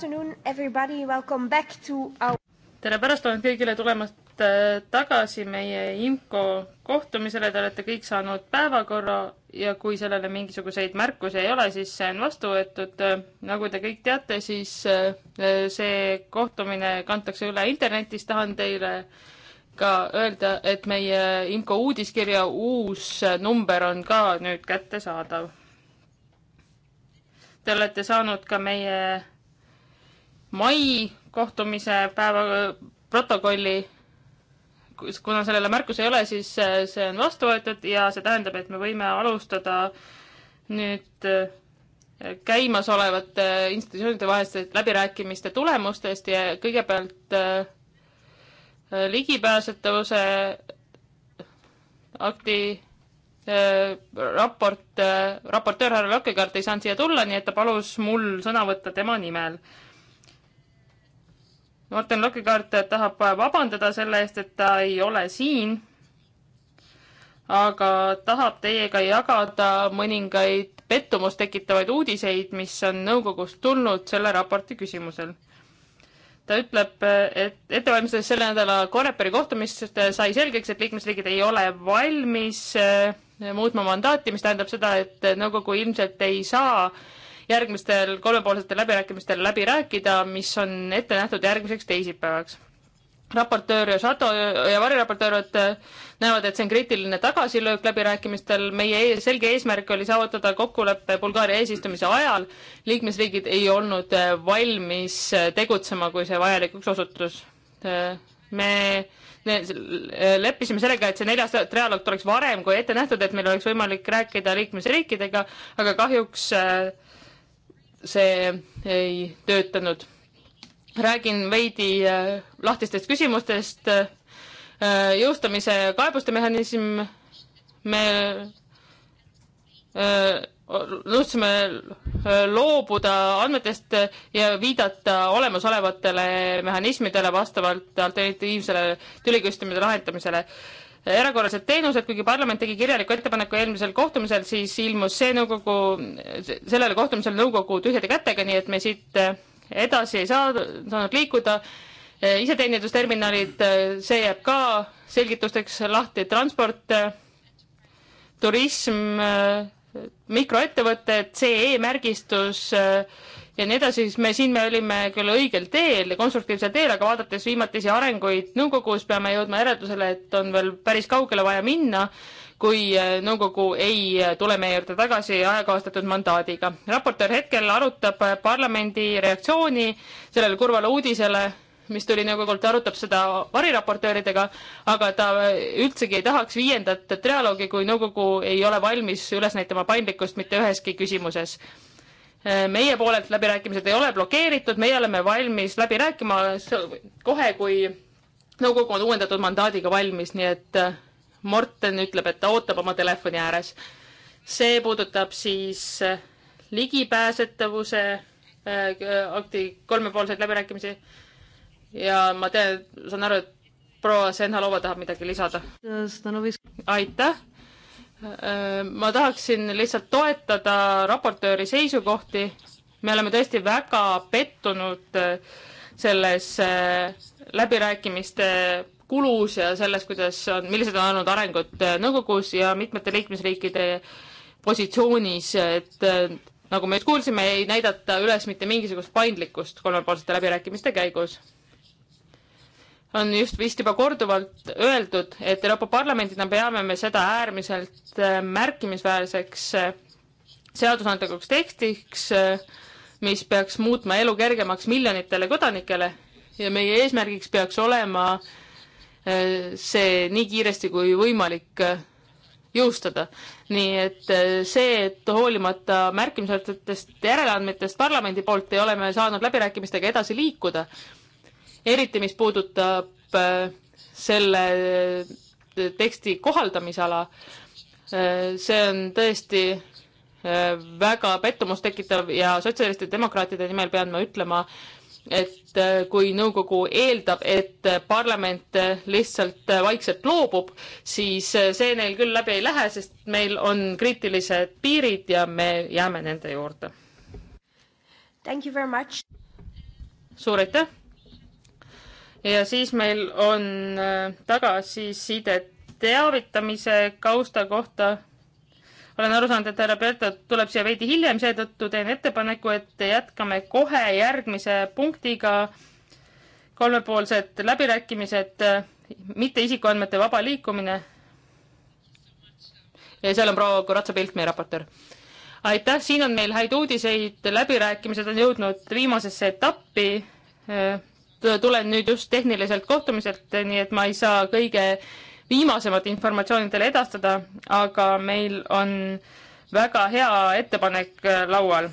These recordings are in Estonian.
tere pärastlõunat kõigile tulemast äh, tagasi meie IMCO kohtumisele, te olete kõik saanud päevakorra ja kui sellele mingisuguseid märkusi ei ole, siis see on vastu võetud. Äh, nagu te kõik teate, siis äh, see kohtumine kantakse üle internetis, tahan teile ka öelda, et meie IMCO uudiskirja uus number on ka nüüd kättesaadav. Te olete saanud ka meie mai kohtumise päeva protokolli. kuna sellele märkus ei ole, siis äh, see on vastu võetud ja see tähendab, et me võime alustada nüüd äh, käimasolevate institutsioonide vaheliste läbirääkimiste tulemustest ja kõigepealt äh, ligipääsetavuse akti Äh, raport äh,, raportöör härra Lakkekaart ei saanud siia tulla, nii et ta palus mul sõna võtta tema nimel. Morten Lokikaart tahab vabandada selle eest, et ta ei ole siin, aga tahab teiega jagada mõningaid pettumust tekitavaid uudiseid, mis on nõukogust tulnud selle raporti küsimusel. ta ütleb, et ettevalmistades selle nädala Coreperi kohtumist sai selgeks, et liikmesriigid ei ole valmis muutma mandaati, mis tähendab seda, et nõukogu ilmselt ei saa järgmistel kolmepoolsetel läbirääkimistel läbi rääkida, mis on ette nähtud järgmiseks teisipäevaks. raportöör ja Šato ja variraportöörid näevad, et see on kriitiline tagasilöök läbirääkimistel. meie ees, selge eesmärk oli saavutada kokkulepe Bulgaaria eesistumise ajal. liikmesriigid ei olnud valmis tegutsema, kui see vajalikuks osutus. me leppisime sellega, et see neljas trialoog tuleks varem kui ette nähtud, et meil oleks võimalik rääkida liikmesriikidega, aga kahjuks äh, see ei töötanud. räägin veidi äh, lahtistest küsimustest. Äh, jõustamise kaebuste mehhanism, me äh, nõudsime loobuda andmetest ja viidata olemasolevatele mehhanismidele vastavalt alternatiivsele tüliküsimuste lahendamisele erakorralised teenused, kuigi parlament tegi kirjaliku ettepaneku eelmisel kohtumisel, siis ilmus see nõukogu, sellele kohtumisele nõukogu tühjade kätega, nii et me siit eh, edasi ei saa, saanud liikuda. Eh, iseteenindusterminalid, eh, see jääb ka selgitusteks lahti, transport, turism, mikroettevõtted, CE märgistus ja nii edasi, siis me siin me olime küll õigel teel, konstruktiivsel teel, aga vaadates viimatisi arenguid nõukogus, peame jõudma järeldusele, et on veel päris kaugele vaja minna, kui äh, nõukogu ei äh, tule meie juurde tagasi ajakohastatud mandaadiga. raportöör hetkel arutab äh, parlamendi reaktsiooni sellele kurvale uudisele, mis tuli nõukogult, arutab seda variraportööridega, aga ta üldsegi ei tahaks viiendat trialoogi, kui nõukogu ei ole valmis üles näitama paindlikkust mitte üheski küsimuses Äh, meie poolelt läbirääkimised ei ole blokeeritud, meie oleme valmis läbi rääkima kohe, kui nõukogu on uuendatud mandaadiga valmis, nii et äh, Morten ütleb, et ta ootab oma telefoni ääres. see puudutab siis äh, ligipääsetavuse akti kolmepoolseid läbirääkimisi. ja ma tean, saan aru, et proua Senhalova tahab midagi lisada. aitäh Äh, ma tahaksin lihtsalt toetada raportööri seisukohti. me oleme tõesti väga pettunud äh, selles äh, läbirääkimiste kulus ja selles, kuidas on, millised on olnud arengud nõukogus ja mitmete liikmesriikide positsioonis, et nagu me just kuulsime, ei näidata üles mitte mingisugust paindlikkust kolmepoolsete läbirääkimiste käigus on just vist juba korduvalt öeldud, et Euroopa Parlamendina peame me seda äärmiselt äh, märkimisväärseks äh, seadusandlikuks tekstiks, äh, mis peaks muutma elu kergemaks miljonitele kodanikele ja meie eesmärgiks peaks olema see nii kiiresti kui võimalik jõustada. nii et see, et hoolimata märkimisväärsetest järeleandmetest parlamendi poolt ei ole me saanud läbirääkimistega edasi liikuda eriti mis puudutab äh, selle äh, teksti kohaldamisala. Äh, see on tõesti väga pettumust tekitav ja sotsialistide demokraatide nimel pean ma ütlema, et kui nõukogu eeldab, et parlament lihtsalt vaikselt loobub, siis see neil küll läbi ei lähe, sest meil on kriitilised piirid ja me jääme nende juurde. suur aitäh! ja siis meil on äh, tagasiside teavitamise kausta kohta. olen aru saanud, et härra Berto tuleb siia veidi hiljem, seetõttu teen ettepaneku, et jätkame kohe järgmise punktiga kolmepoolsed läbirääkimised, äh, mitte isikuandmete vaba liikumine. ja seal on proua Kuratsa-Pilt, meie raportöör. aitäh, siin on meil häid uudiseid, läbirääkimised on jõudnud viimasesse etappi äh, tulen nüüd just tehniliselt kohtumiselt, nii et ma ei saa kõige viimasemat informatsiooni teile edastada, aga meil on väga hea ettepanek äh, laual.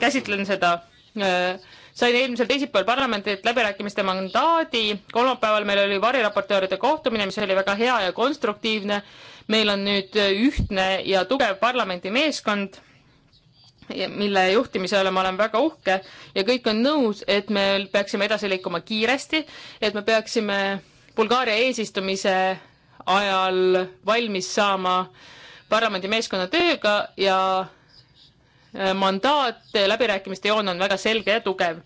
käsitlen seda. Äh, sain eelmisel teisipäeval parlamendilt läbirääkimiste mandaadi, kolmapäeval meil oli variraportööride kohtumine, mis oli väga hea ja konstruktiivne. meil on nüüd ühtne ja tugev parlamendi meeskond mille juhtimise üle ma olen väga uhke ja kõik on nõus, et me peaksime edasi liikuma kiiresti, et me peaksime Bulgaaria eesistumise ajal valmis saama parlamendi meeskonna tööga ja äh, mandaat, äh, läbirääkimiste joon on väga selge ja tugev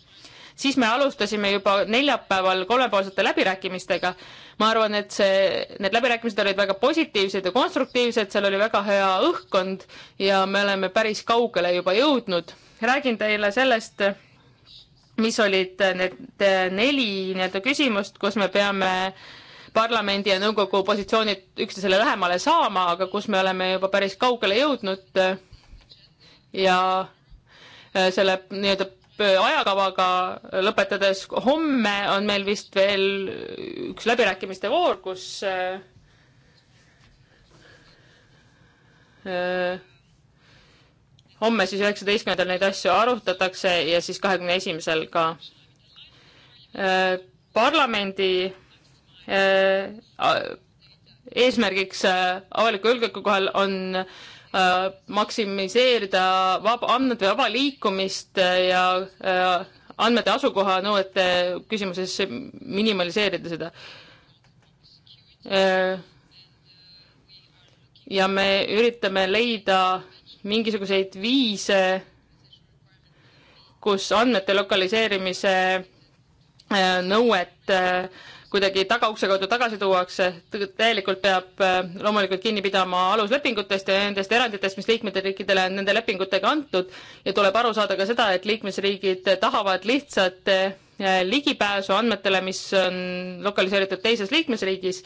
siis me alustasime juba neljapäeval kolmepoolsete läbirääkimistega. ma arvan, et see, need läbirääkimised olid väga positiivsed ja konstruktiivsed, seal oli väga hea õhkkond ja me oleme päris kaugele juba jõudnud. räägin teile sellest, mis olid need neli nii-öelda küsimust, kus me peame parlamendi ja nõukogu positsioonid üksteisele lähemale saama, aga kus me oleme juba päris kaugele jõudnud. ja äh, selle nii-öelda ajakavaga lõpetades, homme on meil vist veel üks läbirääkimiste voor, kus äh, äh, homme siis üheksateistkümnendal neid asju arutatakse ja siis kahekümne esimesel ka äh, parlamendi eesmärgiks avaliku julgeoleku kohal on Äh, maksimiseerida vaba, andmete vaba liikumist äh, ja äh, andmete asukoha nõuete küsimuses minimaliseerida seda. ja me üritame leida mingisuguseid viise, kus andmete lokaliseerimise nõuet kuidagi tagaukse kaudu tagasi tuuakse, täielikult peab äh, loomulikult kinni pidama aluslepingutest ja nendest eranditest, mis liikmesriikidele on nende lepingutega antud ja tuleb aru saada ka seda, et liikmesriigid tahavad lihtsat äh, ligipääsu andmetele, mis on lokaliseeritud teises liikmesriigis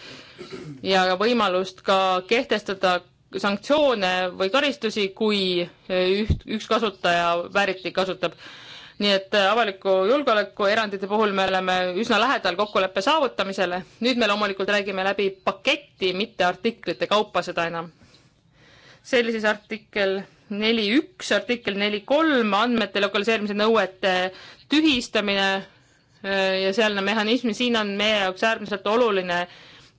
ja võimalust ka kehtestada sanktsioone või karistusi, kui äh, üht, üks kasutaja vääriti kasutab nii et äh, avaliku julgeoleku erandite puhul me oleme üsna lähedal kokkuleppe saavutamisele. nüüd me loomulikult räägime läbi paketti, mitte artiklite kaupa seda enam. sellises artikkel neli üks, artikkel neli kolm, andmete lokaliseerimise nõuete tühistamine äh, ja sealne mehhanism, siin on meie jaoks äärmiselt oluline äh,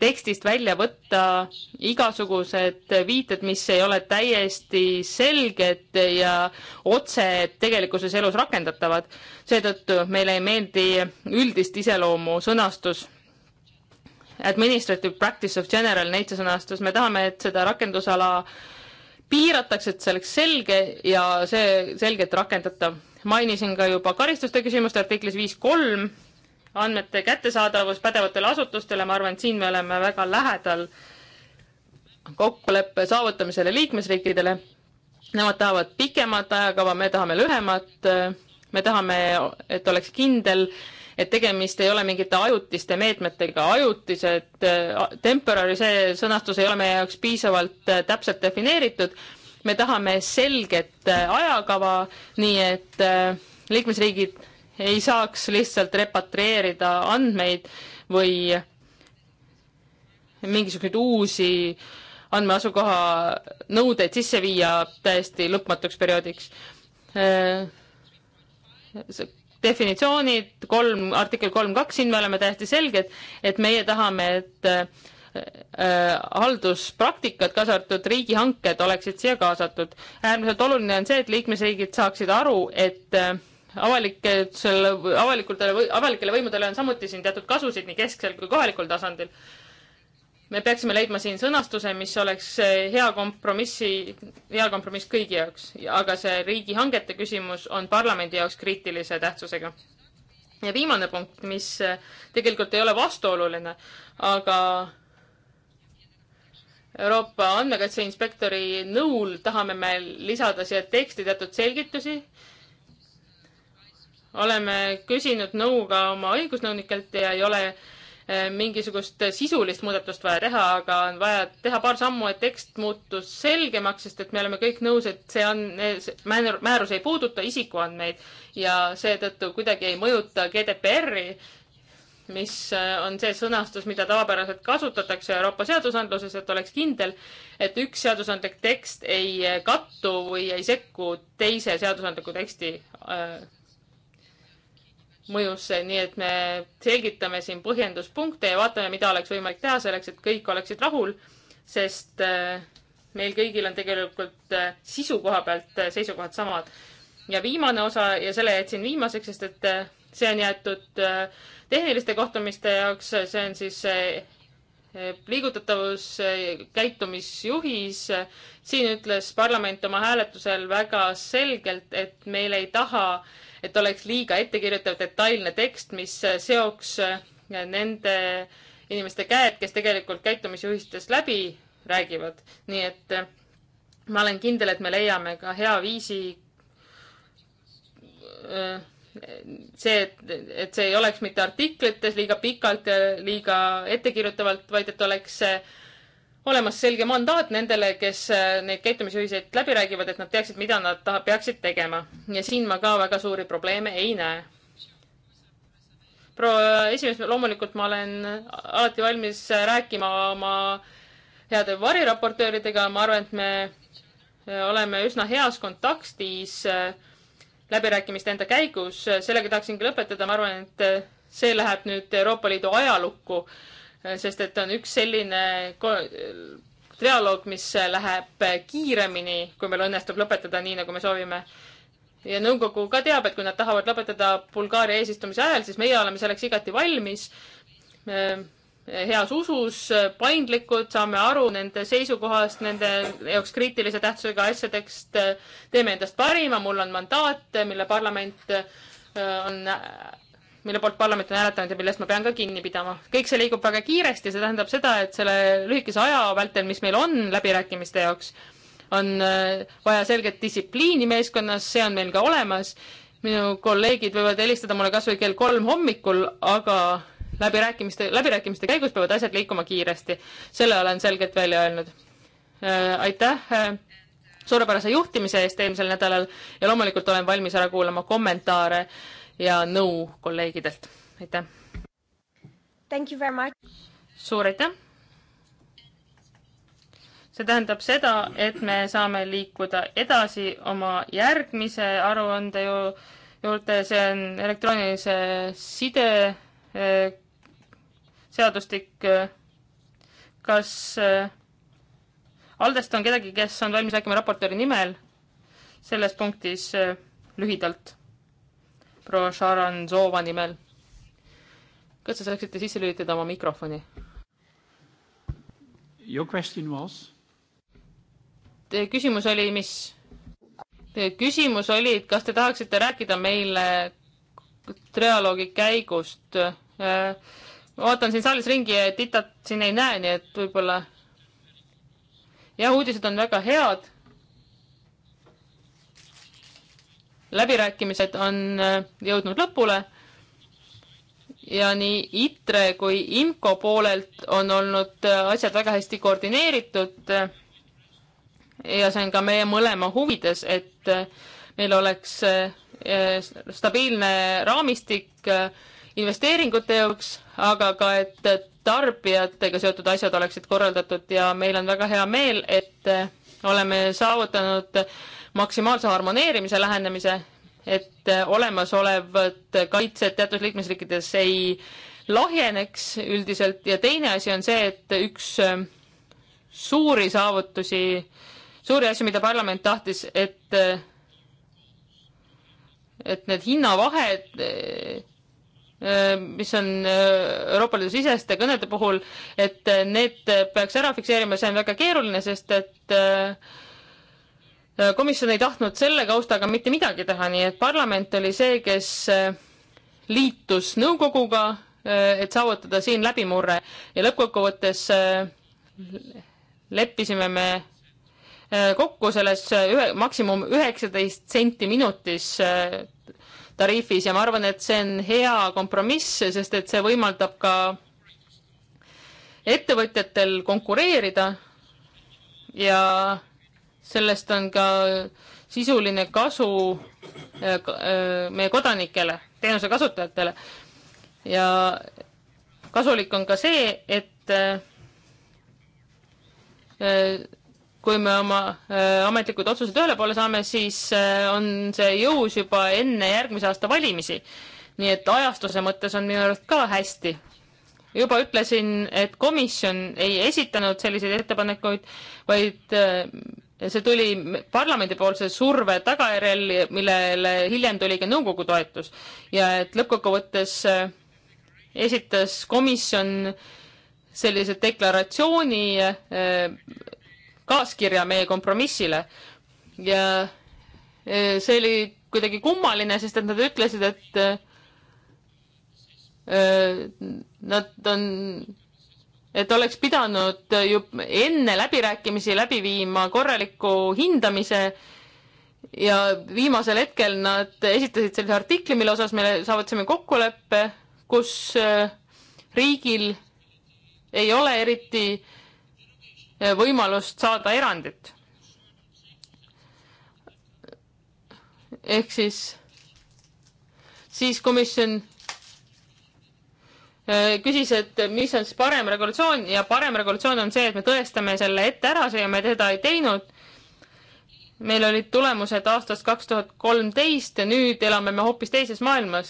tekstist välja võtta igasugused viited, mis ei ole täiesti selged ja otse tegelikkuses elus rakendatavad. seetõttu meile ei meeldi üldist iseloomu sõnastus. Administrative practice of general nature sõnastus, me tahame, et seda rakendusala piiratakse, et see oleks selge ja see selgelt rakendatav. mainisin ka juba karistuste küsimust artiklis viis kolm andmete kättesaadavus pädevatele asutustele, ma arvan, et siin me oleme väga lähedal kokkuleppe saavutamisele liikmesriikidele. Nemad tahavad pikemat ajakava, me tahame lühemat. me tahame, et oleks kindel, et tegemist ei ole mingite ajutiste meetmetega. ajutised, temporary, see sõnastus ei ole meie jaoks piisavalt täpselt defineeritud. me tahame selget ajakava, nii et liikmesriigid ei saaks lihtsalt repatrieerida andmeid või mingisuguseid uusi andmeasukoha nõudeid sisse viia täiesti lõpmatuks perioodiks. Äh, definitsioonid kolm, artikkel kolm kaks, siin me oleme täiesti selged, et meie tahame, et äh, äh, halduspraktikad, kaasa arvatud riigihanked, oleksid siia kaasatud. äärmiselt oluline on see, et liikmesriigid saaksid aru, et avalikele, avalikule, avalikele võimudele on samuti siin teatud kasusid nii kesksel kui kohalikul tasandil. me peaksime leidma siin sõnastuse, mis oleks hea kompromissi, hea kompromiss kõigi jaoks, aga see riigihangete küsimus on parlamendi jaoks kriitilise tähtsusega. ja viimane punkt, mis tegelikult ei ole vastuoluline, aga Euroopa andmekaitse inspektori nõul tahame me lisada siia teksti teatud selgitusi, oleme küsinud nõu ka oma õigusnõunikelt ja ei ole eh, mingisugust sisulist muudatust vaja teha, aga on vaja teha paar sammu, et tekst muutus selgemaks, sest et me oleme kõik nõus, et see on, määrus ei puuduta isikuandmeid ja seetõttu kuidagi ei mõjuta GDPR-i, mis eh, on see sõnastus, mida tavapäraselt kasutatakse Euroopa seadusandluses, et oleks kindel, et üks seadusandlik tekst ei kattu või ei sekku teise seadusandliku teksti eh, mõjusse, nii et me selgitame siin põhjenduspunkte ja vaatame, mida oleks võimalik teha selleks, et kõik oleksid rahul, sest äh, meil kõigil on tegelikult äh, sisu koha pealt äh, seisukohad samad. ja viimane osa ja selle jätsin viimaseks, sest et see on jäetud tehniliste kohtumiste jaoks, see on siis liigutatavus, käitumisjuhis. siin ütles parlament oma hääletusel väga selgelt, et meil ei taha äh, et oleks liiga ettekirjutav detailne tekst, mis seoks äh, nende inimeste käed, kes tegelikult käitumisjuhistest läbi räägivad. nii et äh, ma olen kindel, et me leiame ka hea viisi äh, see, et, et see ei oleks mitte artiklites liiga pikalt ja liiga ettekirjutavalt, vaid et oleks olemas selge mandaat nendele, kes äh, neid käitumisjuhiseid läbi räägivad, et nad teaksid, mida nad taha, peaksid tegema. ja siin ma ka väga suuri probleeme ei näe. proua esimees, loomulikult ma olen alati valmis rääkima oma heade variraportööridega, ma arvan, et me äh, oleme üsna heas kontaktis äh, läbirääkimiste enda käigus, sellega tahaksingi lõpetada, ma arvan, et see läheb nüüd Euroopa Liidu ajalukku sest et on üks selline dialoog, mis läheb kiiremini, kui meil õnnestub lõpetada nii, nagu me soovime. ja nõukogu ka teab, et kui nad tahavad lõpetada Bulgaaria eesistumise ajal, siis meie oleme selleks igati valmis. heas usus, paindlikud, saame aru nende seisukohast, nende jaoks kriitilise tähtsusega asjadest. teeme endast parima, mul on mandaat, mille parlament on mille poolt parlament on hääletanud ja millest ma pean ka kinni pidama. kõik see liigub väga kiiresti, see tähendab seda, et selle lühikese aja vältel, mis meil on läbirääkimiste jaoks, on äh, vaja selget distsipliini meeskonnas, see on meil ka olemas. minu kolleegid võivad helistada mulle kas või kell kolm hommikul, aga läbirääkimiste, läbirääkimiste käigus peavad asjad liikuma kiiresti. selle olen selgelt välja öelnud. Äh, aitäh äh, suurepärase juhtimise eest eelmisel nädalal ja loomulikult olen valmis ära kuulama kommentaare ja nõu kolleegidelt. aitäh! suur aitäh! see tähendab seda, et me saame liikuda edasi oma järgmise aruande ju, juurde, see on elektroonilise side eh, seadustik. Eh, kas eh, Aldest on kedagi, kes on valmis rääkima raportööri nimel selles punktis eh, lühidalt? proua Sharon Zoova nimel. kas te saaksite sisse lülitada oma mikrofoni? Your question was? Teie küsimus oli, mis? Teie küsimus oli, et kas te tahaksite rääkida meile trialoogi käigust äh,? ma vaatan siin saalis ringi ja Titat siin ei näe, nii et võib-olla jah, uudised on väga head läbirääkimised on äh, jõudnud lõpule ja nii ITRE kui IMCO poolelt on olnud äh, asjad väga hästi koordineeritud. Äh, ja see on ka meie mõlema huvides, et meil oleks stabiilne raamistik investeeringute jaoks, aga ka, et tarbijatega seotud asjad oleksid korraldatud ja meil on väga hea meel, et oleme saavutanud maksimaalse harmoneerimise lähenemise, et äh, olemasolevad kaitsed teatud liikmesriikides ei lahjeneks üldiselt ja teine asi on see, et üks äh, suuri saavutusi, suuri asju, mida parlament tahtis, et äh, et need hinnavahed, mis on Euroopa Liidu siseste kõnede puhul, et need peaks ära fikseerima, see on väga keeruline, sest et äh, Äh, komisjon ei tahtnud selle kaustaga mitte midagi teha, nii et parlament oli see, kes äh, liitus nõukoguga, äh, et saavutada siin läbimurre ja lõppkokkuvõttes leppisime me kokku selles ühe, maksimum üheksateist senti minutis tariifis ja ma arvan, et see on hea kompromiss, sest et see võimaldab ka ettevõtjatel konkureerida ja sellest on ka sisuline kasu äh, äh, meie kodanikele, teenuse kasutajatele. ja kasulik on ka see, et äh, kui me oma ametlikud otsused ühele poole saame, siis on see jõus juba enne järgmise aasta valimisi. nii et ajastuse mõttes on minu arust ka hästi. juba ütlesin, et komisjon ei esitanud selliseid ettepanekuid, vaid see tuli parlamendipoolse surve tagajärjel, millele hiljem tuli ka nõukogu toetus ja et lõppkokkuvõttes äh, esitas komisjon sellise deklaratsiooni äh, kaaskirja meie kompromissile ja äh, see oli kuidagi kummaline, sest et nad ütlesid, et nad on et oleks pidanud ju enne läbirääkimisi läbi viima korraliku hindamise ja viimasel hetkel nad esitasid sellise artikli, mille osas me saavutasime kokkuleppe, kus äh, riigil ei ole eriti äh, võimalust saada erandit. ehk siis, siis komisjon Äh, küsis, et mis on siis parem regulatsioon ja parem regulatsioon on see, et me tõestame selle ette ära, see ja me seda ei teinud. meil olid tulemused aastast kaks tuhat kolmteist ja nüüd elame me hoopis teises maailmas.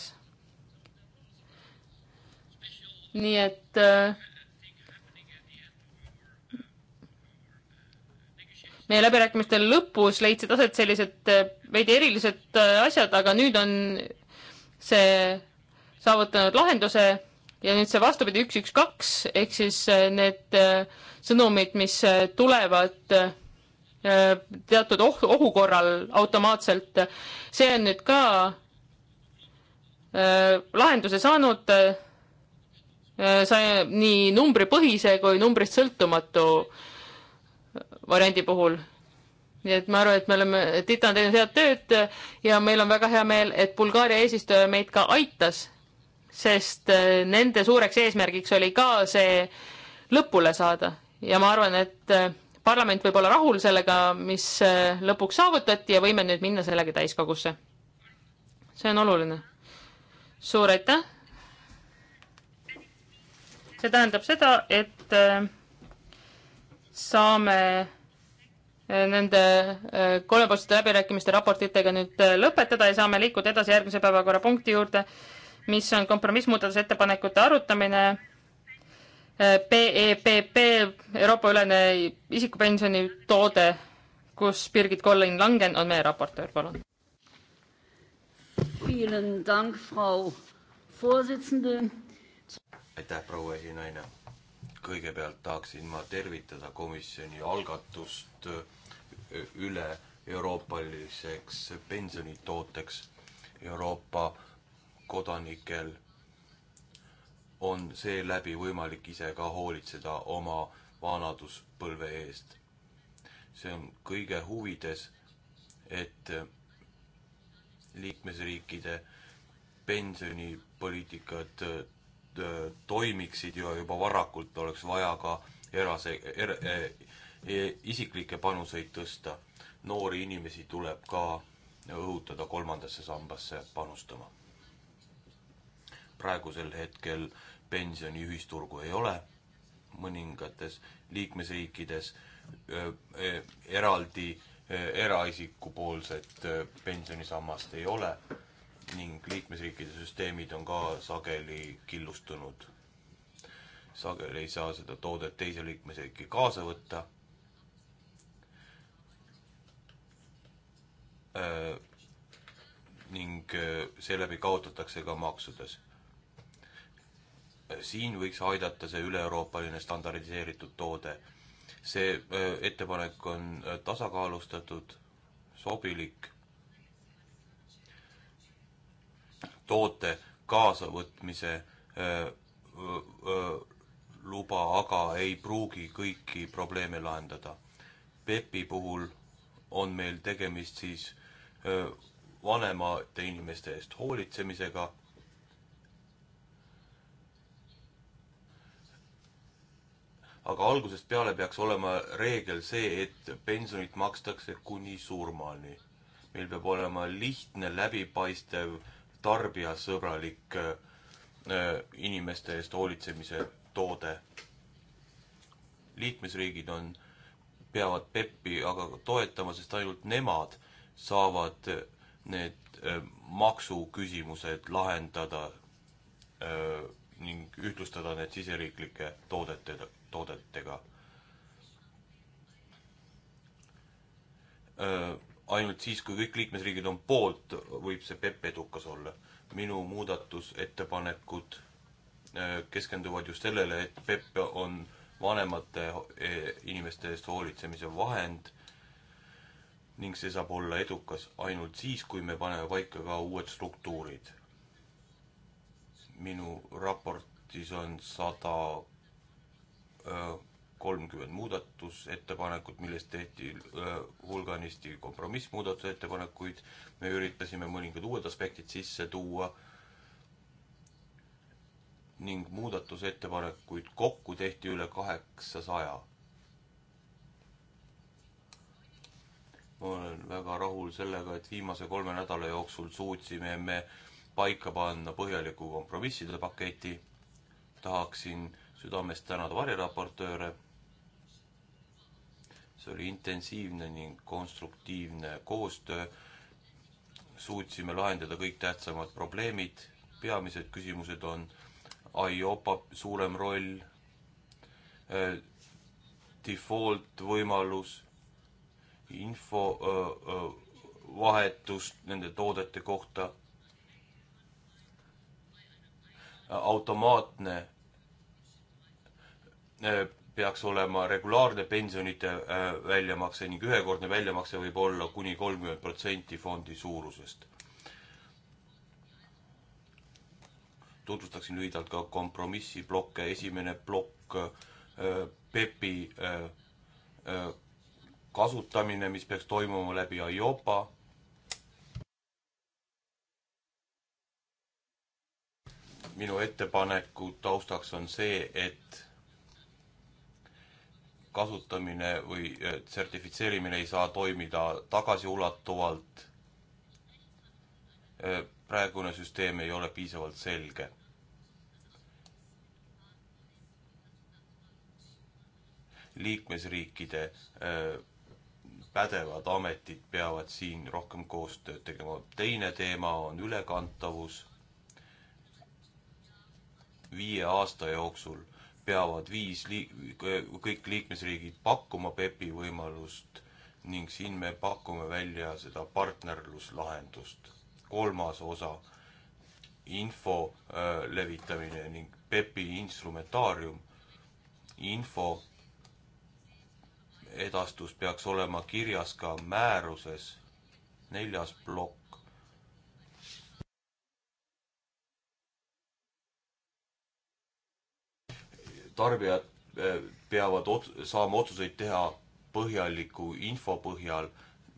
nii et äh, meie läbirääkimiste lõpus leidsid aset sellised äh, veidi erilised asjad, aga nüüd on see saavutanud lahenduse ja nüüd see vastupidi üks, üks, kaks ehk siis äh, need äh, sõnumid, mis äh, tulevad teatud oht, ohu korral automaatselt, see on nüüd ka lahenduse saanud sai nii numbripõhise kui numbrist sõltumatu variandi puhul. nii et ma arvan, et me oleme, Tita on teinud head tööd ja meil on väga hea meel, et Bulgaaria eesistuja meid ka aitas sest äh, nende suureks eesmärgiks oli ka see lõpule saada ja ma arvan, et äh, parlament võib olla rahul sellega, mis äh, lõpuks saavutati ja võime nüüd minna sellega täiskogusse. see on oluline. suur aitäh. see tähendab seda, et saame nende kolmepoolsete läbirääkimiste raportitega nüüd lõpetada ja saame liikuda edasi järgmise päevakorrapunkti juurde mis on kompromissmuudatusettepanekute arutamine äh, PEPP, Euroopa-ülene isikupensioni toode, kus Birgit Collin-Langen on meie raportöör, palun. aitäh, proua esinaine. kõigepealt tahaksin ma tervitada komisjoni algatust üle-euroopaliseks pensionitooteks Euroopa kodanikel on seeläbi võimalik ise ka hoolitseda oma vanaduspõlve eest. see on kõige huvides, et liikmesriikide pensionipoliitikad äh, toimiksid ja juba varakult oleks vaja ka erase- er,, er, isiklikke panuseid tõsta. noori inimesi tuleb ka õhutada kolmandasse sambasse panustama praegusel hetkel pensioni ühisturgu ei ole mõningates liikmesriikides öö, öö, eraldi eraisikupoolset pensionisammast ei ole ning liikmesriikide süsteemid on ka sageli killustunud. sageli ei saa seda toodet teise liikmesriiki kaasa võtta. ning seeläbi kaotatakse ka maksudes siin võiks aidata see üle-euroopaline standardiseeritud toode. see äh, ettepanek on äh, tasakaalustatud, sobilik, toote kaasavõtmise äh, luba aga ei pruugi kõiki probleeme lahendada. PEP-i puhul on meil tegemist siis vanemate inimeste eest hoolitsemisega aga algusest peale peaks olema reegel see, et pensionit makstakse kuni surmani. meil peab olema lihtne, läbipaistev, tarbijasõbralik äh, inimeste eest hoolitsemise toode. liikmesriigid on, peavad PEP-i aga toetama, sest ainult nemad saavad need äh, maksuküsimused lahendada äh, ning ühtlustada need siseriiklike toodetega toodetega. ainult siis, kui kõik liikmesriigid on poolt, võib see PEP edukas olla. minu muudatusettepanekud keskenduvad just sellele, et PEP on vanemate e, inimeste eest hoolitsemise vahend ning see saab olla edukas ainult siis, kui me paneme paika ka uued struktuurid. minu raportis on sada kolmkümmend muudatusettepanekut, millest tehti äh, hulganisti kompromissmuudatusettepanekuid, me üritasime mõningad uued aspektid sisse tuua ning muudatusettepanekuid kokku tehti üle kaheksasaja. ma olen väga rahul sellega, et viimase kolme nädala jooksul suutsime me paika panna põhjaliku kompromisside paketi. tahaksin äh, südamest tänada variraportööre. see oli intensiivne ning konstruktiivne koostöö. suutsime lahendada kõik tähtsamad probleemid, peamised küsimused on IOPA suurem roll, äh, default võimalus, info öö, äh, öö, äh, vahetust nende toodete kohta automaatne Äh, peaks olema regulaarne pensionite äh, väljamakse ning ühekordne väljamakse võib olla kuni kolmkümmend protsenti fondi suurusest. tutvustaksin lühidalt ka kompromissiblokke, esimene plokk äh, PEP-i kasutamine, mis peaks toimuma läbi IOPA minu ettepaneku taustaks on see, et kasutamine või eh, sertifitseerimine ei saa toimida tagasiulatuvalt. Eh, praegune süsteem ei ole piisavalt selge. liikmesriikide eh, pädevad ametid peavad siin rohkem koostööd tegema. teine teema on ülekantavus. viie aasta jooksul peavad viis lii-, kõik liikmesriigid pakkuma PEP-i võimalust ning siin me pakume välja seda partnerluslahendust. kolmas osa, info äh, levitamine ning PEP-i instrumentaarium, info edastus peaks olema kirjas ka määruses, neljas plokk, tarbijad eh, peavad ot-, saama otsuseid teha põhjaliku info põhjal,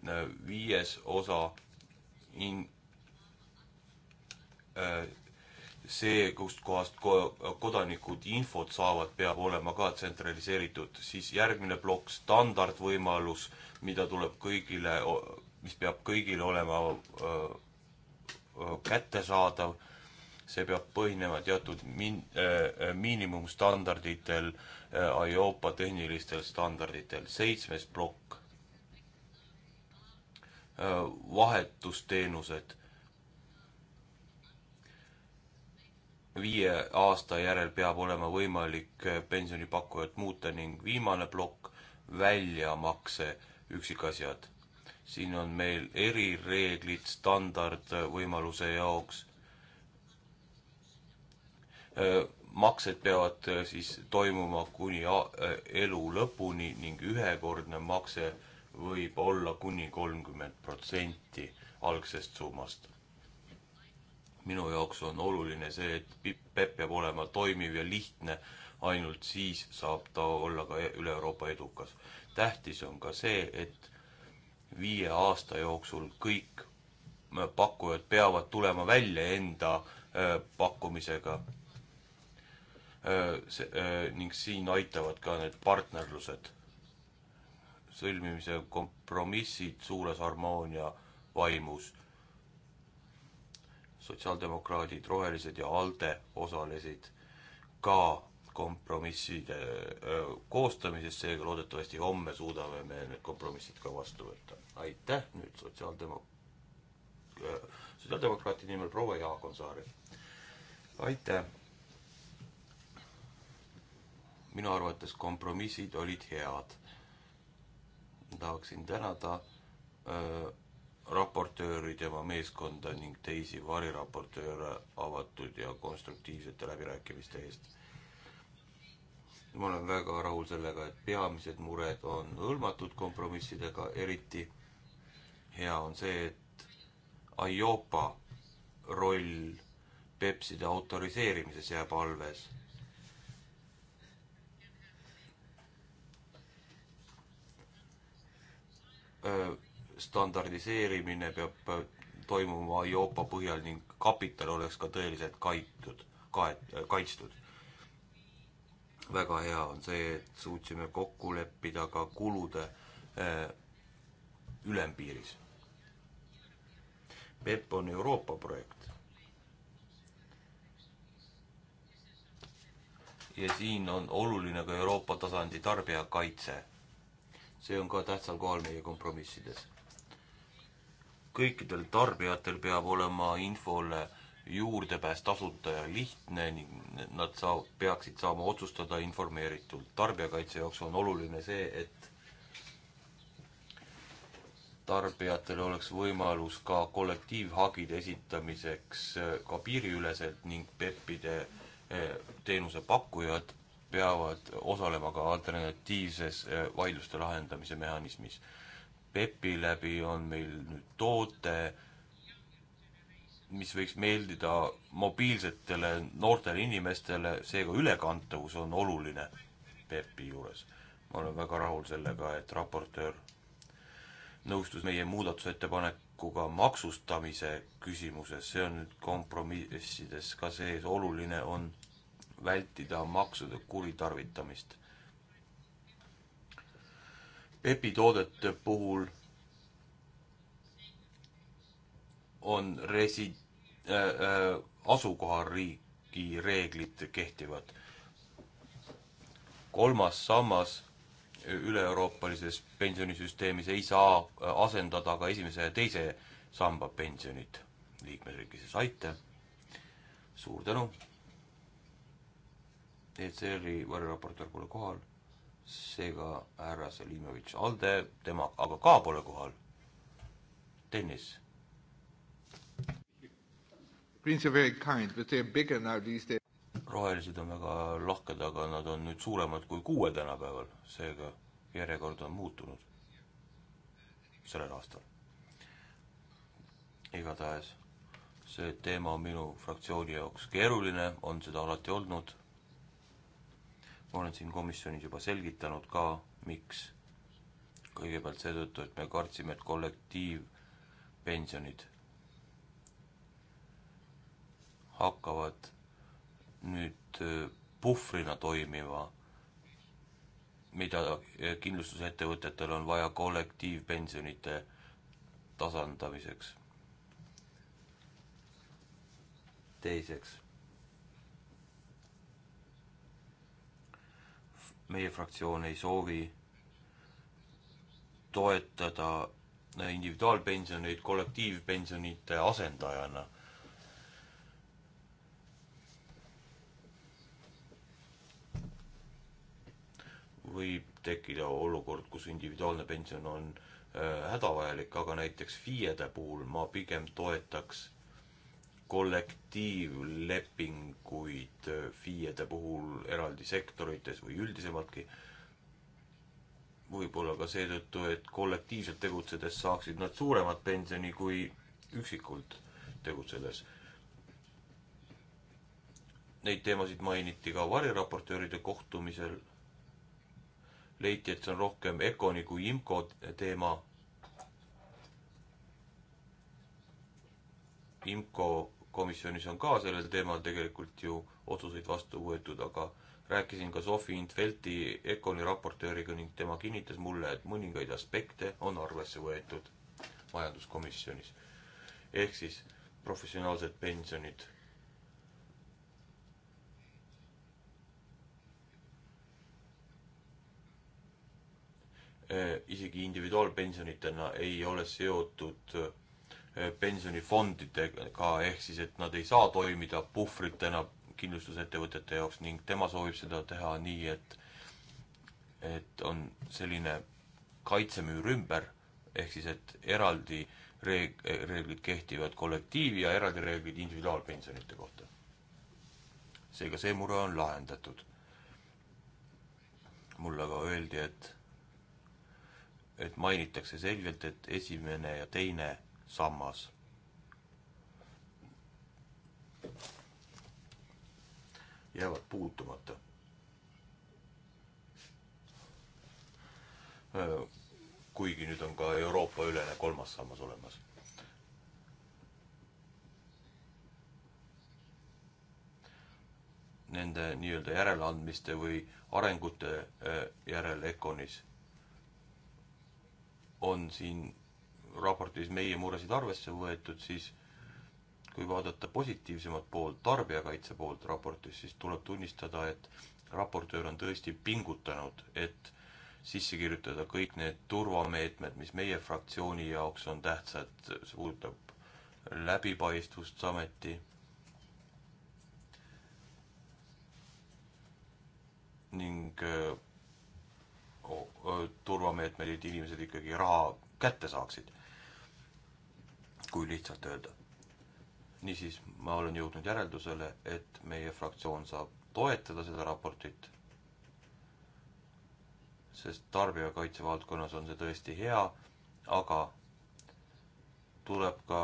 eh, viies osa in-, eh, see, kust kohast ko-, kodanikud infot saavad, peab olema ka tsentraliseeritud, siis järgmine plokk, standardvõimalus, mida tuleb kõigile, mis peab kõigile olema öö, öö, kättesaadav see peab põhinema teatud min-, äh, äh miinimumstandarditel äh,, IOPA tehnilistel standarditel. seitsmes plokk äh,, vahetusteenused. viie aasta järel peab olema võimalik äh, pensionipakkujat muuta ning viimane plokk, väljamakse üksikasjad. siin on meil erireeglid standardvõimaluse jaoks maksed peavad siis toimuma kuni elu lõpuni ning ühekordne makse võib olla kuni kolmkümmend protsenti algsest summast. minu jaoks on oluline see, et PEP peab olema toimiv ja lihtne, ainult siis saab ta olla ka e-, üle Euroopa edukas. tähtis on ka see, et viie aasta jooksul kõik pakkujad peavad tulema välja enda pakkumisega see, ning siin aitavad ka need partnerlused, sõlmimise kompromissid suures harmoonia vaimus. sotsiaaldemokraadid, rohelised ja ALDE osalesid ka kompromisside koostamises, seega loodetavasti homme suudame me need kompromissid ka vastu võtta. aitäh nüüd sotsiaaldemo-, sotsiaaldemokraati nimel proua Jaak Onsaari. aitäh minu arvates kompromissid olid head. tahaksin tänada äh, raportööri, tema meeskonda ning teisi variraportööre avatud ja konstruktiivsete läbirääkimiste eest. ma olen väga rahul sellega, et peamised mured on hõlmatud kompromissidega, eriti hea on see, et Aiopa roll Pepside autoriseerimises jääb alles standardiseerimine peab toimuma Euroopa põhjal ning kapital oleks ka tõeliselt kaitud, kaet-, kaitstud. väga hea on see, et suutsime kokku leppida ka kulude ülempiiris. PEP on Euroopa projekt. ja siin on oluline ka Euroopa tasandi tarbijakaitse see on ka tähtsal kohal meie kompromissides. kõikidel tarbijatel peab olema infole juurdepääs tasuta ja lihtne ning nad saa-, peaksid saama otsustada informeeritult. tarbijakaitse jaoks on oluline see, et tarbijatel oleks võimalus ka kollektiivhagide esitamiseks ka piiriüleselt ning PEP-ide eh, teenusepakkujad peavad osalema ka alternatiivses eh, vaidluste lahendamise mehhanismis. PEP-i läbi on meil nüüd toote, mis võiks meeldida mobiilsetele noortele inimestele, seega ülekantavus on oluline PEP-i juures. ma olen väga rahul sellega, et raportöör nõustus meie muudatusettepanekuga maksustamise küsimuses, see on nüüd kompromissides ka sees, oluline on vältida maksude kuritarvitamist. PEP-i toodete puhul on resi- äh,, äh, asukohariigi reeglid kehtivad. kolmas sammas üle-euroopalises pensionisüsteemis ei saa äh, asendada ka esimese ja teise samba pensionid liikmesriikides, aitäh! suur tänu! ECR-i varjuraportöör pole kohal, seega härra Selimovitš Alde, tema aga ka pole kohal. Dennis. rohelised on väga lahked, aga nad on nüüd suuremad kui kuue tänapäeval, seega järjekord on muutunud sellel aastal. igatahes see teema on minu fraktsiooni jaoks keeruline, on seda alati olnud ma olen siin komisjonis juba selgitanud ka, miks. kõigepealt seetõttu, et me kartsime, et kollektiivpensionid hakkavad nüüd äh, puhvrina toimima, mida äh, kindlustusettevõtetel on vaja kollektiivpensionite tasandamiseks. teiseks meie fraktsioon ei soovi toetada individuaalpensioneid kollektiivpensionite asendajana. võib tekkida olukord, kus individuaalne pension on äh, hädavajalik, aga näiteks FIE-de puhul ma pigem toetaks kollektiivlepinguid FIE-de puhul eraldi sektorites või üldisemaltki, võib-olla ka seetõttu, et kollektiivselt tegutsedes saaksid nad suuremat pensioni kui üksikult tegutsedes. Neid teemasid mainiti ka variraportööride kohtumisel. leiti, et see on rohkem Econi kui IMCO teema. IMCO komisjonis on ka sellel teemal tegelikult ju otsuseid vastu võetud, aga rääkisin ka Sofi Intvelti Econi raportööriga ning tema kinnitas mulle, et mõningaid aspekte on arvesse võetud majanduskomisjonis. ehk siis professionaalsed pensionid. Äh, isegi individuaalpensionitena ei ole seotud Eh, pensionifondidega, ehk siis et nad ei saa toimida puhvritena kindlustusettevõtete jaoks ning tema soovib seda teha nii, et et on selline kaitsemüür ümber, ehk siis et eraldi reeg-, eh, reeglid kehtivad kollektiivi ja eraldi reeglid individuaalpensionite kohta. seega see mure on lahendatud. mulle aga öeldi, et et mainitakse selgelt, et esimene ja teine sammas. jäävad puutumata. kuigi nüüd on ka Euroopa-ülene kolmas sammas olemas nende nii-öelda järeleandmiste või arengute järel Econis on siin raportis meie muresid arvesse võetud, siis kui vaadata positiivsemat poolt, tarbijakaitse poolt raportis, siis tuleb tunnistada, et raportöör on tõesti pingutanud, et sisse kirjutada kõik need turvameetmed, mis meie fraktsiooni jaoks on tähtsad, see puudutab läbipaistvust samuti. ning öö, öö, turvameetmed, et inimesed ikkagi raha kätte saaksid kui lihtsalt öelda. niisiis, ma olen jõudnud järeldusele, et meie fraktsioon saab toetada seda raportit, sest tarbijakaitse valdkonnas on see tõesti hea, aga tuleb ka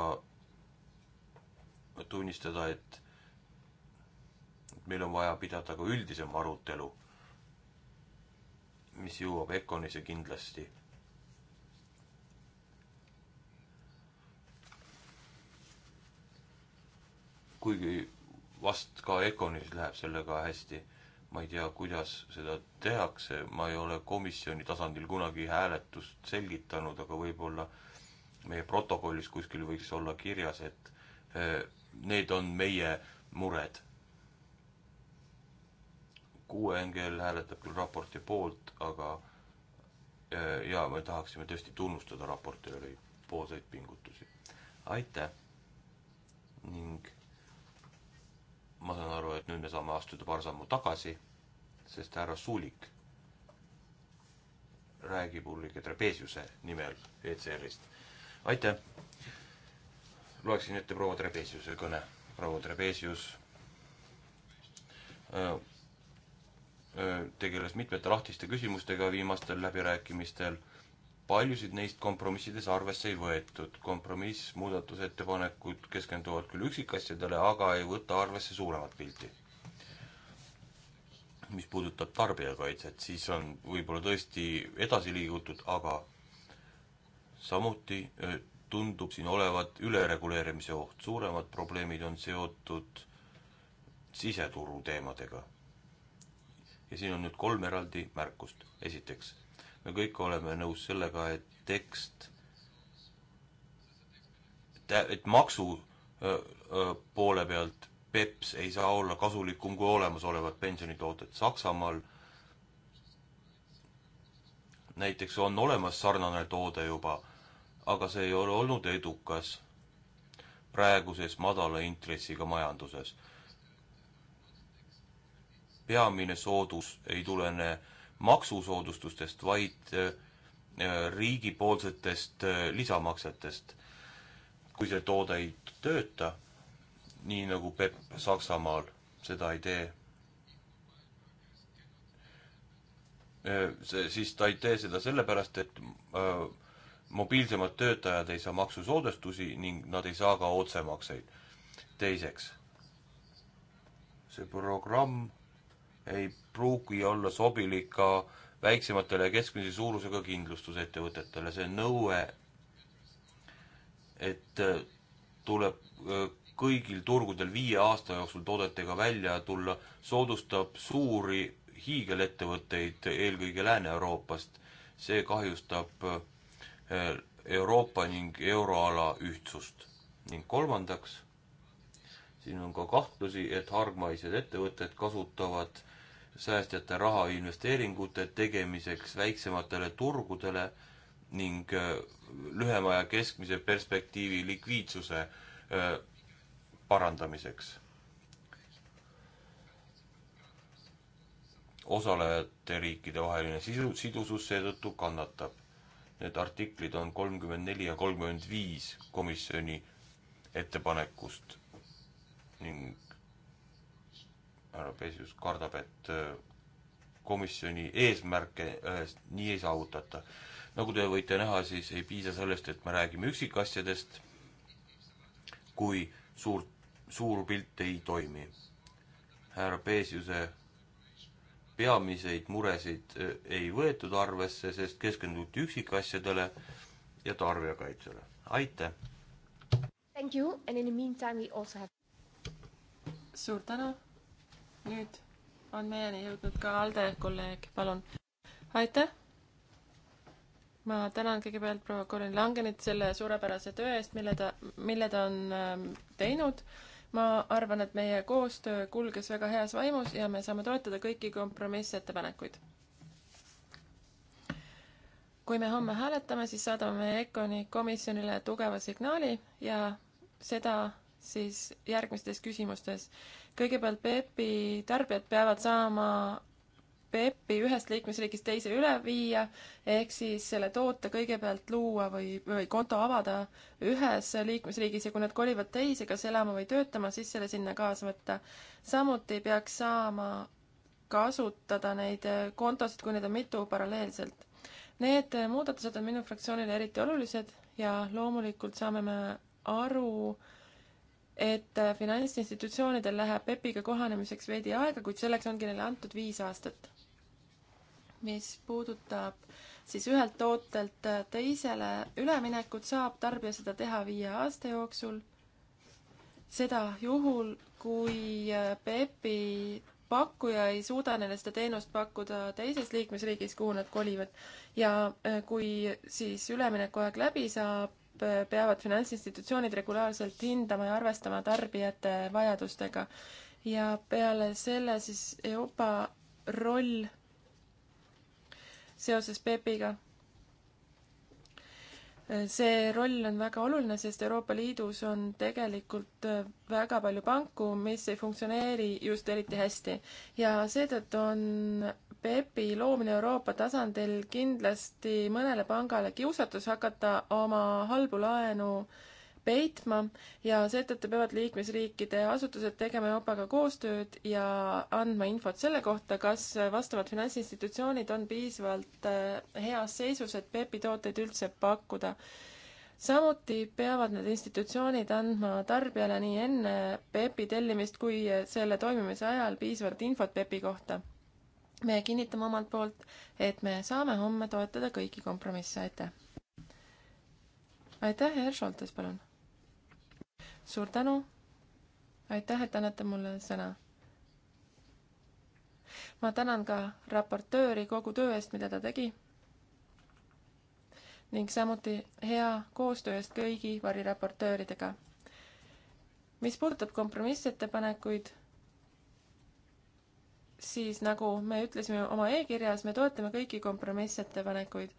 tunnistada, et meil on vaja pidada ka üldisem arutelu, mis jõuab Econisse kindlasti kuigi vast ka Econis läheb sellega hästi. ma ei tea, kuidas seda tehakse, ma ei ole komisjoni tasandil kunagi hääletust selgitanud, aga võib-olla meie protokollis kuskil võiks olla kirjas, et eh, need on meie mured. QNGL hääletab küll raporti poolt, aga eh, ja me tahaksime tõesti tunnustada raportööri poolseid pingutusi. aitäh ning ma saan aru, et nüüd me saame astuda paar sammu tagasi, sest härra Suulik räägib Ulrike Trebesiuse nimel ECR-ist. aitäh! loeksin ette proua Trebesiuse kõne. proua Trebesius öö, äh, öö, äh, tegeles mitmete lahtiste küsimustega viimastel läbirääkimistel paljusid neist kompromissides arvesse ei võetud. kompromiss, muudatusettepanekud keskenduvad küll üksikasjadele, aga ei võta arvesse suuremat pilti. mis puudutab tarbijakaitset, siis on võib-olla tõesti edasi liigutud, aga samuti eh, tundub siin olevat ülereguleerimise oht. suuremad probleemid on seotud siseturu teemadega. ja siin on nüüd kolm eraldi märkust. esiteks me kõik oleme nõus sellega, et tekst, et maksu öö, öö, poole pealt PEPS ei saa olla kasulikum kui olemasolevad pensionitooted. Saksamaal näiteks on olemas sarnane toode juba, aga see ei ole olnud edukas praeguses madala intressiga majanduses. peamine soodus ei tulene maksusoodustustest, vaid äh, riigipoolsetest äh, lisamaksetest. kui see toode ei tööta, nii nagu PEP Saksamaal seda ei tee, äh, see, siis ta ei tee seda sellepärast, et mobiilsemad töötajad ei saa maksusoodustusi ning nad ei saa ka otsemakseid. teiseks, see programm ei pruugi olla sobilik ka väiksematele ja keskmise suurusega kindlustusettevõtetele. see nõue, et äh, tuleb äh, kõigil turgudel viie aasta jooksul toodetega välja tulla, soodustab suuri hiigelettevõtteid, eelkõige Lääne-Euroopast. see kahjustab äh, Euroopa ning euroala ühtsust. ning kolmandaks, siin on ka kahtlusi, et hargmaised ettevõtted kasutavad säästjate raha investeeringute tegemiseks väiksematele turgudele ning äh, lühema ja keskmise perspektiivi likviidsuse äh, parandamiseks. osalejate riikide vaheline sisu, sidusus seetõttu kannatab. Need artiklid on kolmkümmend neli ja kolmkümmend viis komisjoni ettepanekust ning härra Pesius kardab, et äh, komisjoni eesmärke äh, nii ei saavutata. nagu te võite näha, siis ei piisa sellest, et me räägime üksikasjadest, kui suurt, suur pilt ei toimi. härra Pesiuse peamiseid muresid äh, ei võetud arvesse, sest keskenduti üksikasjadele ja tarbijakaitsele. aitäh! Thank you and in the meantime we also have suur tänu! nüüd on meieni jõudnud ka Alde kolleeg, palun. aitäh! ma tänan kõigepealt proua Corin Langenit selle suurepärase töö eest, mille ta, mille ta on ähm, teinud. ma arvan, et meie koostöö kulges väga heas vaimus ja me saame toetada kõiki kompromissettepanekuid. kui me homme hääletame, siis saadame EKONi komisjonile tugeva signaali ja seda siis järgmistes küsimustes. kõigepealt PEP-i tarbijad peavad saama PEP-i ühest liikmesriigist teise üle viia, ehk siis selle toote kõigepealt luua või, või konto avada ühes liikmesriigis ja kui nad kolivad teise, kas elama või töötama, siis selle sinna kaasa võtta. samuti peaks saama kasutada neid kontosid, kui neid on mitu paralleelselt. Need muudatused on minu fraktsioonile eriti olulised ja loomulikult saame me aru äh, et äh, finantsinstitutsioonidel läheb PEP-iga kohanemiseks veidi aega, kuid selleks ongi neile antud viis aastat. mis puudutab siis ühelt tootelt äh, teisele üleminekut, saab tarbija seda teha viie aasta jooksul. seda juhul, kui äh, PEP-i pakkuja ei suuda neile seda teenust pakkuda teises liikmesriigis, kuhu nad kolivad. ja kui siis üleminekuaeg läbi saab, peavad finantsinstitutsioonid regulaarselt hindama ja arvestama tarbijate vajadustega. ja peale selle siis EOPA roll seoses PEP-iga. see roll on väga oluline, sest Euroopa Liidus on tegelikult väga palju panku, mis ei funktsioneeri just eriti hästi ja seetõttu on PEP-i loomine Euroopa tasandil kindlasti mõnele pangale kiusatus hakata oma halbu laenu peitma ja seetõttu peavad liikmesriikide asutused tegema EOPA-ga koostööd ja andma infot selle kohta, kas vastavad finantsinstitutsioonid on piisavalt äh, heas seisus, et PEP-i tooteid üldse pakkuda samuti peavad need institutsioonid andma tarbijale nii enne PEP-i tellimist kui selle toimimise ajal piisavalt infot PEP-i kohta me kinnitame omalt poolt, et me saame homme toetada kõiki kompromisse, aitäh! aitäh, Herr Scholtes, palun! suur tänu! aitäh, et annate mulle sõna! ma tänan ka raportööri kogu töö eest, mida ta tegi ning samuti hea koostöö eest kõigi variraportööridega. mis puudutab kompromissettepanekuid siis nagu me ütlesime oma e-kirjas, me toetame kõiki kompromissettepanekuid.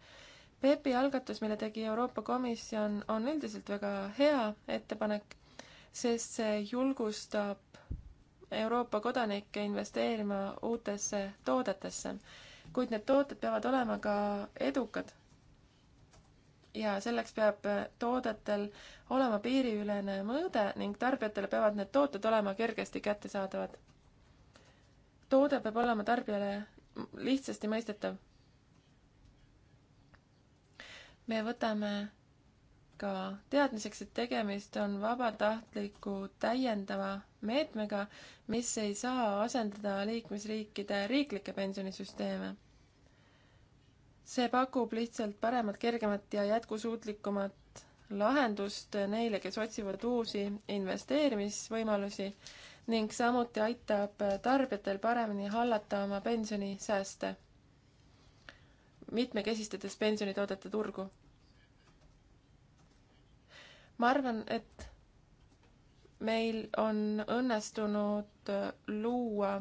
PEP-i algatus, mille tegi Euroopa Komisjon, on üldiselt väga hea ettepanek, sest see julgustab Euroopa kodanikke investeerima uutesse toodetesse, kuid need tooted peavad olema ka edukad. ja selleks peab toodetel olema piiriülene mõõde ning tarbijatele peavad need tooted olema kergesti kättesaadavad toode peab olema tarbijale lihtsasti mõistetav. me võtame ka teadmiseks, et tegemist on vabatahtliku täiendava meetmega, mis ei saa asendada liikmesriikide riiklikke pensionisüsteeme. see pakub lihtsalt paremat, kergemat ja jätkusuutlikumat lahendust neile, kes otsivad uusi investeerimisvõimalusi ning samuti aitab tarbijatel paremini hallata oma pensionisääste, mitmekesistades pensionitoodete turgu. ma arvan, et meil on õnnestunud luua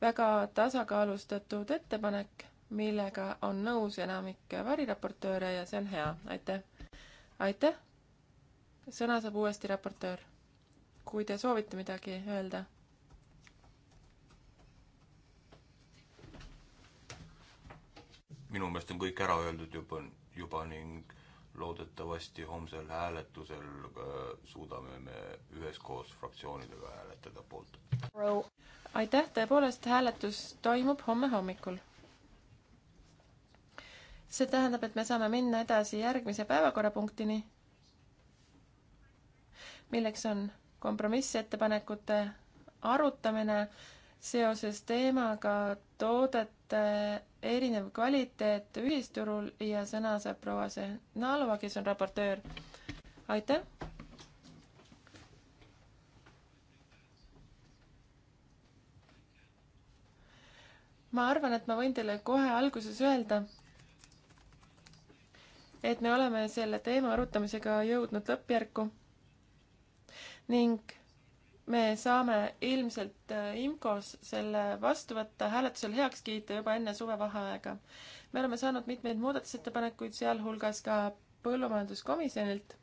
väga tasakaalustatud ettepanek, millega on nõus enamik variraportööre ja see on hea, aitäh! aitäh! sõna saab uuesti raportöör kui te soovite midagi öelda. minu meelest on kõik ära öeldud juba, juba ning loodetavasti homsel hääletusel äh, suudame me üheskoos fraktsioonidega hääletada poolt. aitäh, tõepoolest hääletus toimub homme hommikul. see tähendab, et me saame minna edasi järgmise päevakorrapunktini, milleks on kompromissettepanekute arutamine seoses teemaga toodete erinev kvaliteet ühisturul ja sõna saab proua Sehnalova, kes on raportöör. aitäh! ma arvan, et ma võin teile kohe alguses öelda, et me oleme selle teema arutamisega jõudnud lõppjärku ning me saame ilmselt äh, IMCO-s selle vastu võtta, hääletusel heaks kiita juba enne suvevaheaega. me oleme saanud mitmeid muudatusettepanekuid, sealhulgas ka põllumajanduskomisjonilt,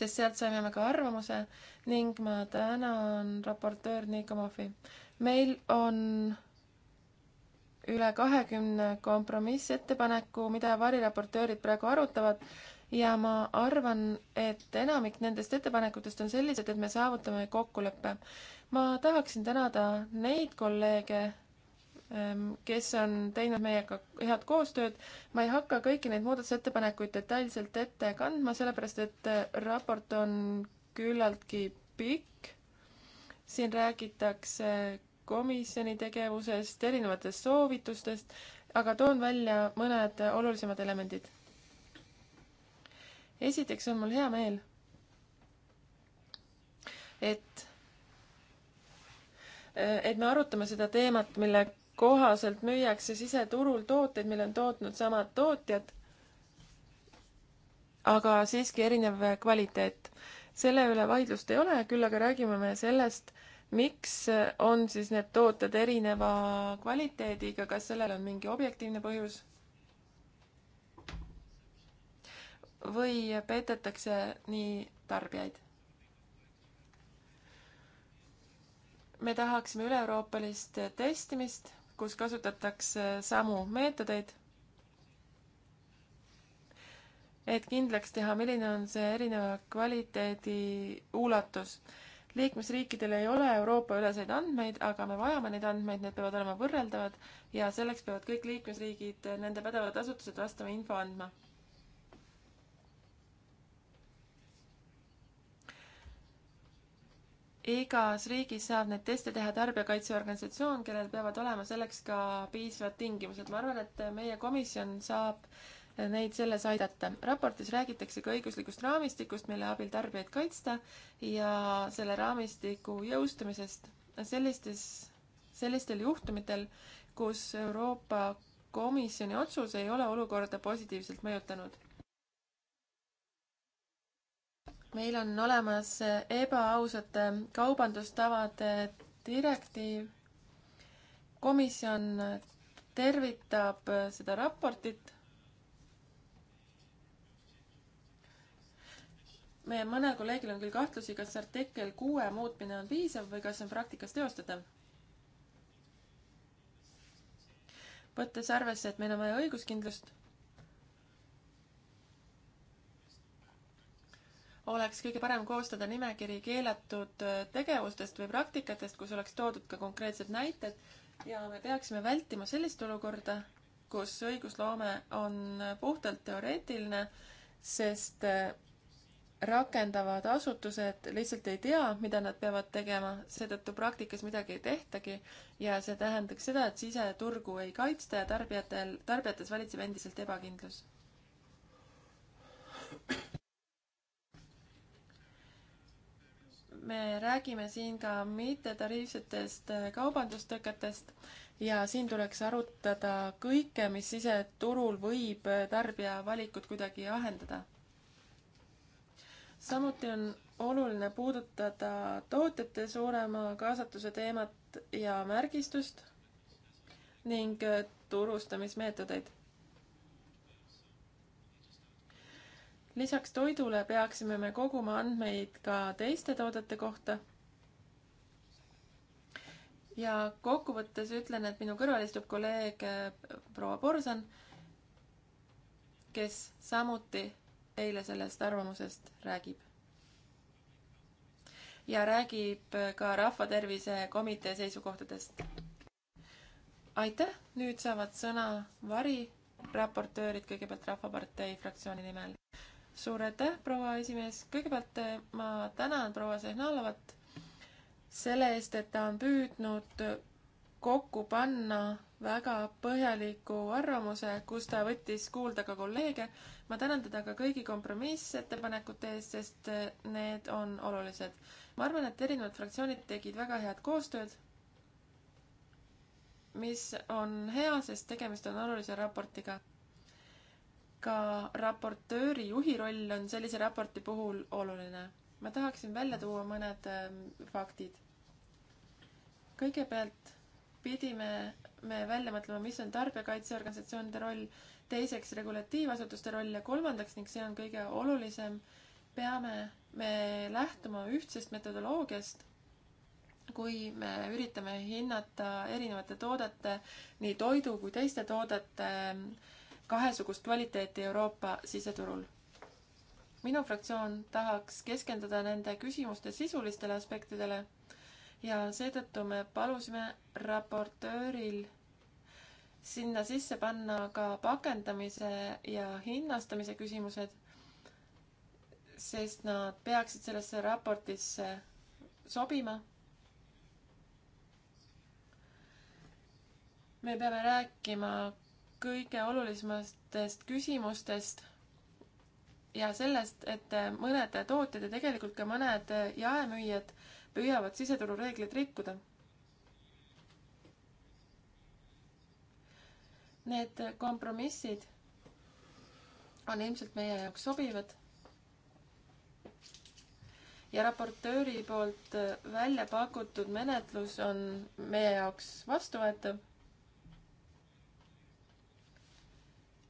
sest sealt saime me ka arvamuse ning ma tänan raportöör Niko Mahvi. meil on üle kahekümne kompromissettepaneku, mida variraportöörid praegu arutavad ja ma arvan, et enamik nendest ettepanekutest on sellised, et me saavutame kokkuleppe. ma tahaksin tänada neid kolleege, ehm, kes on teinud meiega head koostööd. ma ei hakka kõiki neid muudatusettepanekuid detailselt ette kandma, sellepärast et eh, raport on küllaltki pikk. siin räägitakse komisjoni tegevusest, erinevatest soovitustest, aga toon välja mõned olulisemad elemendid esiteks on mul hea meel, et, et me arutame seda teemat, mille kohaselt müüakse siseturul tooteid, mille on tootnud samad tootjad, aga siiski erinev kvaliteet. selle üle vaidlust ei ole, küll aga räägime me sellest, miks on siis need tooted erineva kvaliteediga, kas sellel on mingi objektiivne põhjus või petetakse nii tarbijaid. me tahaksime üle-euroopalist testimist, kus kasutatakse samu meetodeid, et kindlaks teha, milline on see erineva kvaliteedi ulatus. liikmesriikidel ei ole Euroopa-üleseid andmeid, aga me vajame neid andmeid, need peavad olema võrreldavad ja selleks peavad kõik liikmesriigid, nende pädevad asutused vastava info andma igas riigis saab neid teste teha tarbijakaitseorganisatsioon, kellel peavad olema selleks ka piisavad tingimused. ma arvan, et meie komisjon saab neid selles aidata. raportis räägitakse ka õiguslikust raamistikust, mille abil tarbijaid kaitsta ja selle raamistiku jõustumisest sellistes, sellistel juhtumitel, kus Euroopa Komisjoni otsus ei ole olukorda positiivselt mõjutanud meil on olemas ebaausate kaubandustavade direktiiv. komisjon tervitab seda raportit. meie mõnel kolleegil on küll kahtlusi, kas artikkel kuue muutmine on piisav või kas see on praktikas teostatav. võttes arvesse, et meil on vaja õiguskindlust oleks kõige parem koostada nimekiri keelatud äh, tegevustest või praktikatest, kus oleks toodud ka konkreetsed näited ja me peaksime vältima sellist olukorda, kus õigusloome on äh, puhtalt teoreetiline, sest äh, rakendavad asutused lihtsalt ei tea, mida nad peavad tegema, seetõttu praktikas midagi ei tehtagi ja see tähendaks seda, et siseturgu ei kaitsta ja tarbijatel, tarbijates valitseb endiselt ebakindlus me räägime siin ka mittetariifsetest äh, kaubandustõketest ja siin tuleks arutada kõike, mis siseturul võib äh, tarbija valikut kuidagi ahendada. samuti on oluline puudutada tootjate suurema kaasatuse teemat ja märgistust ning äh, turustamismeetodeid lisaks toidule peaksime me koguma andmeid ka teiste toodete kohta. ja kokkuvõttes ütlen, et minu kõrval istub kolleeg äh, proua Borson, kes samuti teile sellest arvamusest räägib ja räägib ka Rahvatervise Komitee seisukohtadest. aitäh, nüüd saavad sõna variraportöörid kõigepealt Rahvapartei fraktsiooni nimel suur aitäh, proua esimees, kõigepealt eh, ma tänan proua Sehnalovat selle eest, et ta on püüdnud kokku panna väga põhjaliku arvamuse, kus ta võttis kuulda ka kolleege. ma tänan teda ka kõigi kompromissettepanekute eest, sest eh, need on olulised. ma arvan, et erinevad fraktsioonid tegid väga head koostööd, mis on hea, sest tegemist on olulise raportiga ka raportööri juhi roll on sellise raporti puhul oluline. ma tahaksin välja tuua mõned ähm, faktid. kõigepealt pidime me välja mõtlema, mis on tarbijakaitseorganisatsioonide roll, teiseks regulatiivasutuste roll ja kolmandaks, ning see on kõige olulisem, peame me lähtuma ühtsest metodoloogiast, kui me üritame hinnata erinevate toodete, nii toidu kui teiste toodete äh, kahesugust kvaliteeti Euroopa siseturul. minu fraktsioon tahaks keskenduda nende küsimuste sisulistele aspektidele ja seetõttu me palusime raportööril sinna sisse panna ka pakendamise ja hinnastamise küsimused, sest nad peaksid sellesse raportisse sobima. me peame rääkima kõige olulisematest küsimustest ja sellest, et mõned tootjad ja tegelikult ka mõned jaemüüjad püüavad siseturureegleid rikkuda. Need kompromissid on ilmselt meie jaoks sobivad. ja raportööri poolt välja pakutud menetlus on meie jaoks vastuvõetav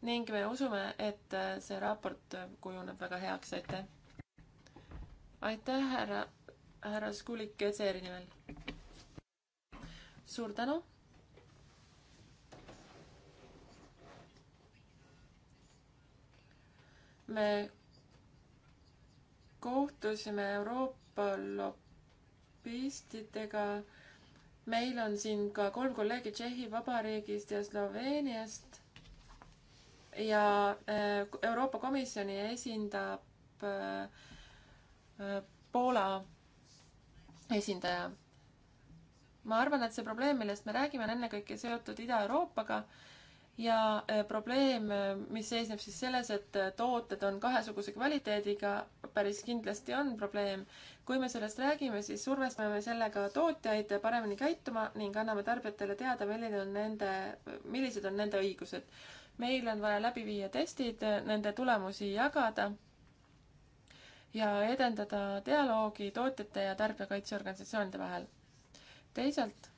ning me usume, et äh, see raport äh, kujuneb väga heaks, aitäh. aitäh, härra, härra Skulik Ketseri nimel. suur tänu. me kohtusime Euroopa lobistidega. meil on siin ka kolm kolleegi Tšehhi Vabariigist ja Sloveeniast ja äh, Euroopa Komisjoni esindab äh, Poola esindaja. ma arvan, et see probleem, millest me räägime, on ennekõike seotud Ida-Euroopaga ja äh, probleem, mis seisneb siis selles, et tooted on kahesuguse kvaliteediga, päris kindlasti on probleem. kui me sellest räägime, siis survestame sellega tootjaid paremini käituma ning anname tarbijatele teada, milline on nende, millised on nende õigused meil on vaja läbi viia testid, nende tulemusi jagada ja edendada dialoogi tootjate ja tarbijakaitseorganisatsioonide vahel. teisalt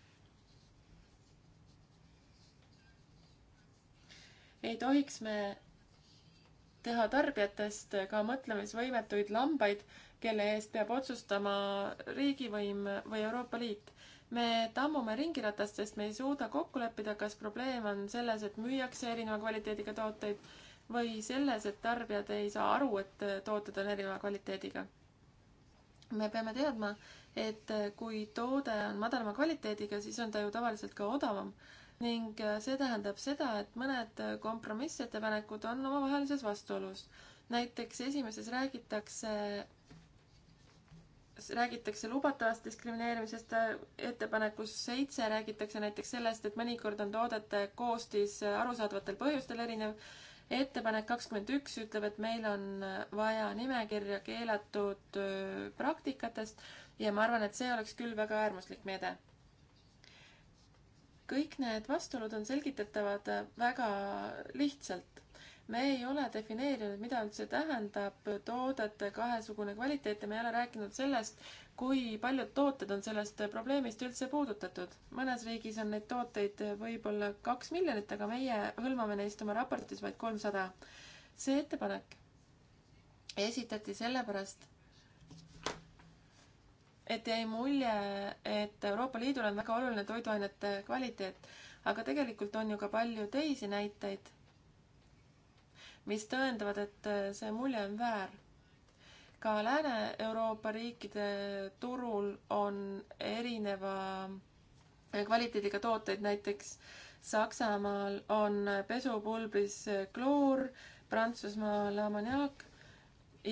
ei tohiks me teha tarbijatest ka mõtlemisvõimetuid lambaid, kelle eest peab otsustama riigivõim või Euroopa Liit me tammume ringiratast, sest me ei suuda kokku leppida, kas probleem on selles, et müüakse erineva kvaliteediga tooteid või selles, et tarbijad ei saa aru, et tooted on erineva kvaliteediga. me peame teadma, et kui toode on madalama kvaliteediga, siis on ta ju tavaliselt ka odavam ning see tähendab seda, et mõned kompromissettepanekud on omavahelises vastuolus. näiteks esimeses räägitakse räägitakse lubatavast diskrimineerimisest, ettepanekus seitse räägitakse näiteks sellest, et mõnikord on toodete koostis arusaadavatel põhjustel erinev. ettepanek kakskümmend üks ütleb, et meil on vaja nimekirja keelatud praktikatest ja ma arvan, et see oleks küll väga äärmuslik meede. kõik need vastuolud on selgitatavad väga lihtsalt me ei ole defineerinud, mida üldse tähendab toodete kahesugune kvaliteet ja me ei ole rääkinud sellest, kui paljud tooted on sellest probleemist üldse puudutatud. mõnes riigis on neid tooteid võib-olla kaks miljonit, aga meie hõlmame neist oma raportis vaid kolmsada. see ettepanek esitati sellepärast, et jäi mulje, et Euroopa Liidul on väga oluline toiduainete kvaliteet, aga tegelikult on ju ka palju teisi näiteid mis tõendavad, et äh, see mulje on väär. ka Lääne-Euroopa riikide turul on erineva äh, kvaliteediga tooteid, näiteks Saksamaal on äh, pesupulbris kloor, Prantsusmaal ammoniaak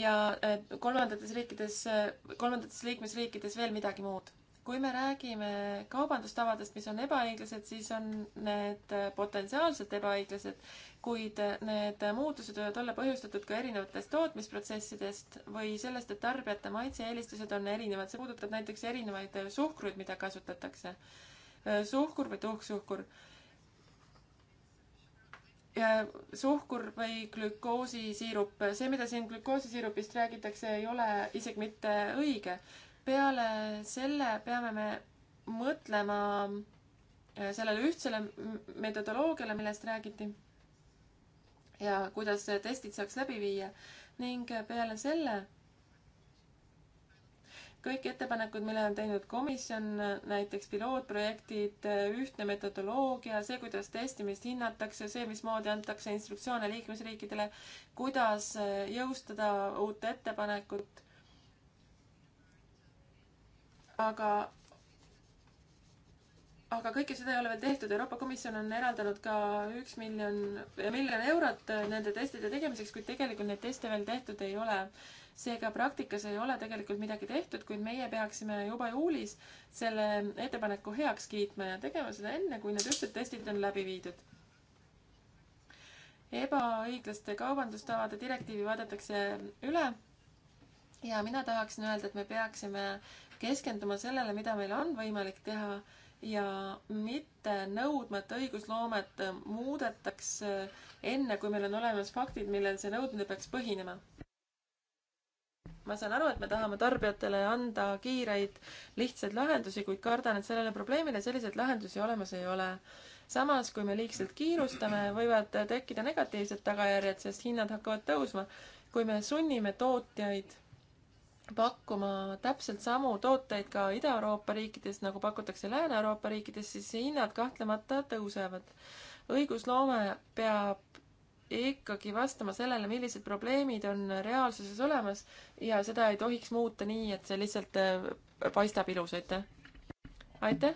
ja kolmandates riikides, kolmandates liikmesriikides veel midagi muud kui me räägime kaubandustavadest, mis on ebaõiglased, siis on need potentsiaalselt ebaõiglased, kuid need muutused võivad olla põhjustatud ka erinevatest tootmisprotsessidest või sellest, et tarbijate maitse-eelistused on erinevad. see puudutab näiteks erinevaid suhkruid, mida kasutatakse. suhkur või tuhksuhkur. ja suhkur või glükoosisiirup, see, mida siin glükoosisirupist räägitakse, ei ole isegi mitte õige peale selle peame me mõtlema äh, sellele ühtsele metodoloogiale, millest räägiti ja kuidas testid saaks läbi viia ning peale selle kõik ettepanekud, mille on teinud komisjon, näiteks pilootprojektid, ühtne metodoloogia, see, kuidas testimist hinnatakse, see, mismoodi antakse instruktsioone liikmesriikidele, kuidas äh, jõustada uut ettepanekut aga aga kõike seda ei ole veel tehtud. Euroopa Komisjon on eraldanud ka üks miljon, miljon eurot nende testide tegemiseks, kuid tegelikult neid teste veel tehtud ei ole. seega praktikas ei ole tegelikult midagi tehtud, kuid meie peaksime juba juulis selle ettepaneku heaks kiitma ja tegema seda enne, kui need ühtsed testid on läbi viidud. ebaõiglaste kaubandustavade direktiivi vaadatakse üle ja mina tahaksin öelda, et me peaksime keskenduma sellele, mida meil on võimalik teha ja mitte nõudma, et õigusloomet muudetaks enne, kui meil on olemas faktid, millel see nõudmine peaks põhinema. ma saan aru, et me tahame tarbijatele anda kiireid, lihtsaid lahendusi, kuid kardan, et sellele probleemile selliseid lahendusi olemas ei ole. samas, kui me liigselt kiirustame, võivad tekkida negatiivsed tagajärjed, sest hinnad hakkavad tõusma. kui me sunnime tootjaid pakkuma täpselt samu tooteid ka Ida-Euroopa riikides, nagu pakutakse Lääne-Euroopa riikides, siis hinnad kahtlemata tõusevad. õigusloome peab ikkagi vastama sellele, millised probleemid on reaalsuses olemas ja seda ei tohiks muuta nii, et see lihtsalt äh, paistab ilus, aitäh. aitäh.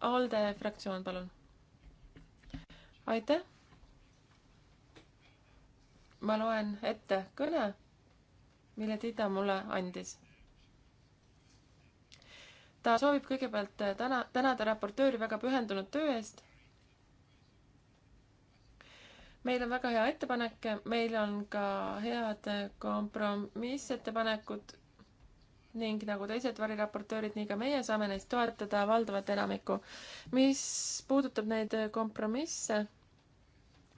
ALDE fraktsioon, palun. aitäh ma loen ette kõne, mille Tiida mulle andis. ta soovib kõigepealt täna, tänada raportööri väga pühendunud töö eest. meil on väga hea ettepanek, meil on ka head kompromissettepanekud ning nagu teised variraportöörid, nii ka meie saame neist toetada valdavat enamikku. mis puudutab neid kompromisse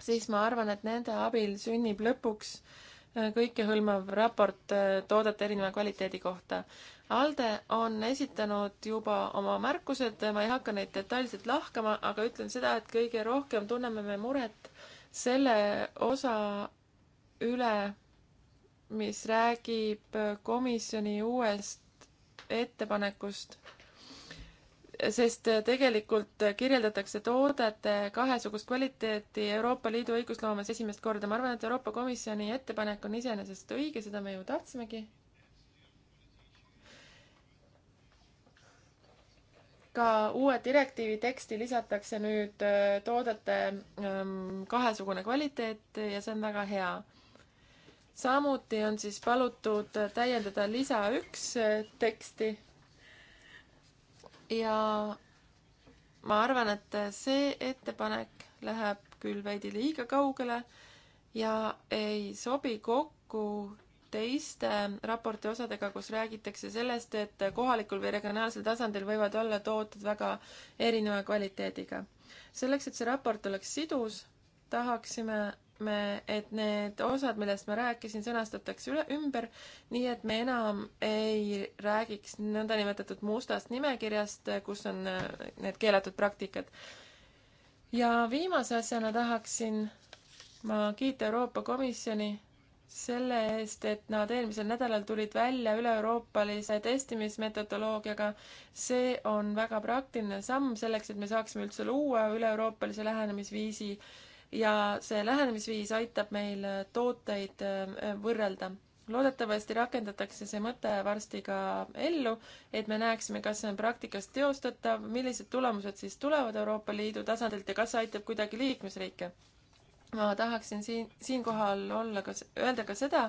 siis ma arvan, et nende abil sünnib lõpuks äh, kõikehõlmav raport äh, toodete erineva kvaliteedi kohta. ALDE on esitanud juba oma märkused, ma ei hakka neid detailselt lahkama, aga ütlen seda, et kõige rohkem tunneme me muret selle osa üle, mis räägib komisjoni uuest ettepanekust sest tegelikult kirjeldatakse toodete kahesugust kvaliteeti Euroopa Liidu õigusloomes esimest korda. ma arvan, et Euroopa Komisjoni ettepanek on iseenesest õige, seda me ju tahtsimegi. ka uue direktiivi teksti lisatakse nüüd äh, toodete ähm, kahesugune kvaliteet ja see on väga hea. samuti on siis palutud täiendada lisa üks äh, teksti ja ma arvan, et see ettepanek läheb küll veidi liiga kaugele ja ei sobi kokku teiste raporti osadega, kus räägitakse sellest, et kohalikul või regionaalsel tasandil võivad olla tooted väga erineva kvaliteediga. selleks, et see raport oleks sidus, tahaksime me, et need osad, millest ma rääkisin, sõnastatakse üle, ümber, nii et me enam ei räägiks nõndanimetatud mustast nimekirjast, kus on äh, need keelatud praktikad. ja viimase asjana tahaksin ma kiita Euroopa Komisjoni selle eest, et nad eelmisel nädalal tulid välja üle-euroopalise testimismetodoloogiaga. see on väga praktiline samm selleks, et me saaksime üldse luua üle-euroopalise lähenemisviisi ja see lähenemisviis aitab meil tooteid äh, võrrelda. loodetavasti rakendatakse see mõte varsti ka ellu, et me näeksime, kas see on praktikas teostatav, millised tulemused siis tulevad Euroopa Liidu tasandilt ja kas see aitab kuidagi liikmesriike. ma tahaksin siin, siinkohal olla ka, öelda ka seda,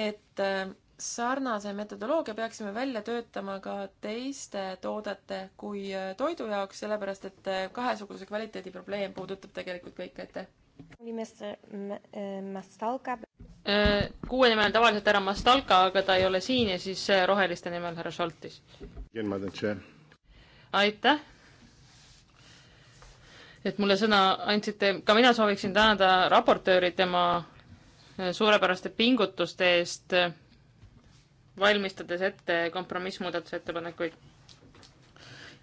et äh, sarnase metodoloogia peaksime välja töötama ka teiste toodete kui äh, toidu jaoks, sellepärast et äh, kahesuguse kvaliteedi probleem puudutab tegelikult kõike, aitäh. Äh, kuue nimel on tavaliselt härra Mastalka, aga ta ei ole siin ja siis roheliste nimel härra Šoltis. aitäh et mulle sõna andsite. ka mina sooviksin tänada raportööri tema suurepäraste pingutuste eest valmistades ette kompromissmuudatusettepanekuid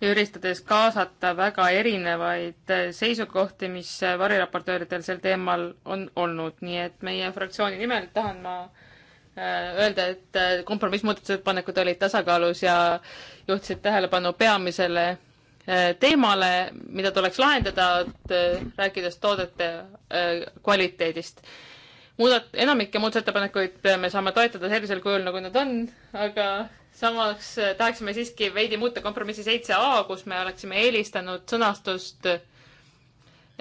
ja üritades kaasata väga erinevaid seisukohti, mis variraportööridel sel teemal on olnud, nii et meie fraktsiooni nimel tahan ma äh, öelda, et äh, kompromissmuudatusettepanekud olid tasakaalus ja juhtisid tähelepanu peamisele äh, teemale, mida tuleks lahendada, rääkides toodete kvaliteedist muudat-, enamikke muudatusettepanekuid me saame toetada sellisel kujul, nagu nad on, aga samas tahaksime siiski veidi muuta kompromissi seitse A, kus me oleksime eelistanud sõnastust,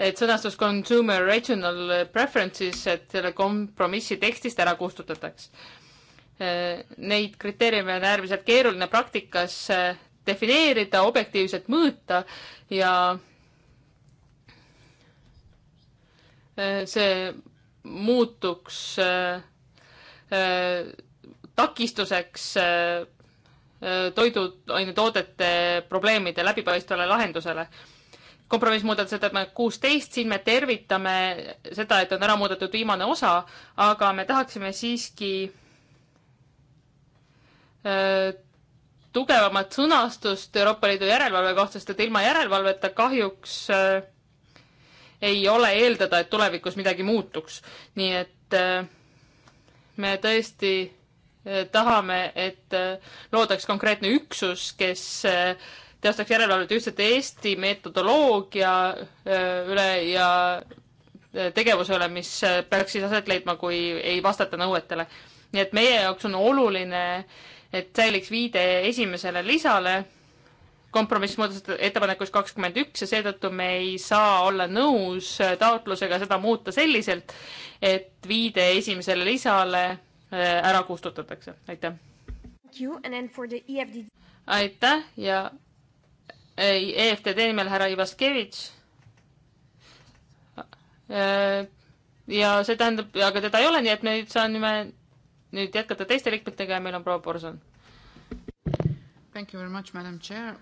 et sõnastus consumer regional preferences, et selle kompromissi tekstist ära kustutataks. Neid kriteeriume on äärmiselt keeruline praktikas defineerida, objektiivselt mõõta ja see muutuks äh, äh, takistuseks äh, äh toiduainetoodete probleemide läbipaistvale lahendusele. kompromissmuudatusettepanek kuusteist, siin me tervitame seda, et on ära muudetud viimane osa, aga me tahaksime siiski äh, tugevamat sõnastust Euroopa Liidu järelevalve kohta, sest et ilma järelevalveta kahjuks äh, ei ole eeldada, et tulevikus midagi muutuks. nii et äh, me tõesti äh, tahame, et äh, loodaks konkreetne üksus, kes teostaks järelevalvet ühtset Eesti metodoloogia üle ja tegevuse üle, mis peaks siis aset leidma, kui ei vastata nõuetele. nii et meie jaoks on oluline, et säiliks viide esimesele lisale kompromissmuudatusettepanekus kakskümmend üks ja seetõttu me ei saa olla nõus taotlusega seda muuta selliselt, et viide esimesele lisale äh, ära kustutatakse. aitäh. E aitäh ja EFTD e nimel härra Ivaskevitš. Äh, ja see tähendab, aga teda ei ole, nii et me nüüd saame nüüd jätkata teiste liikmetega ja meil on proua Porson. Thank you very much, madam chair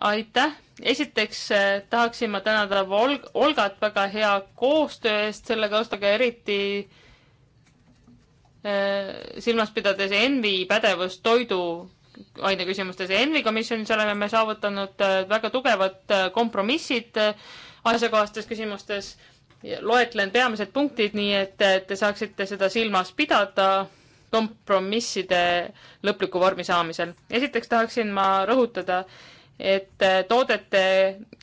aitäh, esiteks äh, tahaksin ma tänada Vol-, Olgat väga hea koostöö eest selle kaustaga, eriti äh, silmas pidades ENVI pädevust toiduaine küsimustes. ENVI komisjonis oleme me saavutanud äh, väga tugevad kompromissid asjakohastes küsimustes. loetlen peamised punktid, nii et te saaksite seda silmas pidada kompromisside lõpliku vormi saamisel. esiteks tahaksin ma rõhutada, et äh, toodete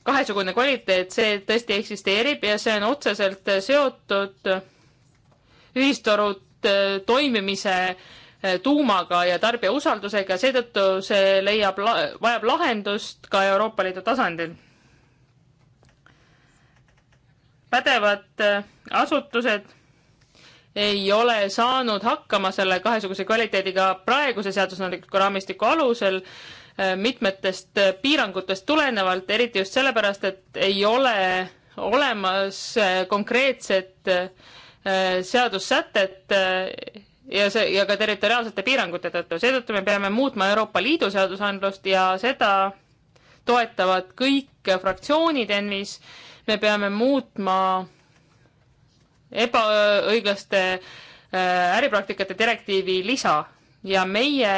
kahesugune kvaliteet, see tõesti eksisteerib ja see on otseselt äh, seotud ühistoru äh, toimimise tuumaga ja tarbija usaldusega, seetõttu see leiab, vajab lahendust ka Euroopa Liidu tasandil. pädevad asutused ei ole saanud hakkama selle kahesuguse kvaliteediga praeguse seadusandliku raamistiku alusel Äh, mitmetest äh, piirangutest tulenevalt, eriti just sellepärast, et ei ole olemas äh, konkreetset seadussätet ja see, ja ka territoriaalsete piirangute tõttu. seetõttu me peame muutma Euroopa Liidu seadusandlust ja seda toetavad kõik fraktsioonid ENMis. me peame muutma ebaõiglaste äripraktikate direktiivi lisa ja meie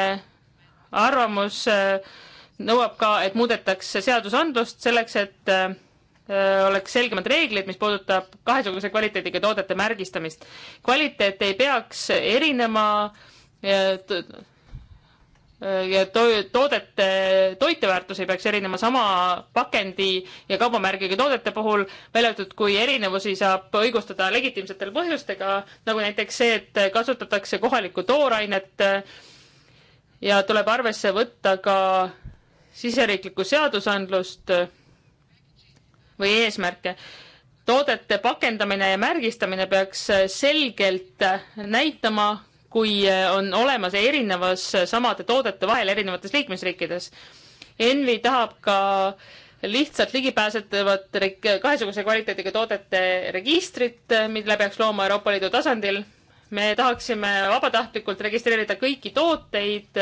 arvamus äh, nõuab ka, et muudetakse seadusandlust selleks, et äh, oleks selgemad reeglid, mis puudutab kahesuguse kvaliteediga toodete märgistamist. kvaliteet ei peaks erinema ja, äh, to ja to toodete toiteväärtus ei peaks erinema sama pakendi ja kaubamärgiga toodete puhul, välja arvatud kui erinevusi saab õigustada legitiimsetel põhjustega, nagu näiteks see, et kasutatakse kohalikku toorainet äh, ja tuleb arvesse võtta ka siseriiklikku seadusandlust või eesmärke. toodete pakendamine ja märgistamine peaks selgelt näitama, kui on olemas erinevus samade toodete vahel erinevates liikmesriikides. Envi tahab ka lihtsalt ligipääsetavat kahesuguse kvaliteediga toodete registrit, mille peaks looma Euroopa Liidu tasandil me tahaksime vabatahtlikult registreerida kõiki tooteid,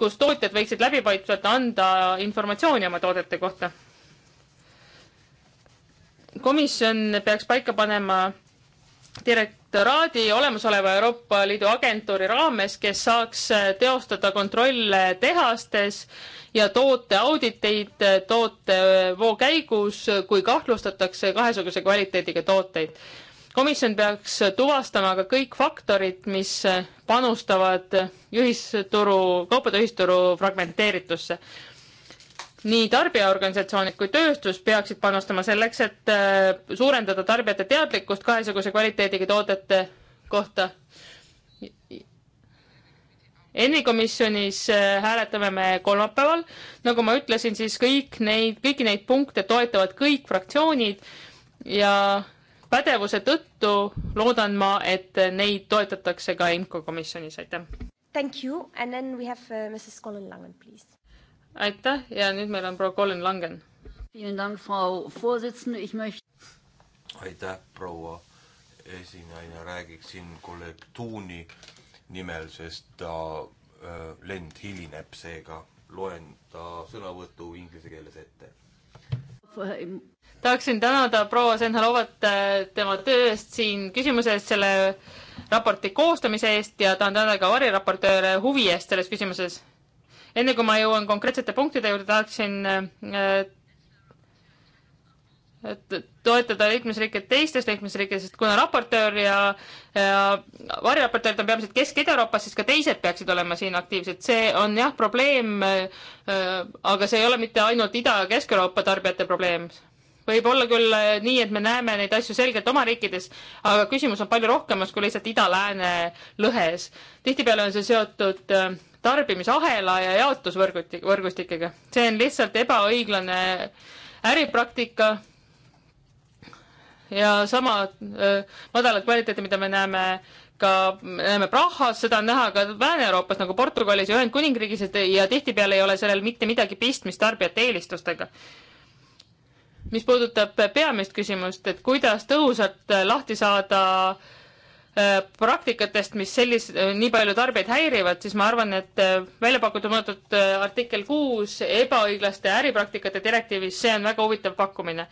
kus tootjad võiksid läbipaistvalt anda informatsiooni oma toodete kohta. komisjon peaks paika panema direktoraadi olemasoleva Euroopa Liidu agentuuri raames, kes saaks teostada kontrolle tehastes ja toote auditeid tootevoo käigus, kui kahtlustatakse kahesuguse kvaliteediga tooteid komisjon peaks tuvastama ka kõik faktorid, mis panustavad ühisturu, kaupade ühisturu fragmenteeritusse. nii tarbijaorganisatsioonid kui tööstus peaksid panustama selleks, et äh, suurendada tarbijate teadlikkust kahesuguse kvaliteediga toodete kohta. ENVI komisjonis äh, hääletame me kolmapäeval, nagu ma ütlesin, siis kõik neid, kõiki neid punkte toetavad kõik fraktsioonid ja pädevuse tõttu loodan ma, et neid toetatakse ka IMCO komisjonis, aitäh. Thank you and then we have uh, Mrs Colin Langen, please. aitäh ja nüüd meil on proua Colin Langen. aitäh, proua esinaine, räägiksin kolleeg Tuuni nimel, sest ta äh, lend hilineb, seega loen ta sõnavõtu inglise keeles ette. Äh, tahaksin tänada proua Senhalovat äh, tema töö eest siin küsimuse eest, selle raporti koostamise eest ja tahan tänada ka variraportööre huvi eest selles küsimuses. enne kui ma jõuan konkreetsete punktide juurde, tahaksin äh, et toetada liikmesriike teistes liikmesriikides, sest kuna raportöör ja, ja variraportöörid on peamiselt Kesk-Ida-Euroopas, siis ka teised peaksid olema siin aktiivsed. see on jah, probleem äh,, aga see ei ole mitte ainult Ida- ja Kesk-Euroopa tarbijate probleem võib olla küll äh, nii, et me näeme neid asju selgelt oma riikides, aga küsimus on palju rohkemas kui lihtsalt ida-lääne lõhes. tihtipeale on see seotud äh, tarbimisahela ja jaotusvõrgutik-, võrgustikega. see on lihtsalt ebaõiglane äripraktika ja sama äh, madalat kvaliteeti, mida me näeme ka, näeme Prahas, seda on näha ka Lääne-Euroopas nagu Portugalis ja Ühendkuningriigis ja tihtipeale ei ole sellel mitte midagi pistmist tarbijate eelistustega mis puudutab äh, peamist küsimust, et kuidas tõhusalt äh, lahti saada äh, praktikatest, mis sellis-, nii palju tarbijaid häirivad, siis ma arvan, et välja pakutud muudatud artikkel kuus ebaõiglaste äripraktikate direktiivis, see on väga huvitav pakkumine.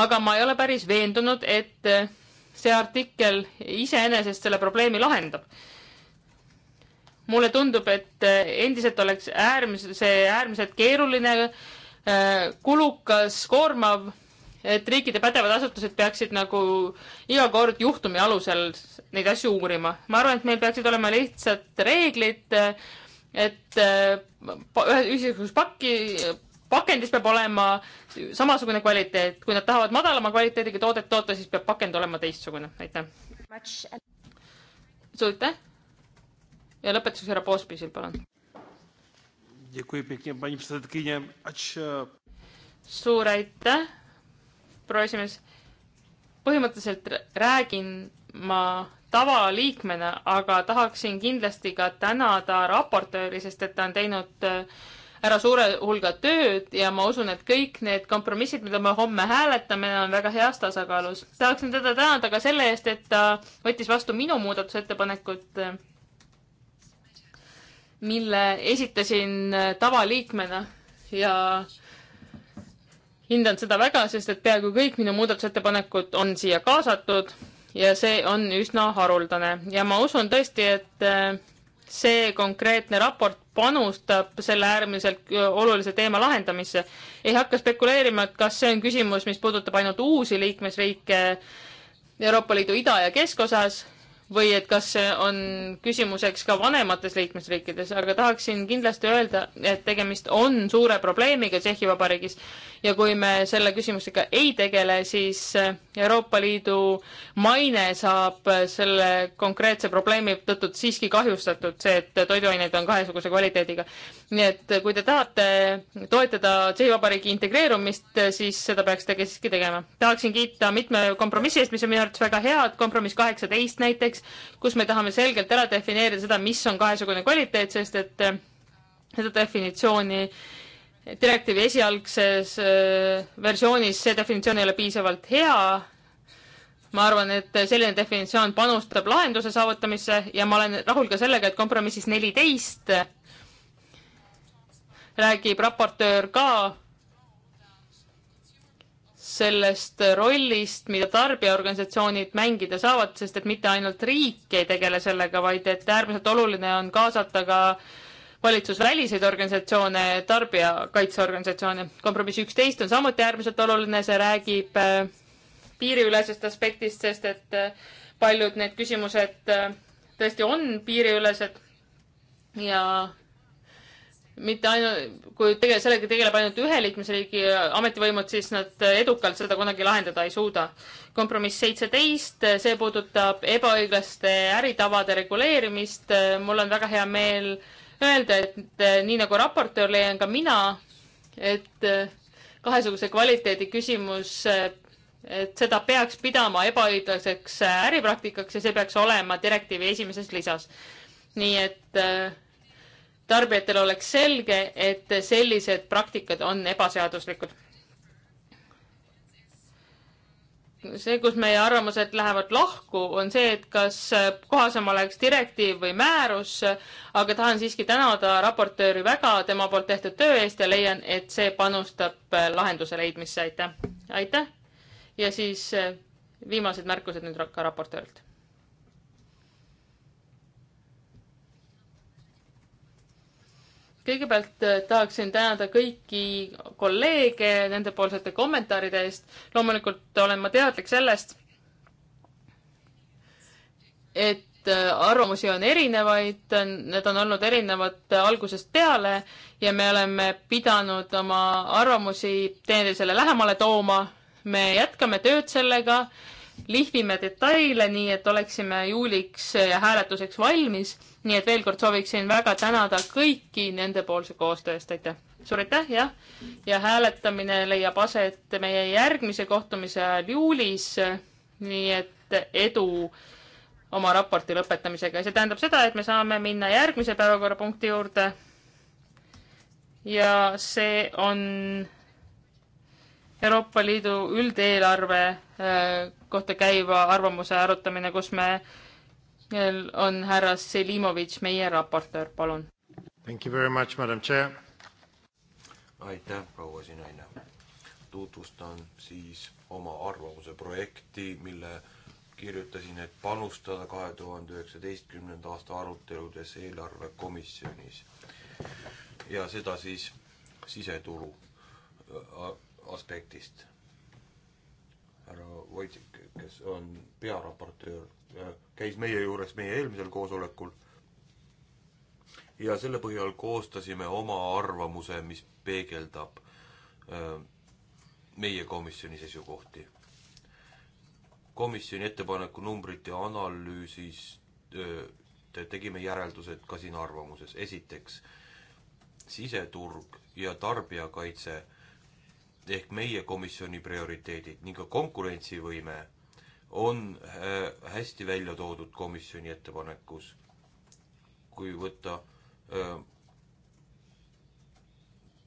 aga ma ei ole päris veendunud, et see artikkel iseenesest selle probleemi lahendab. mulle tundub, et endiselt oleks äärmis-, see äärmiselt keeruline Äh, kulukas, koormav, et riikide pädevad asutused peaksid nagu iga kord juhtumi alusel neid asju uurima. ma arvan, et meil peaksid olema lihtsad reeglid, et äh, ühisikus pakki, pakendis peab olema samasugune kvaliteet, kui nad tahavad madalama kvaliteediga toodet toota, siis peab pakend olema teistsugune, aitäh. suur aitäh. ja lõpetuseks härra Poospisil, palun. Eh, suur aitäh, proua esimees. põhimõtteliselt räägin ma tavaliikmena, aga tahaksin kindlasti ka tänada raportööri, sest et ta on teinud eh, ära suure hulga tööd ja ma usun, et kõik need kompromissid, mida me homme hääletame, on väga heas tasakaalus. tahaksin teda tänada ka selle eest, et ta võttis vastu minu muudatusettepanekut eh, mille esitasin äh, tavaliikmena ja hindan seda väga, sest et peaaegu kõik minu muudatusettepanekud on siia kaasatud ja see on üsna haruldane ja ma usun tõesti, et äh, see konkreetne raport panustab selle äärmiselt äh, olulise teema lahendamisse. ei hakka spekuleerima, et kas see on küsimus, mis puudutab ainult uusi liikmesriike Euroopa Liidu ida- ja keskosas või et kas see on küsimuseks ka vanemates liikmesriikides, aga tahaksin kindlasti öelda, et tegemist on suure probleemiga Tšehhi Vabariigis ja kui me selle küsimusega ei tegele, siis äh, Euroopa Liidu maine saab äh, selle konkreetse probleemi tõttu siiski kahjustatud, see, et toiduained on kahesuguse kvaliteediga. nii et äh, kui te tahate toetada Tšehhi Vabariigi integreerumist, siis seda peaks tege siiski tegema. tahaksin kiita mitme kompromissi eest, mis on minu arvates väga head, kompromiss kaheksateist näiteks, kus me tahame selgelt ära defineerida seda, mis on kahesugune kvaliteet, sest et seda definitsiooni direktiivi esialgses äh, versioonis see definitsioon ei ole piisavalt hea. ma arvan, et selline definitsioon panustab lahenduse saavutamisse ja ma olen rahul ka sellega, et kompromissis neliteist räägib raportöör ka sellest rollist, mida tarbijaorganisatsioonid mängida saavad, sest et mitte ainult riik ei tegele sellega, vaid et äärmiselt oluline on kaasata ka äh, valitsusväliseid organisatsioone, tarbijakaitseorganisatsioone. kompromiss üksteist on samuti äärmiselt oluline, see räägib äh, piiriülesest aspektist, sest et äh, paljud need küsimused äh, tõesti on piiriülesed ja mitte ainult, kui tege-, sellega tegeleb ainult ühe liikmesriigi ametivõimud, siis nad edukalt seda kunagi lahendada ei suuda. kompromiss seitseteist, see puudutab ebaõiglaste äritavade reguleerimist. mul on väga hea meel äh, öelda, et äh, nii nagu raportöör leian ka mina, et äh, kahesuguse kvaliteedi küsimus, äh, et seda peaks pidama ebaõiglaseks äripraktikaks ja see peaks olema direktiivi esimeses lisas. nii et tarbijatel oleks selge, et sellised praktikad on ebaseaduslikud see, kus meie arvamused lähevad lahku, on see, et kas kohasem oleks direktiiv või määrus, aga tahan siiski tänada raportööri väga tema poolt tehtud töö eest ja leian, et see panustab lahenduse leidmisse, aitäh. aitäh. ja siis eh, viimased märkused nüüd ka raportöörilt kõigepealt äh, tahaksin tänada kõiki kolleege nendepoolsete kommentaaride eest. loomulikult olen ma teadlik sellest, et äh, arvamusi on erinevaid, need on olnud erinevad äh, algusest peale ja me oleme pidanud oma arvamusi teineteisele lähemale tooma. me jätkame tööd sellega, lihvime detaile, nii et oleksime juuliks ja hääletuseks valmis nii et veel kord sooviksin väga tänada kõiki nendepoolse koostöö eest, aitäh! suur aitäh, jah! ja hääletamine leiab aset meie järgmise kohtumise ajal juulis, nii et edu oma raporti lõpetamisega ja see tähendab seda, et me saame minna järgmise päevakorrapunkti juurde. ja see on Euroopa Liidu üldeelarve äh, kohta käiva arvamuse arutamine, kus me on härra Selimovitš, meie raportöör, palun. Thank you very much, madam chair. aitäh, proua Sinaine. tutvustan siis oma arvamuse projekti, mille kirjutasin, et panustada kahe tuhande üheksateistkümnenda aasta aruteludes eelarvekomisjonis. ja seda siis siseturu äh, aspektist. härra Voitsik kes on pearaportöör, käis meie juures meie eelmisel koosolekul ja selle põhjal koostasime oma arvamuse, mis peegeldab äh, meie komisjoni seisukohti. komisjoni ettepaneku numbrite analüüsis te äh, tegime järeldused ka siin arvamuses, esiteks siseturg ja tarbijakaitse ehk meie komisjoni prioriteedid ning ka konkurentsivõime on äh, hästi välja toodud komisjoni ettepanekus. kui võtta äh,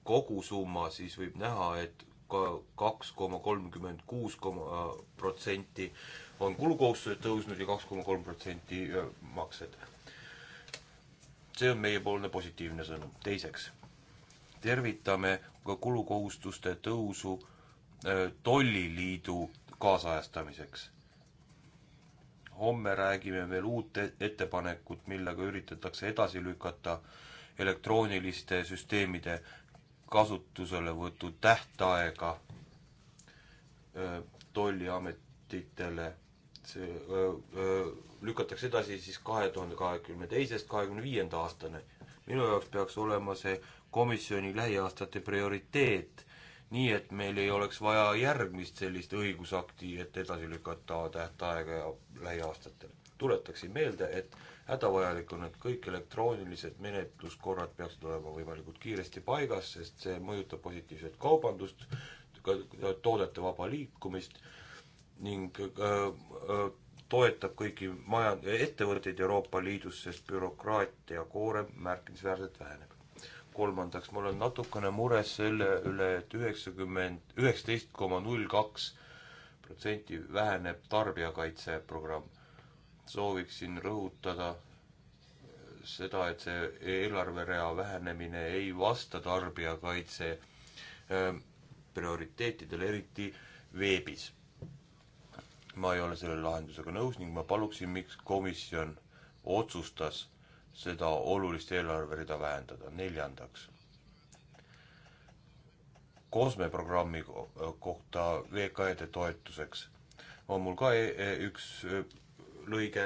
kogusumma, siis võib näha, et ka kaks koma kolmkümmend kuus koma äh, protsenti on kulukohustused tõusnud ja kaks koma kolm protsenti maksed. see on meiepoolne positiivne sõnum. teiseks, tervitame ka kulukohustuste tõusu tolliliidu kaasajastamiseks homme räägime veel uut e-, ettepanekut, millega üritatakse edasi lükata elektrooniliste süsteemide kasutuselevõtu tähtaega tolliametitele. see öö, öö, lükatakse edasi siis kahe tuhande kahekümne teisest kahekümne viienda aastani. minu jaoks peaks olema see komisjoni lähiaastate prioriteet nii et meil ei oleks vaja järgmist sellist õigusakti, et edasi lükata tähtaega ja lähiaastatel. tuletaksin meelde, et hädavajalik on, et kõik elektroonilised menetluskorrad peaksid olema võimalikult kiiresti paigas, sest see mõjutab positiivset kaubandust, toodete vaba liikumist ning äh, äh, toetab kõiki maja, ettevõtteid Euroopa Liidus, sest bürokraatia koorem märkimisväärselt väheneb kolmandaks, ma olen natukene mures selle üle et 90,, et üheksakümmend, üheksateist koma null kaks protsenti väheneb tarbijakaitseprogramm. sooviksin rõhutada seda, et see eelarverea vähenemine ei vasta tarbijakaitse prioriteetidele, eriti veebis. ma ei ole selle lahendusega nõus ning ma paluksin, miks komisjon otsustas seda olulist eelarverida vähendada. neljandaks, Kosme programmi kohta VKE-de toetuseks on mul ka e e üks e, lõige,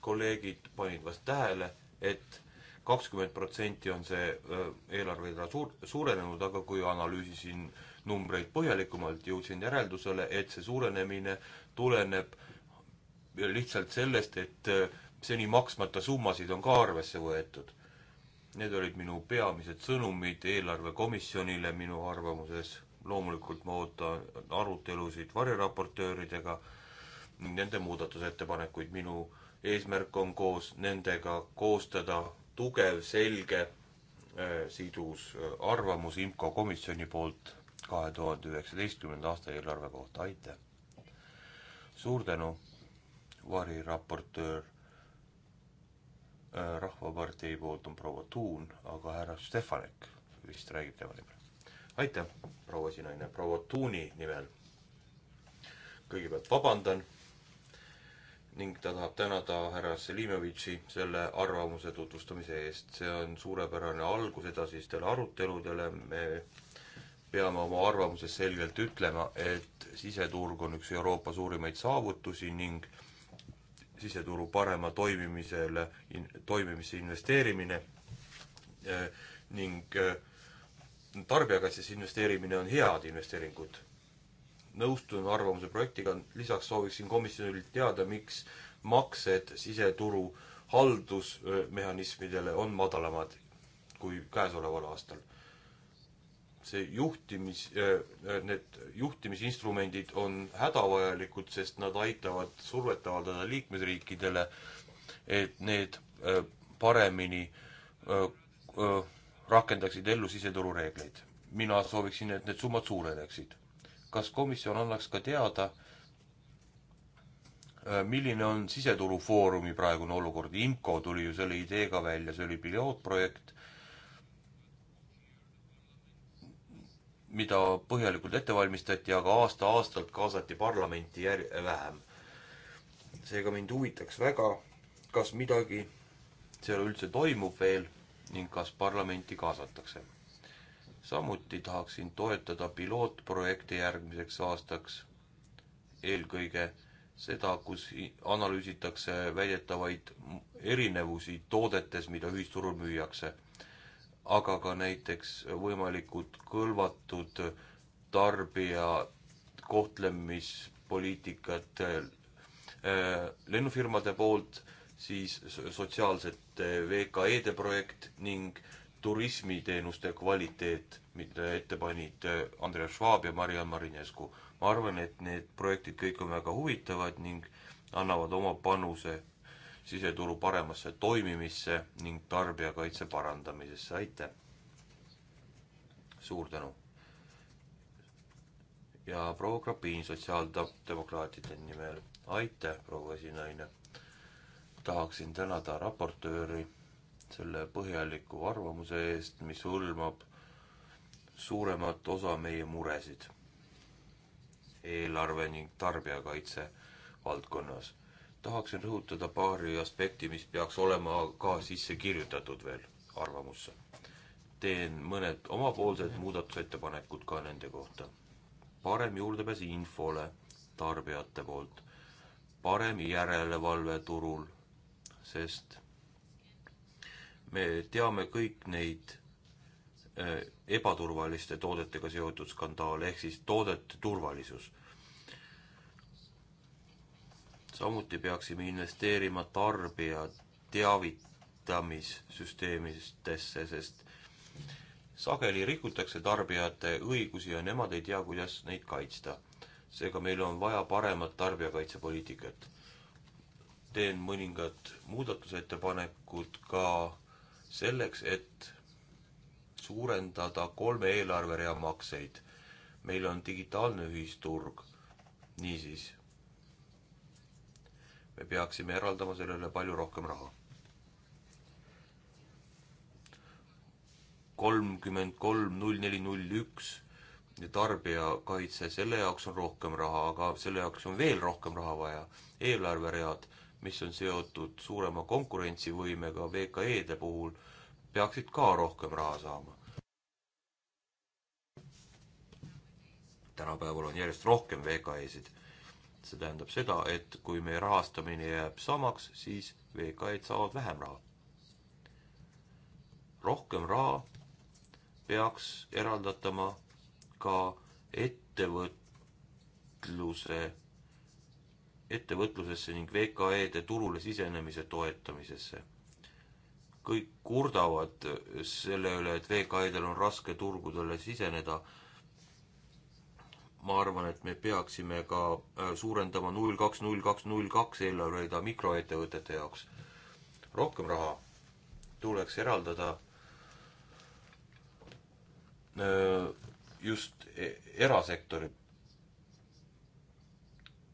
kolleegid panid vast tähele, et kakskümmend protsenti on see e, eelarverida suur, suurenenud, aga kui analüüsisin numbreid põhjalikumalt, jõudsin järeldusele, et see suurenemine tuleneb lihtsalt sellest, et e, seni maksmata summasid on ka arvesse võetud. Need olid minu peamised sõnumid eelarvekomisjonile minu arvamuses. loomulikult ma ootan arutelusid variraportööridega ning nende muudatusettepanekuid. minu eesmärk on koos nendega koostada tugev, selge äh,, sidus äh, arvamus IMCO komisjoni poolt kahe tuhande üheksateistkümnenda aasta eelarve kohta, aitäh! suur tänu, variraportöör Äh, Rahvapartei poolt on proua Tuun, aga härra Stefanek vist räägib tema nimel. aitäh, proua esinaine, proua Tuuni nimel. kõigepealt vabandan ning ta tahab tänada härra Selimovitši selle arvamuse tutvustamise eest. see on suurepärane algus edasistele aruteludele, me peame oma arvamuses selgelt ütlema, et siseturg on üks Euroopa suurimaid saavutusi ning siseturu parema toimimisele, toimimisse investeerimine eh, ning eh, tarbijakaitses investeerimine on head investeeringud. nõustun arvamuse projektiga, lisaks sooviksin komisjonilt teada, miks maksed siseturu haldusmehhanismidele on madalamad kui käesoleval aastal see juhtimis, äh, need juhtimisinstrumendid on hädavajalikud, sest nad aitavad survet avaldada liikmesriikidele, et need äh, paremini äh, rakendaksid ellu siseturu reegleid. mina sooviksin, et need summad suureneksid. kas komisjon annaks ka teada, milline on siseturu foorumi praegune olukord, IMCO tuli ju selle ideega välja, see oli pilootprojekt mida põhjalikult ette valmistati, aga aasta-aastalt kaasati parlamenti jär-, vähem. seega mind huvitaks väga, kas midagi seal üldse toimub veel ning kas parlamenti kaasatakse. samuti tahaksin toetada pilootprojekti järgmiseks aastaks, eelkõige seda, kus analüüsitakse väidetavaid erinevusi toodetes, mida ühisturul müüakse aga ka näiteks võimalikud kõlvatud tarbija kohtlemispoliitikat äh, lennufirmade poolt, siis sotsiaalsete VKE-de projekt ning turismiteenuste kvaliteet, mida ette panid äh, Andreas Schwab ja Mariann Marinescu. ma arvan, et need projektid kõik on väga huvitavad ning annavad oma panuse siseturu paremasse toimimisse ning tarbijakaitse parandamisesse, aitäh! suur tänu! ja proua Krapin sotsiaaldemokraatide nimel, aitäh, proua esinaine! tahaksin tänada raportööri selle põhjaliku arvamuse eest, mis hõlmab suuremat osa meie muresid eelarve ning tarbijakaitse valdkonnas tahaksin rõhutada paari aspekti, mis peaks olema ka sisse kirjutatud veel arvamusse. teen mõned omapoolsed muudatusettepanekud ka nende kohta. parem juurdepääs infole tarbijate poolt, parem järelevalve turul, sest me teame kõik neid äh, ebaturvaliste toodetega seotud skandaale, ehk siis toodete turvalisus samuti peaksime investeerima tarbija teavitamissüsteemidesse, sest sageli rikutakse tarbijate õigusi ja nemad ei tea, kuidas neid kaitsta. seega meil on vaja paremat tarbijakaitsepoliitikat. teen mõningad muudatusettepanekud ka selleks, et suurendada kolme eelarverea makseid. meil on digitaalne ühisturg, niisiis me peaksime eraldama sellele palju rohkem raha. kolmkümmend kolm null neli null üks tarbijakaitse, selle jaoks on rohkem raha, aga selle jaoks on veel rohkem raha vaja. eelarveread, mis on seotud suurema konkurentsivõimega VKE-de puhul, peaksid ka rohkem raha saama. tänapäeval on järjest rohkem VKE-sid see tähendab seda, et kui meie rahastamine jääb samaks, siis VKE-d saavad vähem raha. rohkem raha peaks eraldatama ka ettevõtluse, ettevõtlusesse ning VKE-de turule sisenemise toetamisesse. kõik kurdavad selle üle, et VKE-del on raske turgudele siseneda ma arvan, et me peaksime ka äh, suurendama null kaks, null kaks, null kaks eelarverida mikroettevõtete jaoks. rohkem raha tuleks eraldada äh, just e-, erasektori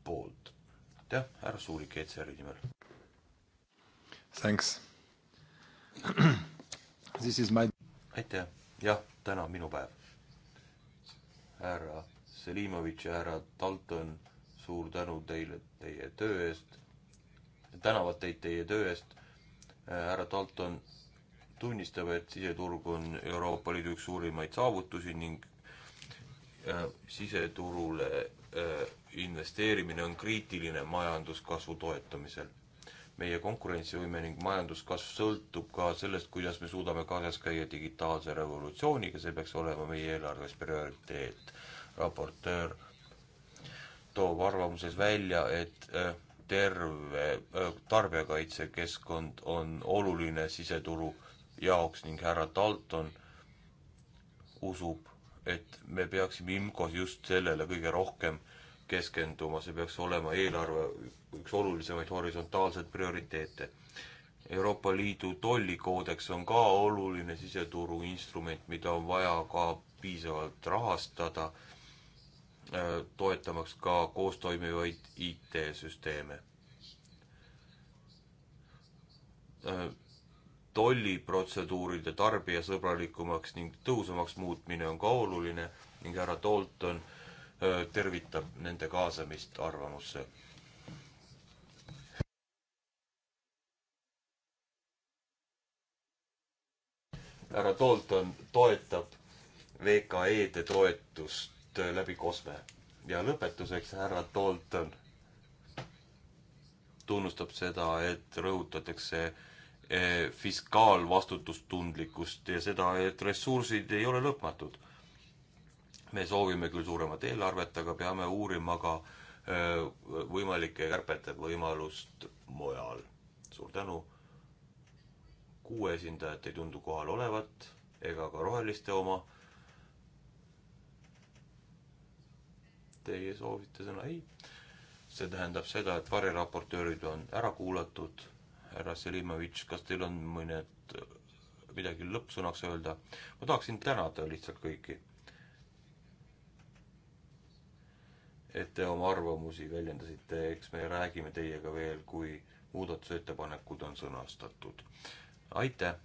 poolt. jah, härra Suurik ETSR-i nimel. Thanks. This is my aitäh, jah, täna on minu päev. härra Selimovitš ja härra Dalton, suur tänu teile teie töö eest, tänavad teid teie töö eest, äh, härra Dalton tunnistab, et siseturg on Euroopa Liidu üks suurimaid saavutusi ning äh, siseturule äh, investeerimine on kriitiline majanduskasvu toetamisel. meie konkurentsivõime ning majanduskasv sõltub ka sellest, kuidas me suudame kaasas käia digitaalse revolutsiooniga, see peaks olema meie eelarves prioriteet raportöör toob arvamuses välja, et äh, terve äh, tarbijakaitsekeskkond on oluline siseturu jaoks ning härra Dalton usub, et me peaksime IMCO-s just sellele kõige rohkem keskenduma, see peaks olema eelarve üks olulisemaid horisontaalseid prioriteete. Euroopa Liidu tollikoodeks on ka oluline siseturu instrument, mida on vaja ka piisavalt rahastada Äh, toetamaks ka koostoimivaid IT-süsteeme. Äh, tolliprotseduuride tarbijasõbralikumaks ning tõhusamaks muutmine on ka oluline ning härra Dalton äh, tervitab nende kaasamist arvamusse. härra Dalton toetab VKE-de toetust poolt äh, läbi kosme. ja lõpetuseks härra Dalton tunnustab seda, et rõhutatakse äh, fiskaalvastutustundlikkust ja seda, et ressursid ei ole lõpmatud. me soovime küll suuremat eelarvet, aga peame uurima ka äh, võimalike kärbete võimalust mujal. suur tänu. kuue esindajat ei tundu kohal olevat ega ka roheliste oma teie soovisite sõna? ei. see tähendab seda, et variraportöörid on ära kuulatud. härra Selimovitš, kas teil on mõned, midagi lõppsõnaks öelda? ma tahaksin tänada lihtsalt kõiki. et te oma arvamusi väljendasite, eks me räägime teiega veel, kui muudatusettepanekud on sõnastatud. aitäh!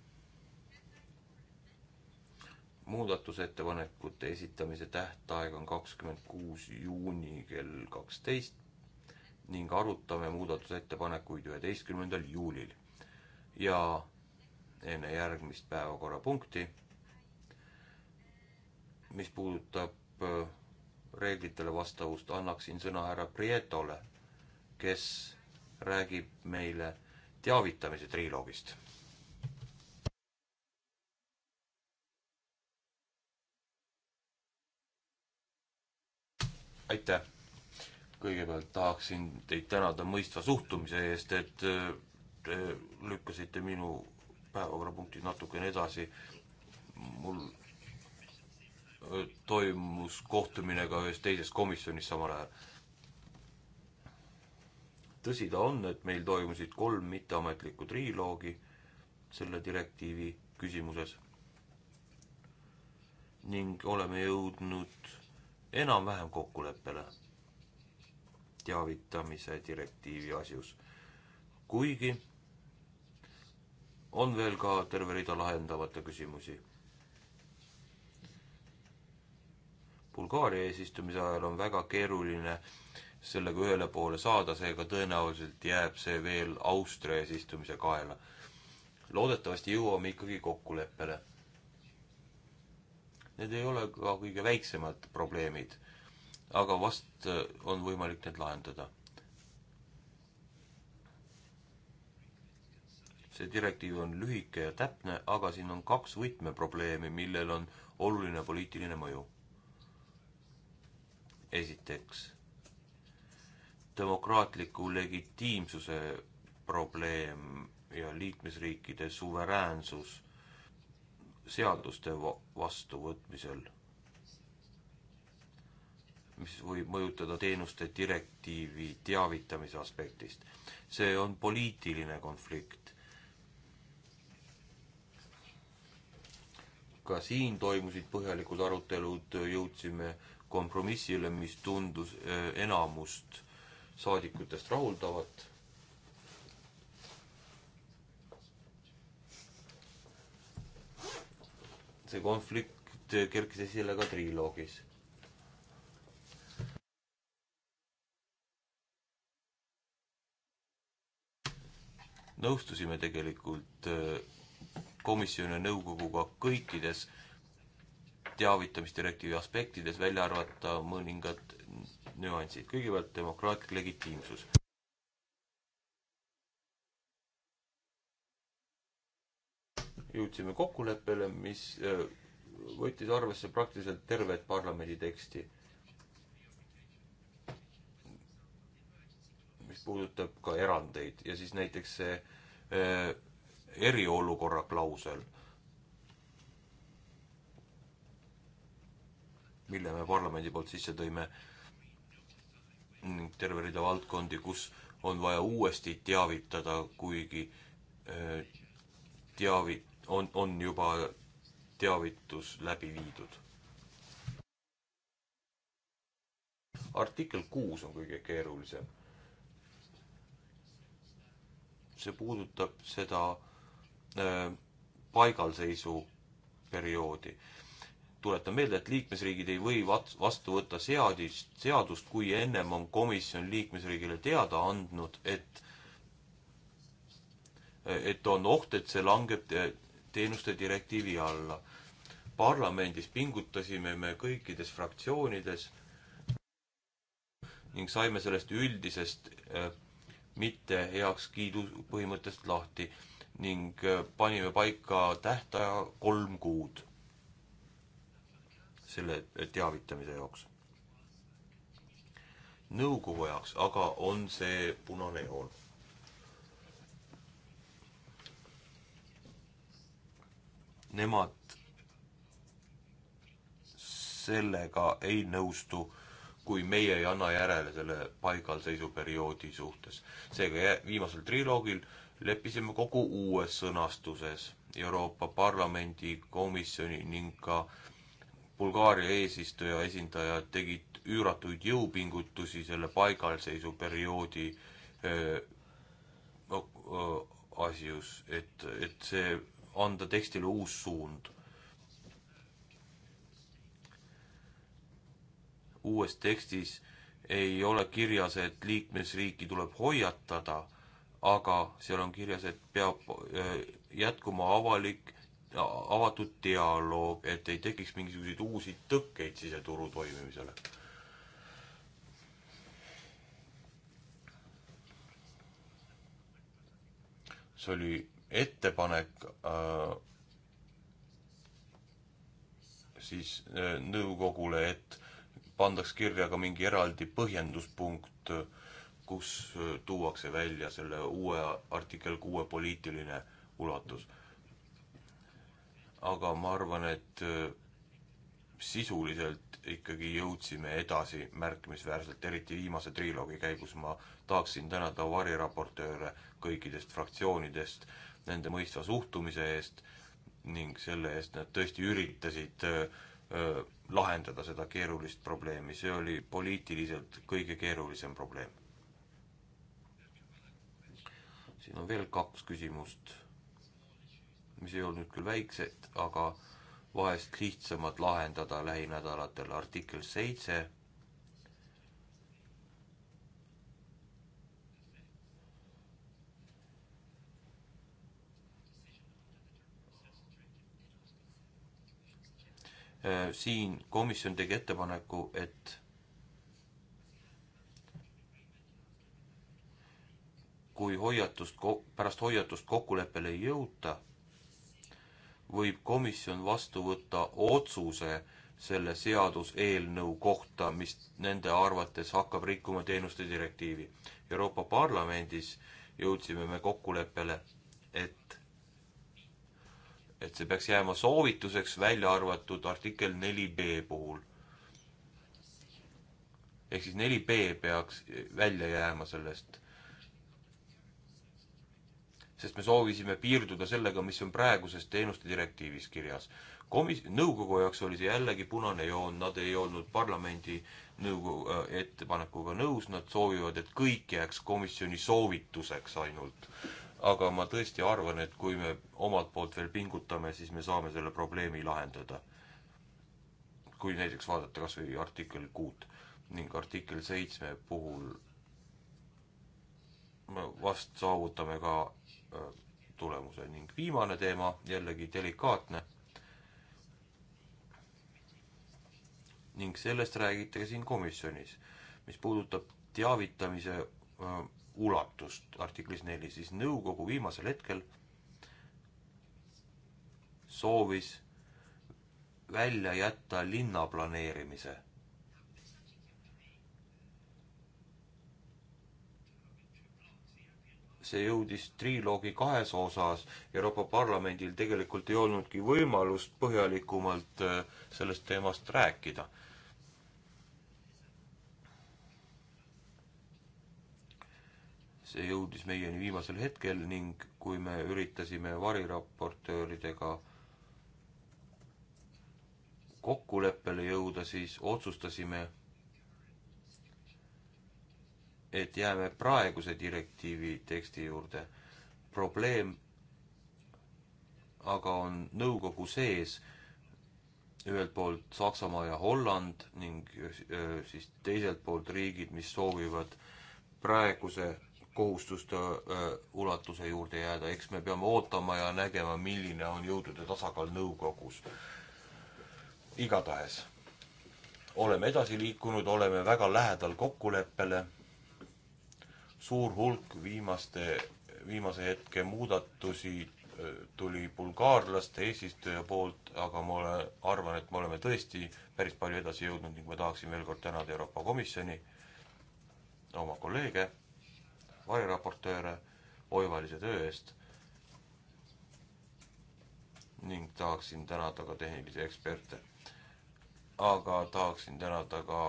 muudatusettepanekute esitamise tähtaeg on kakskümmend kuus juuni kell kaksteist ning arutame muudatusettepanekuid üheteistkümnendal juulil. ja enne järgmist päevakorrapunkti, mis puudutab äh, reeglitele vastavust, annaksin sõna härra Prietole, kes räägib meile teavitamise triloogist aitäh! kõigepealt tahaksin teid tänada mõistva suhtumise eest, et te lükkasite minu päevakorrapunktid natukene edasi. mul toimus kohtumine ka ühes teises komisjonis samal ajal. tõsi ta on, et meil toimusid kolm mitteametlikku triloogi selle direktiivi küsimuses ning oleme jõudnud enam-vähem kokkuleppele teavitamise direktiivi asjus. kuigi on veel ka terve rida lahendamata küsimusi. Bulgaaria eesistumise ajal on väga keeruline sellega ühele poole saada, seega tõenäoliselt jääb see veel Austria eesistumise kaela. loodetavasti jõuame ikkagi kokkuleppele Need ei ole ka kõige väiksemad probleemid, aga vast äh, on võimalik need lahendada. see direktiiv on lühike ja täpne, aga siin on kaks võtmeprobleemi, millel on oluline poliitiline mõju. esiteks, demokraatliku legitiimsuse probleem ja liikmesriikide suveräänsus seaduste vastuvõtmisel, mis võib mõjutada teenuste direktiivi teavitamise aspektist. see on poliitiline konflikt. ka siin toimusid põhjalikud arutelud, jõudsime kompromissile, mis tundus eh, enamust saadikutest rahuldavat see konflikt kerkis esile ka triloogis. nõustusime tegelikult äh, komisjon ja nõukoguga kõikides teavitamisdirektiivi aspektides, välja arvata mõningad nüansid. kõigepealt demokraatlik legitiimsus. jõudsime kokkuleppele, mis äh, võttis arvesse praktiliselt tervet parlamendi teksti. mis puudutab ka erandeid ja siis näiteks see äh, eriolukorra klausel, mille me parlamendi poolt sisse tõime, terve rida valdkondi, kus on vaja uuesti teavitada, kuigi äh, teavi-, on, on juba teavitus läbi viidud. artikkel kuus on kõige keerulisem. see puudutab seda äh, paigalseisu perioodi. tuletan meelde, et liikmesriigid ei või vastu võtta seadist, seadust, kui ennem on komisjon liikmesriigile teada andnud, et et on oht, et see langeb teenuste direktiivi alla. parlamendis pingutasime me kõikides fraktsioonides ning saime sellest üldisest äh, mitte heakskiidu põhimõttest lahti ning äh, panime paika tähtaja kolm kuud selle teavitamise jaoks. nõukogu jaoks aga on see punane joon nemad sellega ei nõustu, kui meie ei anna järele selle paigalseisuperioodi suhtes. seega viimasel triloogil leppisime kokku uues sõnastuses Euroopa Parlamendi komisjoni ning ka Bulgaaria eesistuja esindajad tegid üüratuid jõupingutusi selle paigalseisuperioodi no, asjus, et, et see anda tekstile uus suund. uues tekstis ei ole kirjas, et liikmesriiki tuleb hoiatada, aga seal on kirjas, et peab äh, jätkuma avalik, avatud dialoog, et ei tekiks mingisuguseid uusi tõkkeid siseturu toimimisele. see oli ettepanek äh, siis äh, nõukogule, et pandaks kirja ka mingi eraldi põhjenduspunkt, kus äh, tuuakse välja selle uue artikkel kuue poliitiline ulatus. aga ma arvan, et äh, sisuliselt ikkagi jõudsime edasi märkimisväärselt, eriti viimase triloogi käigus ma tahaksin tänada variraportööre kõikidest fraktsioonidest, nende mõistva suhtumise eest ning selle eest nad tõesti üritasid lahendada seda keerulist probleemi, see oli poliitiliselt kõige keerulisem probleem. siin on veel kaks küsimust, mis ei olnud küll väiksed, aga vahest lihtsamad lahendada lähinädalatel, artikkel seitse Äh, siin komisjon tegi ettepaneku, et kui hoiatust, pärast hoiatust kokkuleppele ei jõuta, võib komisjon vastu võtta otsuse selle seaduseelnõu kohta, mis nende arvates hakkab rikkuma teenuste direktiivi. Euroopa Parlamendis jõudsime me kokkuleppele, et et see peaks jääma soovituseks, välja arvatud artikkel neli B puhul. ehk siis neli B peaks välja jääma sellest. sest me soovisime piirduda sellega, mis on praeguses teenuste direktiivis kirjas. Komis-, nõukogu jaoks oli see jällegi punane joon, nad ei olnud parlamendi nõukogu äh, ettepanekuga nõus, nad soovivad, et kõik jääks komisjoni soovituseks ainult aga ma tõesti arvan, et kui me omalt poolt veel pingutame, siis me saame selle probleemi lahendada. kui näiteks vaadata kas või artikkel kuut ning artikkel seitsme puhul vast saavutame ka äh, tulemuse ning viimane teema, jällegi delikaatne. ning sellest räägite ka siin komisjonis, mis puudutab teavitamise äh, ulatust artiklis neli, siis nõukogu viimasel hetkel soovis välja jätta linnaplaneerimise. see jõudis triloogi kahes osas, Euroopa Parlamendil tegelikult ei olnudki võimalust põhjalikumalt äh, sellest teemast rääkida see jõudis meieni viimasel hetkel ning kui me üritasime variraportööridega kokkuleppele jõuda, siis otsustasime, et jääme praeguse direktiivi teksti juurde. probleem aga on nõukogu sees ühelt poolt Saksamaa ja Holland ning äh, siis teiselt poolt riigid, mis soovivad praeguse kohustuste äh, ulatuse juurde jääda, eks me peame ootama ja nägema, milline on jõudude tasakaal nõukogus. igatahes oleme edasi liikunud, oleme väga lähedal kokkuleppele. suur hulk viimaste, viimase hetke muudatusi äh, tuli bulgaarlaste eesistuja poolt, aga ma ole, arvan, et me oleme tõesti päris palju edasi jõudnud ning ma tahaksin veel kord tänada Euroopa Komisjoni, oma kolleege variraportööre oivalise töö eest ning tahaksin tänada ka tehnilisi eksperte. aga tahaksin tänada ka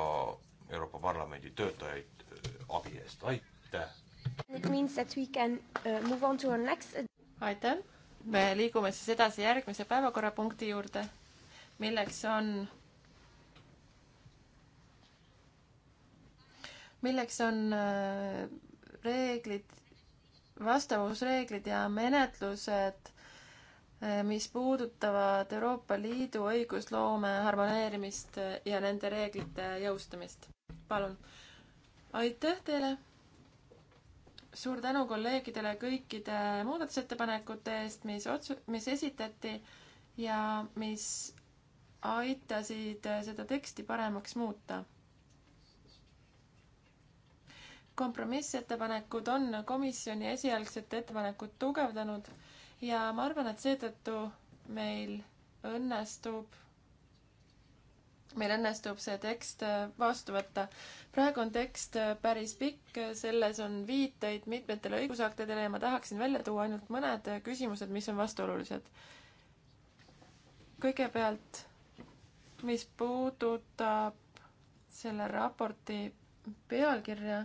Euroopa Parlamendi töötajaid äh, abi eest, aitäh! Uh, next... aitäh! me liigume siis edasi järgmise päevakorrapunkti juurde, milleks on, milleks on äh, reeglid, vastavusreeglid ja menetlused, eh, mis puudutavad Euroopa Liidu õigusloome harmoneerimist ja nende reeglite jõustamist. palun. aitäh teile. suur tänu kolleegidele kõikide muudatusettepanekute eest, mis otsu-, mis esitati ja mis aitasid seda teksti paremaks muuta kompromissettepanekud on komisjoni esialgset ettepanekut tugevdanud ja ma arvan, et seetõttu meil õnnestub, meil õnnestub see tekst vastu võtta. praegu on tekst päris pikk, selles on viiteid mitmetele õigusaktidele ja ma tahaksin välja tuua ainult mõned küsimused, mis on vastuolulised. kõigepealt, mis puudutab selle raporti pealkirja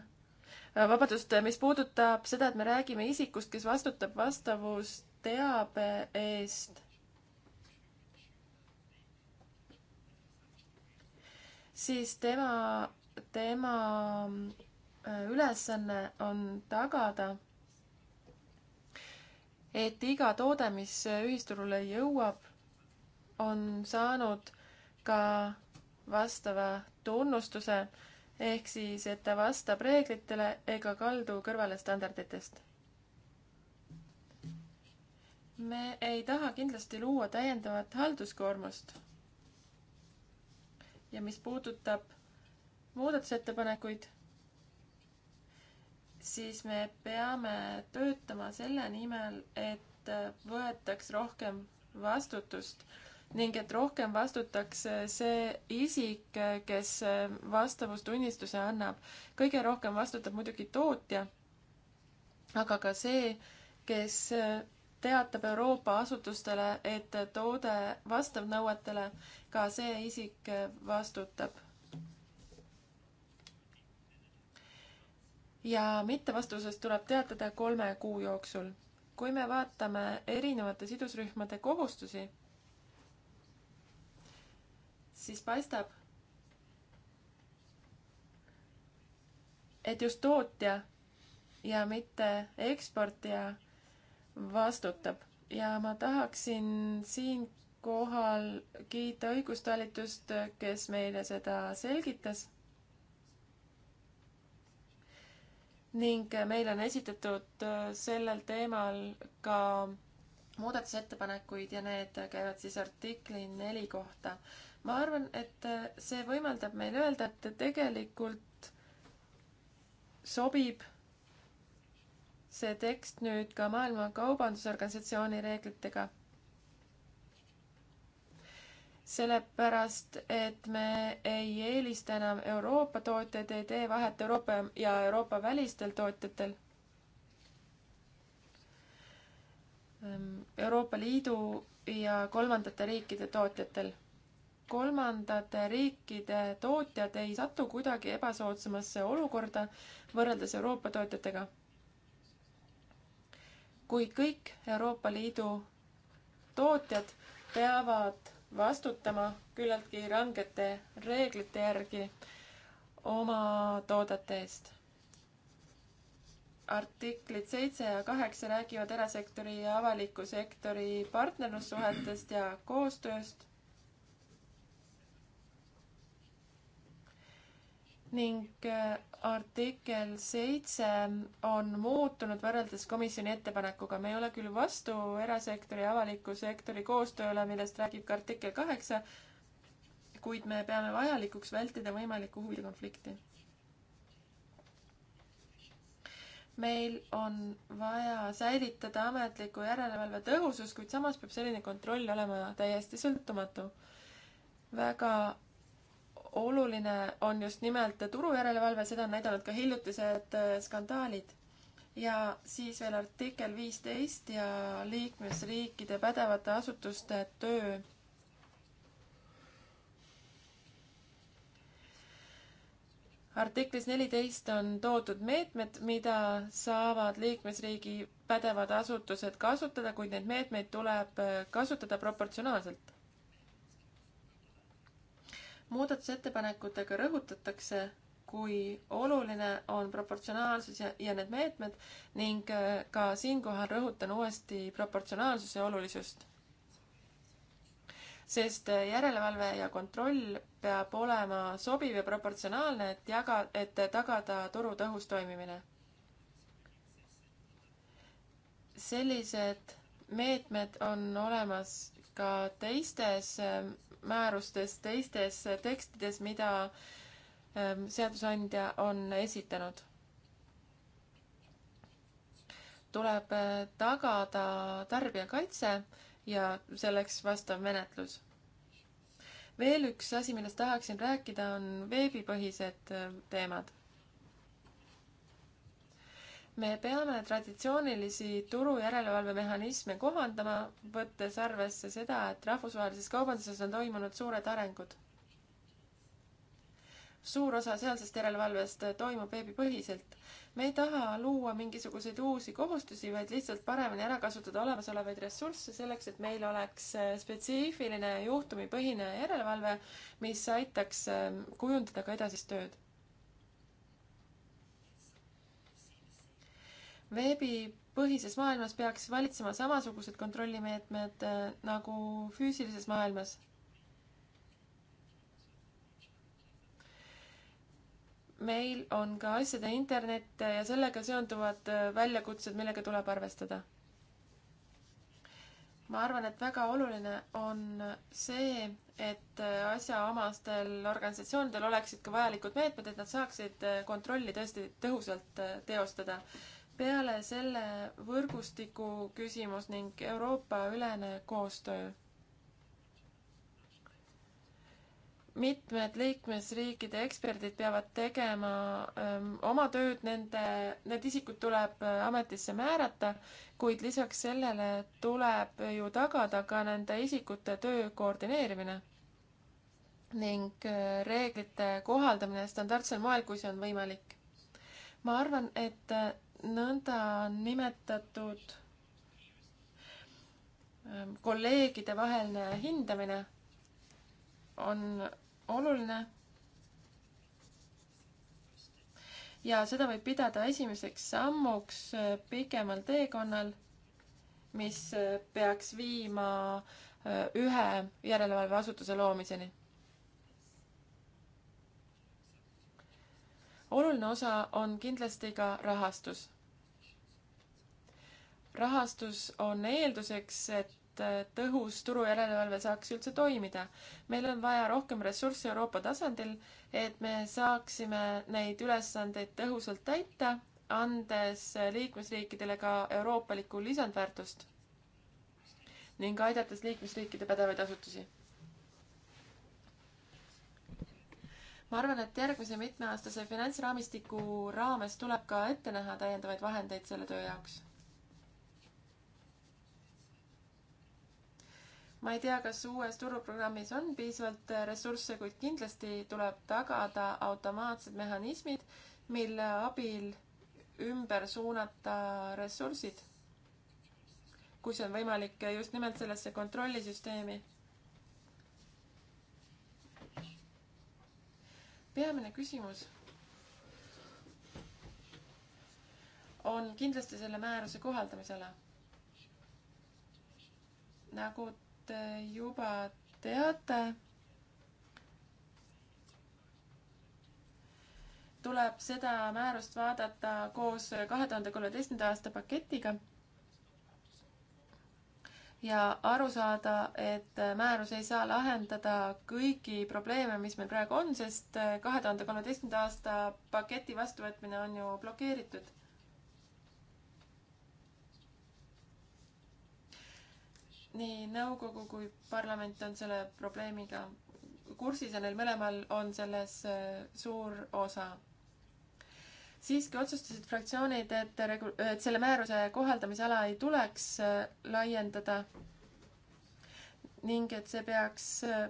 Äh, vabandust, äh, mis puudutab seda, et me räägime isikust, kes vastutab vastavusteabe eest, siis tema, tema äh, ülesanne on tagada, et iga toode, mis ühisturule jõuab, on saanud ka vastava tunnustuse ehk siis, et ta vastab reeglitele ega kaldu kõrvale standarditest. me ei taha kindlasti luua täiendavat halduskoormust. ja mis puudutab muudatusettepanekuid, siis me peame töötama selle nimel, et võetaks rohkem vastutust ning et rohkem vastutaks äh, see isik, äh, kes äh, vastavustunnistuse annab. kõige rohkem vastutab muidugi tootja, aga ka see, kes teatab Euroopa asutustele, et toode vastab nõuetele, ka see isik vastutab. ja mittevastusest tuleb teatada kolme kuu jooksul. kui me vaatame erinevate sidusrühmade kohustusi siis paistab, et just tootja ja mitte eksportija vastutab ja ma tahaksin siinkohal kiita õigustalitust, kes meile seda selgitas. ning meile on esitatud sellel teemal ka muudatusettepanekuid ja need käivad siis artikli neli kohta ma arvan, et äh, see võimaldab meil öelda, et tegelikult sobib see tekst nüüd ka Maailma Kaubandusorganisatsiooni reeglitega. sellepärast, et me ei eelista enam Euroopa tootjaid, ei tee vahet Euroopa ja Euroopa välistel tootjatel Euroopa Liidu ja kolmandate riikide tootjatel kolmandate riikide tootjad ei satu kuidagi ebasoodsamasse olukorda võrreldes Euroopa tootjatega. kuid kõik Euroopa Liidu tootjad peavad vastutama küllaltki rangete reeglite järgi oma toodete eest. artiklid seitse ja kaheksa räägivad erasektori ja avaliku sektori partnerlussuhetest ja koostööst ning äh, artikkel seitse on muutunud võrreldes komisjoni ettepanekuga. me ei ole küll vastu erasektori ja avaliku sektori koostööle, millest räägib ka artikkel kaheksa, kuid me peame vajalikuks vältida võimalikku huvide konflikti. meil on vaja säilitada ametliku järelevalve tõhusus, kuid samas peab selline kontroll olema täiesti sõltumatu. väga oluline on just nimelt turujärelevalve, seda on näidanud ka hiljutised äh, skandaalid. ja siis veel artikkel viisteist ja liikmesriikide pädevate asutuste töö. artiklis neliteist on toodud meetmed, mida saavad liikmesriigi pädevad asutused kasutada, kuid neid meetmeid tuleb äh, kasutada proportsionaalselt muudatusettepanekutega rõhutatakse, kui oluline on proportsionaalsus ja, ja need meetmed ning äh, ka siinkohal rõhutan uuesti proportsionaalsuse olulisust. sest äh, järelevalve ja kontroll peab olema sobiv ja proportsionaalne, et jaga, et tagada turu tõhus toimimine. sellised meetmed on olemas ka teistes äh, määrustes, teistes tekstides, mida ähm, seadusandja on esitanud. tuleb äh, tagada tarbijakaitse ja selleks vastav menetlus. veel üks asi, millest tahaksin rääkida, on veebipõhised äh, teemad me peame traditsioonilisi turujärelevalvemehhanisme kohandama, võttes arvesse seda, et rahvusvahelises kaubanduses on toimunud suured arengud. suur osa sealsest järelevalvest toimub veebipõhiselt. me ei taha luua mingisuguseid uusi kohustusi, vaid lihtsalt paremini ära kasutada olemasolevaid ressursse selleks, et meil oleks spetsiifiline juhtumipõhine järelevalve, mis aitaks eh, kujundada ka edasist tööd veebipõhises maailmas peaks valitsema samasugused kontrollimeetmed äh, nagu füüsilises maailmas. meil on ka asjade internet ja sellega seonduvad äh, väljakutsed, millega tuleb arvestada. ma arvan, et väga oluline on see, et äh, asjaomastel organisatsioonidel oleksid ka vajalikud meetmed, et nad saaksid kontrolli tõesti tõhusalt teostada peale selle võrgustiku küsimus ning Euroopa-ülene koostöö. mitmed liikmesriikide eksperdid peavad tegema öö, ähm, oma tööd, nende, need isikud tuleb äh, ametisse määrata, kuid lisaks sellele tuleb ju tagada ka nende isikute töö koordineerimine ning äh, reeglite kohaldamine standardsel moel, kui see on võimalik. ma arvan, et äh, nõndanimetatud ähm, kolleegide vaheline hindamine on oluline. ja seda võib pidada esimeseks sammuks äh, pikemal teekonnal, mis äh, peaks viima äh, ühe järelevalveasutuse loomiseni oluline osa on kindlasti ka rahastus. rahastus on eelduseks, et äh, tõhus turujärelevalve saaks üldse toimida. meil on vaja rohkem ressursse Euroopa tasandil, et me saaksime neid ülesandeid tõhusalt täita, andes liikmesriikidele ka euroopalikku lisandväärtust ning aidates liikmesriikide pädevaid asutusi ma arvan, et järgmise mitmeaastase finantsraamistiku raames tuleb ka ette näha täiendavaid vahendeid selle töö jaoks. ma ei tea, kas uues turuprogrammis on piisavalt ressursse, kuid kindlasti tuleb tagada automaatsed mehhanismid, mille abil ümber suunata ressursid, kui see on võimalik just nimelt sellesse kontrollisüsteemi peamine küsimus on kindlasti selle määruse kohaldamisala. nagu te juba teate, tuleb seda määrust vaadata koos kahe tuhande kolmeteistkümnenda aasta paketiga ja aru saada, et määrus ei saa lahendada kõiki probleeme, mis meil praegu on, sest kahe tuhande kolmeteistkümnenda aasta paketi vastuvõtmine on ju blokeeritud. nii nõukogu kui parlament on selle probleemiga kursis ja neil mõlemal on selles äh, suur osa siiski otsustasid fraktsioonid, et regu-, et selle määruse kohaldamisala ei tuleks äh, laiendada ning et see peaks äh,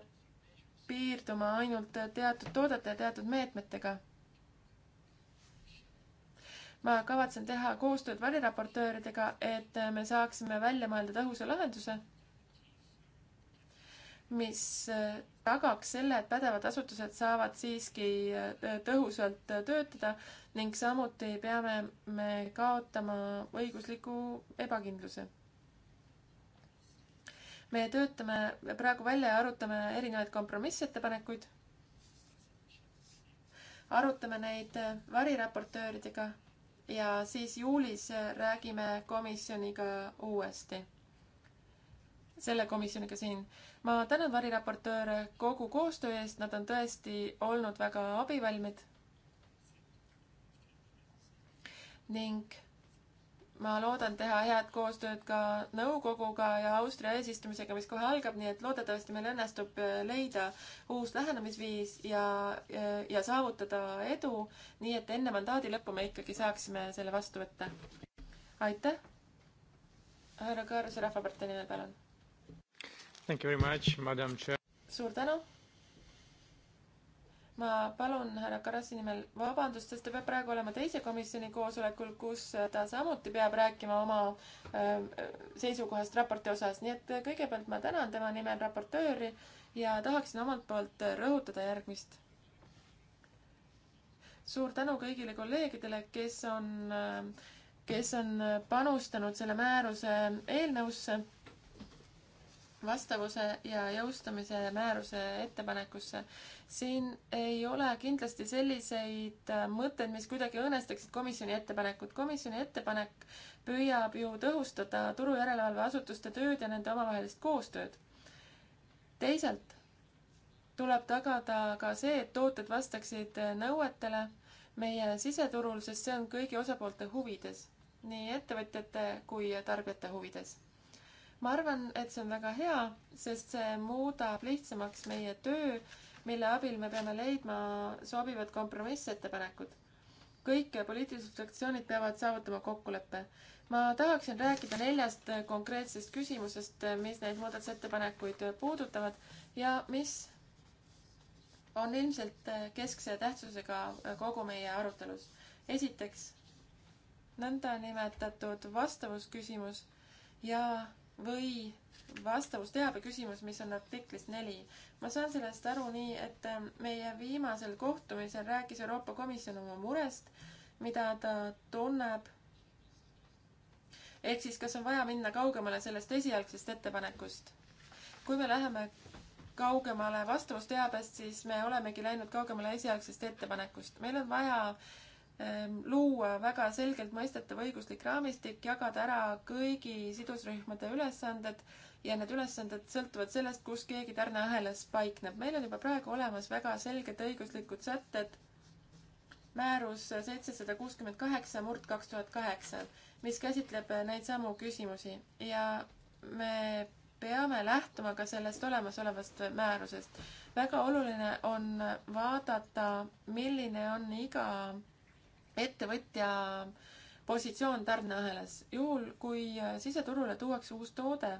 piirduma ainult teatud toodete ja teatud meetmetega. ma kavatsen teha koostööd variraportööridega, et me saaksime välja mõelda tõhusa lahenduse, mis äh, tagaks selle, et pädevad asutused saavad siiski tõhusalt töötada ning samuti peame me kaotama õigusliku ebakindluse. me töötame praegu välja ja arutame erinevaid kompromissettepanekuid. arutame neid variraportööridega ja siis juulis räägime komisjoniga uuesti selle komisjoniga siin. ma tänan variraportööre kogu koostöö eest, nad on tõesti olnud väga abivalmid ning ma loodan teha head koostööd ka nõukoguga ja Austria eesistumisega, mis kohe algab, nii et loodetavasti meil õnnestub äh, leida uus lähenemisviis ja, ja, äh, ja saavutada edu, nii et enne mandaadi lõppu me ikkagi saaksime selle vastu võtta. aitäh. härra Kaarus, Rahvapartei nimel, palun. suur tänu ma palun härra Karasi nimel vabandust, sest ta peab praegu olema teise komisjoni koosolekul, kus ta samuti peab rääkima oma äh, seisukohast raporti osas, nii et kõigepealt ma tänan tema nimel raportööri ja tahaksin omalt poolt rõhutada järgmist. suur tänu kõigile kolleegidele, kes on, äh, kes on panustanud selle määruse eelnõusse vastavuse ja jõustumise määruse ettepanekusse. siin ei ole kindlasti selliseid äh, mõtteid, mis kuidagi õõnestaksid komisjoni ettepanekut. komisjoni ettepanek püüab ju tõhustada turujärelevalveasutuste tööd ja nende omavahelist koostööd. teisalt tuleb tagada ka see, et tooted vastaksid äh, nõuetele meie siseturul, sest see on kõigi osapoolte huvides, nii ettevõtjate kui tarbijate huvides ma arvan, et see on väga hea, sest see muudab lihtsamaks meie töö, mille abil me peame leidma sobivad kompromissettepanekud. kõik poliitilised fraktsioonid peavad saavutama kokkuleppe. ma tahaksin rääkida neljast konkreetsest küsimusest, mis neid muudatusettepanekuid puudutavad ja mis on ilmselt keskse tähtsusega kogu meie arutelus. esiteks, nõndanimetatud vastavusküsimus ja või vastavusteabe küsimus, mis on artiklis neli. ma saan sellest aru nii, et ähm, meie viimasel kohtumisel rääkis Euroopa Komisjon oma murest, mida ta tunneb. ehk siis, kas on vaja minna kaugemale sellest esialgsest ettepanekust? kui me läheme kaugemale vastavusteabest, siis me olemegi läinud kaugemale esialgsest ettepanekust. meil on vaja äh, Ähm, luua väga selgelt mõistetav õiguslik raamistik, jagada ära kõigi sidusrühmade ülesanded ja need ülesanded sõltuvad sellest, kus keegi tarneahelas paikneb. meil on juba praegu olemas väga selged õiguslikud sätted, määrus seitsesada kuuskümmend kaheksa murd kaks tuhat kaheksa, mis käsitleb neid samu küsimusi ja me peame lähtuma ka sellest olemasolevast määrusest. väga oluline on vaadata, milline on iga ettevõtja positsioon tarneahelas. juhul, kui siseturule tuuakse uus toode,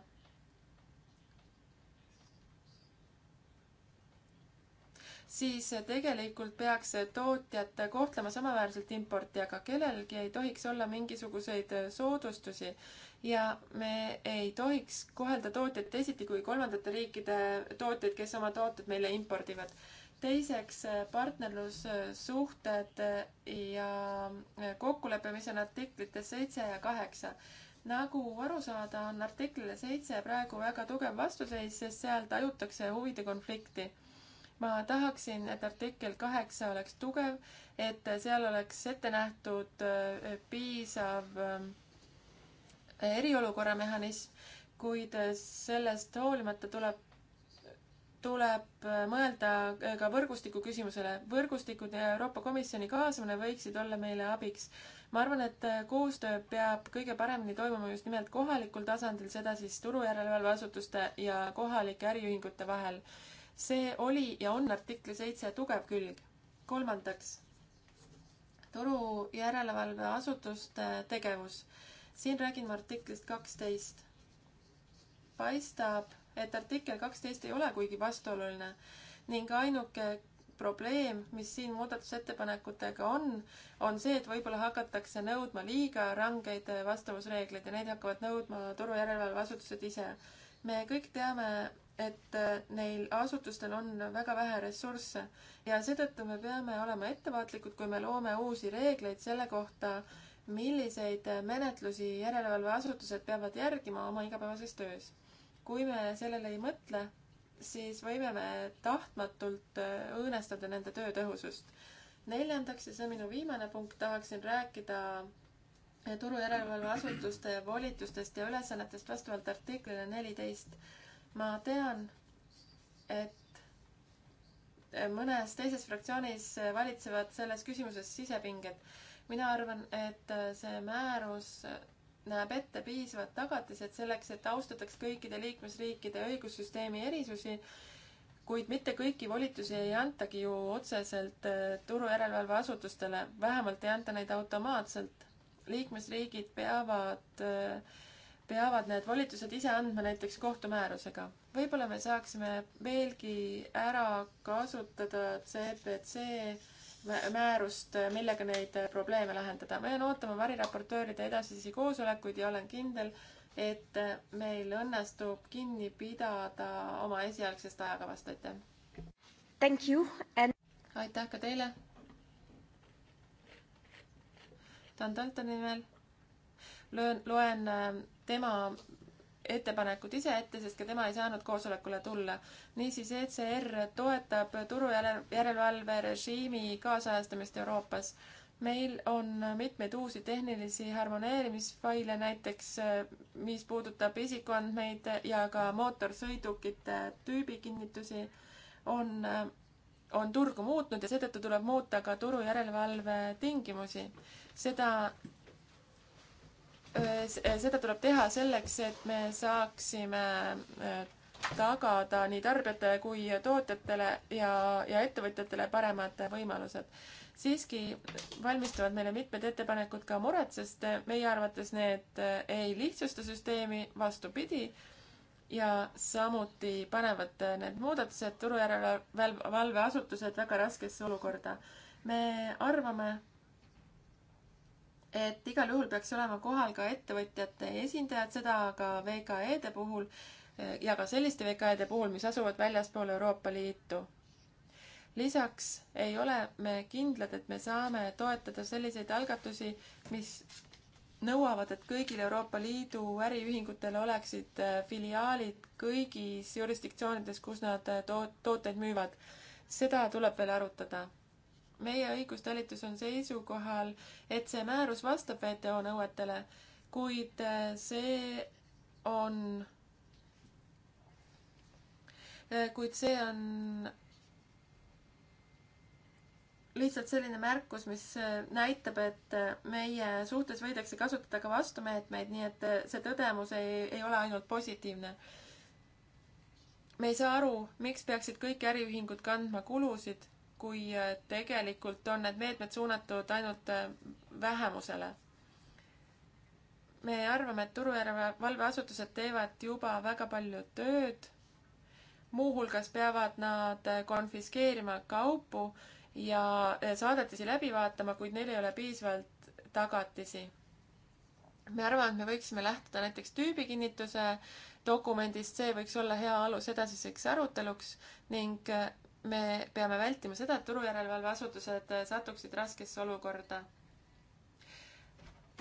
siis tegelikult peaks tootjat kohtlema samaväärselt importijaga, kellelgi ei tohiks olla mingisuguseid soodustusi ja me ei tohiks kohelda tootjaid teisiti kui kolmandate riikide tootjaid, kes oma tooted meile impordivad teiseks, äh, partnerlussuhted äh, ja äh, kokkulepe, mis on artiklites seitse ja kaheksa. nagu aru saada, on artiklile seitse praegu väga tugev vastuseis, sest seal tajutakse huvide konflikti. ma tahaksin, et artikkel kaheksa oleks tugev, et seal oleks ette nähtud piisav eriolukorra mehhanism, kuid sellest hoolimata tuleb tuleb äh, mõelda äh, ka võrgustiku küsimusele. võrgustikud ja Euroopa Komisjoni kaasamine võiksid olla meile abiks. ma arvan, et äh, koostöö peab kõige paremini toimuma just nimelt kohalikul tasandil, seda siis turujärelevalveasutuste ja kohalike äriühingute vahel. see oli ja on artikli seitse tugev külg. kolmandaks, turujärelevalveasutuste tegevus. siin räägin ma artiklist kaksteist. paistab et artikkel kaksteist ei ole kuigi vastuoluline ning ainuke probleem, mis siin muudatusettepanekutega on, on see, et võib-olla hakatakse nõudma liiga rangeid vastavusreegleid ja neid hakkavad nõudma turujärelevalveasutused ise. me kõik teame, et neil asutustel on väga vähe ressursse ja seetõttu me peame olema ettevaatlikud, kui me loome uusi reegleid selle kohta, milliseid menetlusi järelevalveasutused peavad järgima oma igapäevases töös kui me sellele ei mõtle, siis võime me tahtmatult äh, õõnestada nende töö tõhusust. neljandaks, ja see on minu viimane punkt, tahaksin rääkida äh, turujärelevalveasutuste volitustest ja ülesannetest vastavalt artiklile neliteist. ma tean, et äh, mõnes teises fraktsioonis valitsevad selles küsimuses sisepinged. mina arvan, et see määrus näeb ette piisavad tagatised selleks, et austataks kõikide liikmesriikide õigussüsteemi erisusi, kuid mitte kõiki volitusi ei antagi ju otseselt äh, turujärelevalveasutustele, vähemalt ei anta neid automaatselt. liikmesriigid peavad, äh, peavad need volitused ise andma näiteks kohtumäärusega. võib-olla me saaksime veelgi ära kasutada CPC määrust, äh, millega neid äh, probleeme lahendada. ma jään ootama variraportööride edasisi koosolekuid ja olen kindel, et äh, meil õnnestub kinni pidada oma esialgsest ajakavast, aitäh! Thank you and aitäh ka teile! Dan Daltoni nimel löön, loen tema ettepanekut ise ette, sest ka tema ei saanud koosolekule tulla. niisiis, ECR toetab turujärelevalve režiimi kaasajastamist Euroopas. meil on mitmeid uusi tehnilisi harmoneerimisfaile, näiteks mis puudutab isikuandmeid ja ka mootorsõidukite tüübikinnitusi, on, on turgu muutnud ja seetõttu tuleb muuta ka turujärelevalve tingimusi. seda seda tuleb teha selleks, et me saaksime tagada nii tarbijatele kui tootjatele ja, ja ettevõtjatele paremad võimalused. siiski valmistavad meile mitmed ettepanekud ka muret, sest meie arvates need ei lihtsusta süsteemi, vastupidi, ja samuti panevad need muudatused turujärelevalveasutused väga raskesse olukorda. me arvame, et igal juhul peaks olema kohal ka ettevõtjate esindajad, seda ka VKE-de puhul eh, ja ka selliste VKE-de puhul, mis asuvad väljaspool Euroopa Liitu. lisaks ei ole me kindlad, et me saame toetada selliseid algatusi, mis nõuavad, et kõigil Euroopa Liidu äriühingutel oleksid eh, filiaalid kõigis jurisdiktsioonides, kus nad eh, to-, tooteid müüvad. seda tuleb veel arutada meie õigustalitus on seisukohal, et see määrus vastab WTO nõuetele, kuid äh, see on, äh, kuid see on lihtsalt selline märkus, mis äh, näitab, et meie suhtes võidakse kasutada ka vastumeetmeid, nii et see tõdemus ei, ei ole ainult positiivne. me ei saa aru, miks peaksid kõik äriühingud kandma kulusid, kui äh, tegelikult on need meetmed suunatud ainult äh, vähemusele. me arvame, et turujärelevalveasutused teevad juba väga palju tööd, muuhulgas peavad nad äh, konfiskeerima kaupu ja saadetisi läbi vaatama, kuid neil ei ole piisavalt tagatisi. me arvame, et me võiksime lähtuda näiteks tüübikinnituse dokumendist, see võiks olla hea alus edasiseks aruteluks ning me peame vältima seda, et turujärelevalveasutused satuksid raskesse olukorda.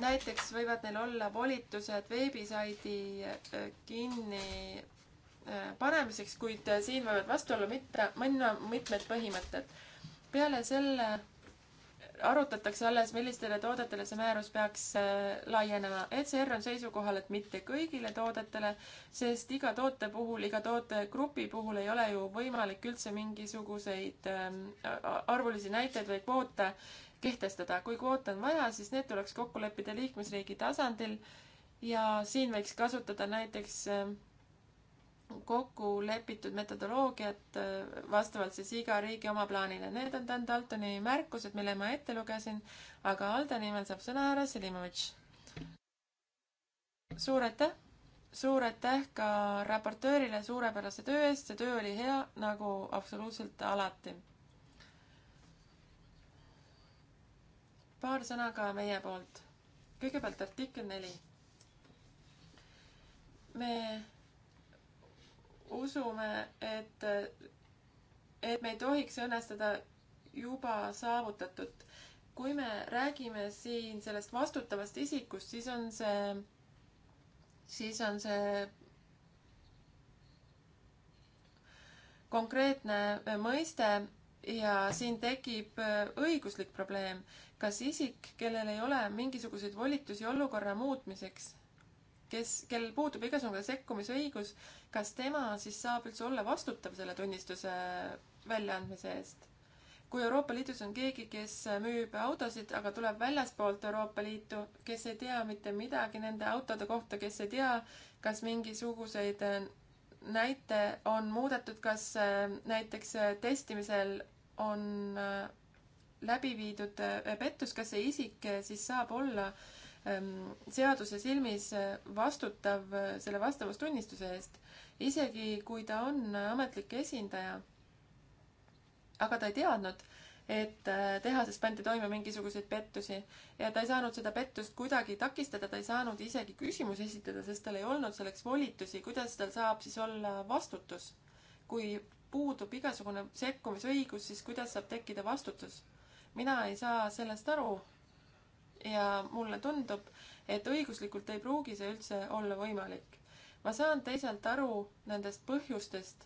näiteks võivad neil olla volitused veebisaidi äh, kinni äh, panemiseks, kuid äh, siin võivad vastu olla mitte, minna mitmed põhimõtted. peale selle arutatakse alles, millistele toodetele see määrus peaks äh, laienema. ECR on seisukohal, et mitte kõigile toodetele, sest iga toote puhul, iga tootegrupi puhul ei ole ju võimalik üldse mingisuguseid ähm, arvulisi näiteid või kvoote kehtestada. kui kvoote on vaja, siis need tuleks kokku leppida liikmesriigi tasandil ja siin võiks kasutada näiteks ähm, kokku lepitud metodoloogiat äh, vastavalt siis iga riigi oma plaanile. Need on Dan Daltoni märkused, mille ma ette lugesin, aga Alde nimel saab sõna härra Selimovitš. suur aitäh! suur aitäh ka raportöörile suurepärase töö eest, see töö oli hea nagu absoluutselt alati. paar sõna ka meie poolt. kõigepealt artikkel neli. me usume, et, et me ei tohiks õnnestada juba saavutatut. kui me räägime siin sellest vastutavast isikust, siis on see, siis on see konkreetne mõiste ja siin tekib õiguslik probleem. kas isik, kellel ei ole mingisuguseid volitusi olukorra muutmiseks, kes, kel puudub igasugune sekkumisõigus, kas tema siis saab üldse olla vastutav selle tunnistuse väljaandmise eest? kui Euroopa Liidus on keegi, kes müüb autosid, aga tuleb väljaspoolt Euroopa Liitu, kes ei tea mitte midagi nende autode kohta, kes ei tea, kas mingisuguseid äh, näite on muudetud, kas äh, näiteks äh, testimisel on läbi viidud pettus, kas see isik siis saab olla äh, Ähm, seaduse silmis vastutav äh, selle vastavustunnistuse eest, isegi kui ta on ametlik esindaja. aga ta ei teadnud, et äh, tehases pandi toime mingisuguseid pettusi ja ta ei saanud seda pettust kuidagi takistada, ta ei saanud isegi küsimusi esitada, sest tal ei olnud selleks volitusi, kuidas tal saab siis olla vastutus. kui puudub igasugune sekkumisõigus, siis kuidas saab tekkida vastutus? mina ei saa sellest aru ja mulle tundub, et õiguslikult ei pruugi see üldse olla võimalik. ma saan teisalt aru nendest põhjustest,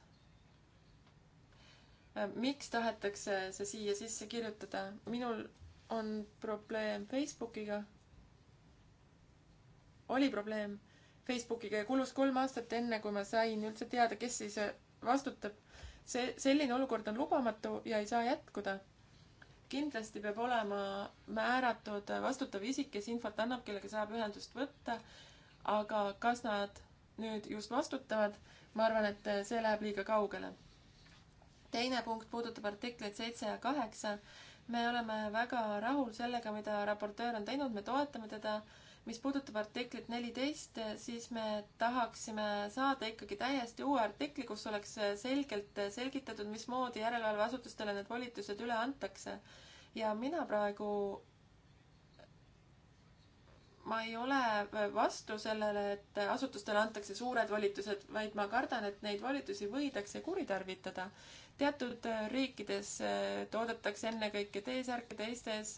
äh, miks tahetakse see siia sisse kirjutada. minul on probleem Facebookiga. oli probleem Facebookiga ja kulus kolm aastat, enne kui ma sain üldse teada, kes siis äh, vastutab. see, selline olukord on lubamatu ja ei saa jätkuda kindlasti peab olema määratud vastutav isik, kes infot annab, kellega saab ühendust võtta, aga kas nad nüüd just vastutavad, ma arvan, et see läheb liiga kaugele. teine punkt puudutab artikleid seitse ja kaheksa. me oleme väga rahul sellega, mida raportöör on teinud, me toetame teda mis puudutab artiklit neliteist, eh, siis me tahaksime saada ikkagi täiesti uue artikli, kus oleks eh, selgelt eh, selgitatud, mismoodi järelevalveasutustele need volitused üle antakse. ja mina praegu, ma ei ole vastu sellele, et asutustele antakse suured volitused, vaid ma kardan, et neid volitusi võidakse kuritarvitada teatud riikides toodetakse ennekõike T-särke, teistes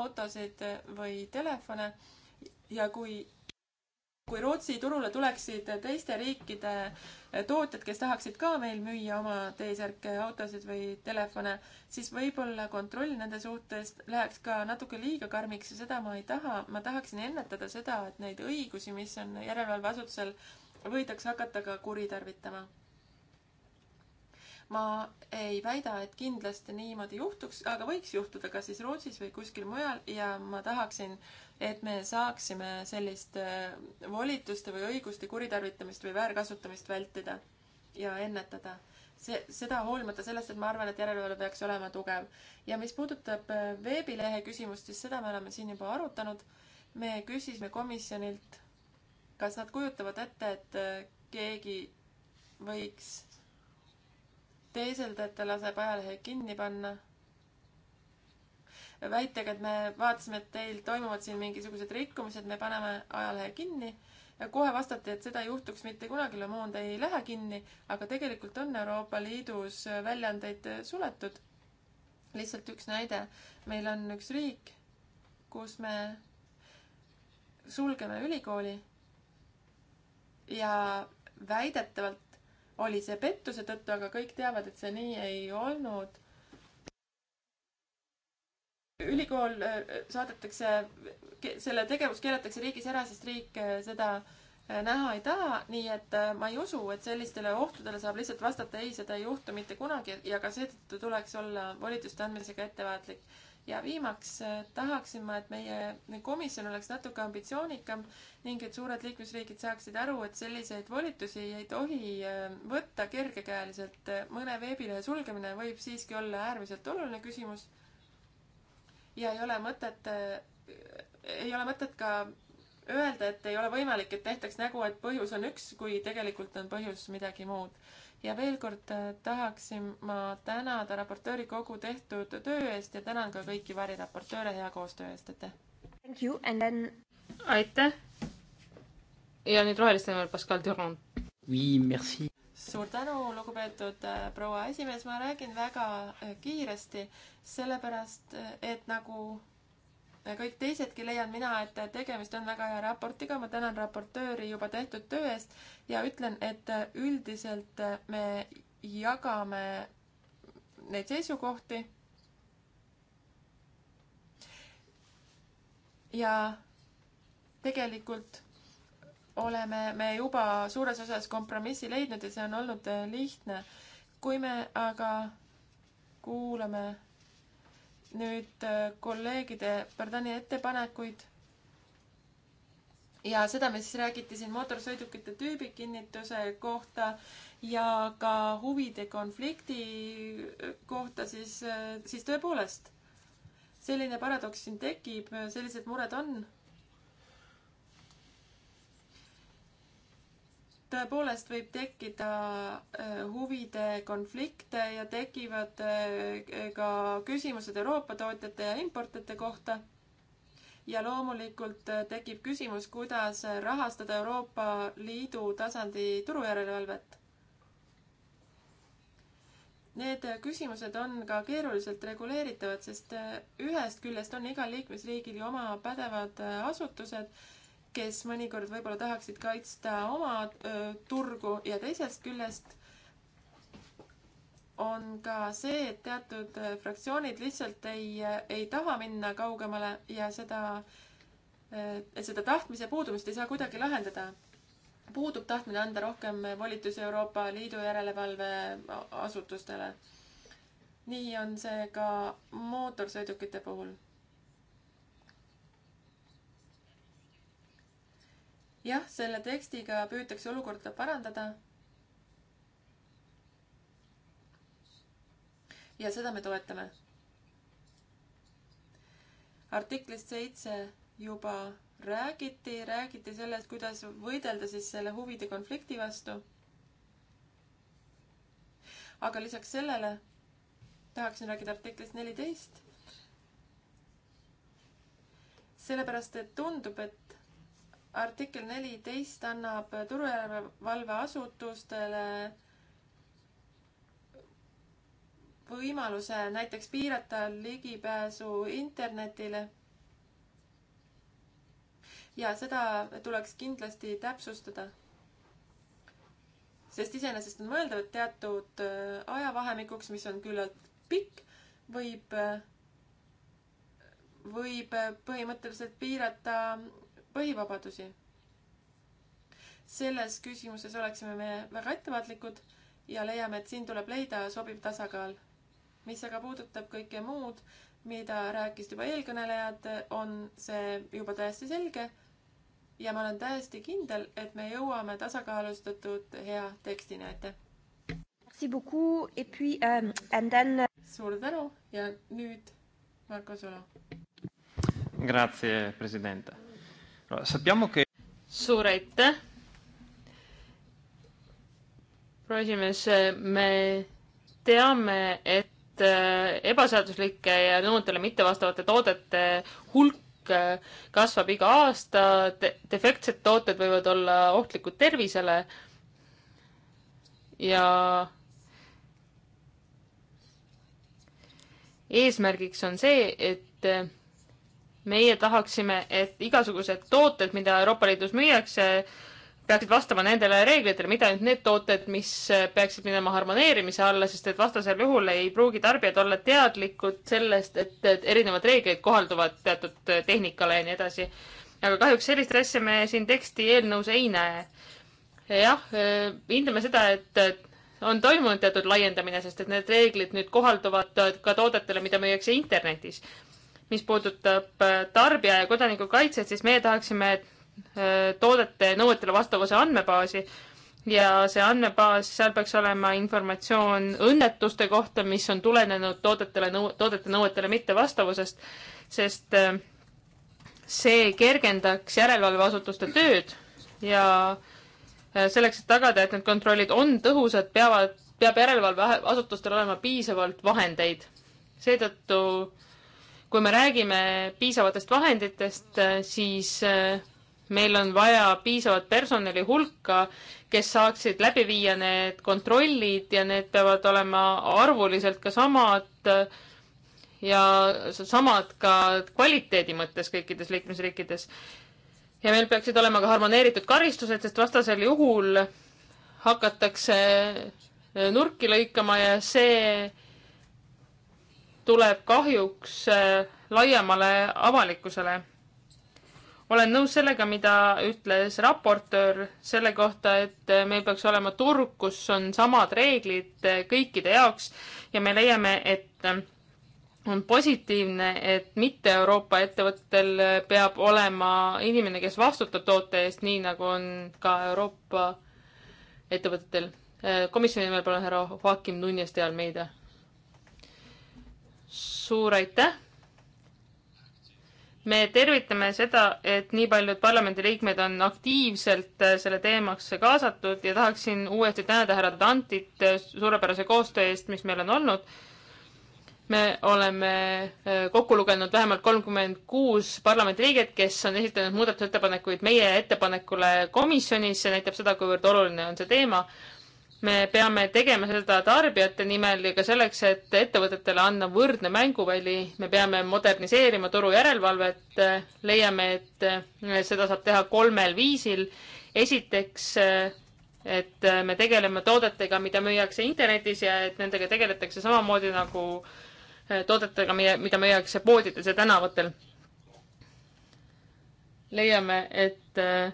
autosid või telefone ja kui, kui Rootsi turule tuleksid teiste riikide eh, tootjad, kes tahaksid ka meil müüa oma T-särke, autosid või telefone, siis võib-olla kontroll nende suhtes läheks ka natuke liiga karmiks ja seda ma ei taha. ma tahaksin ennetada seda, et neid õigusi, mis on järelevalveasutusel, võidakse hakata ka kuritarvitama ma ei väida, et kindlasti niimoodi juhtuks, aga võiks juhtuda kas siis Rootsis või kuskil mujal ja ma tahaksin, et me saaksime sellist äh, volituste või õiguste kuritarvitamist või väärkasutamist vältida ja ennetada. see, seda hoolimata sellest, et ma arvan, et järelevalve peaks olema tugev. ja mis puudutab äh, veebilehe küsimust, siis seda me oleme siin juba arutanud. me küsisime komisjonilt, kas nad kujutavad ette, et äh, keegi võiks teeseldajate laseb ajalehe kinni panna. väitega, et me vaatasime, et teil toimuvad siin mingisugused rikkumised, me paneme ajalehe kinni ja kohe vastati, et seda ei juhtuks mitte kunagi, Le Monde ei lähe kinni, aga tegelikult on Euroopa Liidus väljaandeid suletud. lihtsalt üks näide, meil on üks riik, kus me sulgeme ülikooli ja väidetavalt oli see pettuse tõttu, aga kõik teavad, et see nii ei olnud. ülikool äh, saadetakse, selle tegevus keelatakse riigis ära, sest riik äh, seda äh, näha ei taha, nii et ma ei usu, et sellistele ohtudele saab lihtsalt vastata ei, seda ei juhtu mitte kunagi ja ka seetõttu tuleks olla volituste andmisega ettevaatlik ja viimaks äh, tahaksin ma, et meie komisjon oleks natuke ambitsioonikam ning et suured liikmesriigid saaksid aru, et selliseid volitusi ei tohi äh, võtta kergekäeliselt. Äh, mõne veebilehe sulgemine võib siiski olla äärmiselt oluline küsimus. ja ei ole mõtet, ei ole mõtet ka öelda, et ei ole võimalik, et tehtaks nägu, et põhjus on üks, kui tegelikult on põhjus midagi muud ja veel kord äh, tahaksin ma tänada raportööri kogu tehtud töö eest ja tänan ka kõiki variraportööre hea koostöö eest, aitäh! Then... aitäh! ja nüüd roheliste nimel Pascal Durand. Oui, merci! suur tänu, lugupeetud äh, proua esimees, ma räägin väga äh, kiiresti, sellepärast et nagu kõik teisedki leian mina, et tegemist on väga hea raportiga, ma tänan raportööri juba tehtud töö eest ja ütlen, et üldiselt me jagame neid seisukohti. ja tegelikult oleme me juba suures osas kompromissi leidnud ja see on olnud lihtne. kui me aga kuulame nüüd äh, kolleegide Pardani ettepanekuid. ja seda, mis räägiti siin mootorsõidukite tüübikinnituse kohta ja ka huvide konflikti äh, kohta, siis, äh, siis tõepoolest selline paradoks siin tekib, sellised mured on tõepoolest võib tekkida äh, huvide konflikte ja tekivad äh, ka küsimused Euroopa tootjate ja importijate kohta. ja loomulikult äh, tekib küsimus, kuidas rahastada Euroopa Liidu tasandi turujärelevalvet. Need küsimused on ka keeruliselt reguleeritavad, sest ühest küljest on igal liikmesriigil ju oma pädevad asutused kes mõnikord võib-olla tahaksid kaitsta oma öö, turgu ja teisest küljest on ka see, et teatud fraktsioonid lihtsalt ei, ei taha minna kaugemale ja seda, seda tahtmise puudumist ei saa kuidagi lahendada. puudub tahtmine anda rohkem volitusi Euroopa Liidu järelevalveasutustele. nii on see ka mootorsõidukite puhul jah, selle tekstiga püütakse olukorda parandada. ja seda me toetame. artiklist seitse juba räägiti, räägiti sellest, kuidas võidelda siis selle huvide konflikti vastu. aga lisaks sellele tahaksin rääkida artiklist neliteist. sellepärast, et tundub, et artikkel neliteist annab turujärelevalveasutustele võimaluse näiteks piirata ligipääsu internetile. ja seda tuleks kindlasti täpsustada. sest iseenesest on mõeldav, et teatud äh, ajavahemikuks, mis on küllalt pikk, võib, äh, võib äh, põhimõtteliselt piirata põhivabadusi. selles küsimuses oleksime me väga ettevaatlikud ja leiame, et siin tuleb leida sobiv tasakaal. mis aga puudutab kõike muud, mida rääkisid juba eelkõnelejad, on see juba täiesti selge. ja ma olen täiesti kindel, et me jõuame tasakaalustatud hea tekstini, aitäh. Merci beaucoup et puis um, and then. Euh, suur tänu ja nüüd Marko Solo. Grazie, president sappiamo che... suur aitäh! proua esimees, me teame, et äh, ebaseaduslike ja nõuetele mittevastavate toodete hulk äh, kasvab iga aasta De, defektsed tooted võivad olla ohtlikud tervisele ja eesmärgiks on see, et meie tahaksime, et igasugused tooted, mida Euroopa Liidus müüakse, peaksid vastama nendele reeglitele, mitte ainult need tooted, mis peaksid minema harmoneerimise alla, sest et vastasel juhul ei pruugi tarbijad olla teadlikud sellest, et erinevad reeglid kohalduvad teatud tehnikale ja nii edasi. aga kahjuks sellist asja me siin teksti eelnõus ei näe. jah, hindame seda, et on toimunud teatud laiendamine, sest et need reeglid nüüd kohalduvad ka toodetele, mida müüakse internetis mis puudutab äh, tarbija ja kodaniku kaitset, siis meie tahaksime äh, toodete nõuetele vastavuse andmebaasi ja see andmebaas, seal peaks olema informatsioon õnnetuste kohta, mis on tulenenud toodetele nõu-, toodete nõuetele mittevastavusest, sest äh, see kergendaks järelevalveasutuste tööd ja selleks, et tagada, et need kontrollid on tõhusad, peavad, peab järelevalveasutustel olema piisavalt vahendeid. seetõttu äh, kui me räägime piisavatest vahenditest, äh, siis äh, meil on vaja piisavat personali hulka, kes saaksid läbi viia need kontrollid ja need peavad olema arvuliselt ka samad äh, ja samad ka kvaliteedi mõttes kõikides liikmesriikides. ja meil peaksid olema ka harmoneeritud karistused, sest vastasel juhul hakatakse nurki lõikama ja see tuleb kahjuks äh, laiemale avalikkusele. olen nõus sellega, mida ütles raportöör selle kohta, et äh, meil peaks olema turg, kus on samad reeglid äh, kõikide jaoks ja me leiame, et on positiivne, et mitte Euroopa ettevõttel peab olema inimene, kes vastutab toote eest, nii nagu on ka Euroopa ettevõtetel. komisjoni nimel palun härra Joakim Nunes de Almeida suur aitäh! me tervitame seda, et nii paljud parlamendiliikmed on aktiivselt äh, selle teemasse kaasatud ja tahaksin uuesti tänada härra Dantit äh, suurepärase koostöö eest, mis meil on olnud. me oleme äh, kokku lugenud vähemalt kolmkümmend kuus parlamendiliiget, kes on esitanud muudatusettepanekuid meie ettepanekule komisjonis, see näitab seda, kuivõrd oluline on see teema me peame tegema seda tarbijate nimel ja ka selleks, et ettevõtetele anda võrdne mänguväli, me peame moderniseerima turu järelevalvet, leiame, et seda saab teha kolmel viisil. esiteks, et me tegeleme toodetega, mida müüakse internetis ja et nendega tegeletakse samamoodi nagu toodetega, mida müüakse poodides ja tänavatel. leiame, et äh,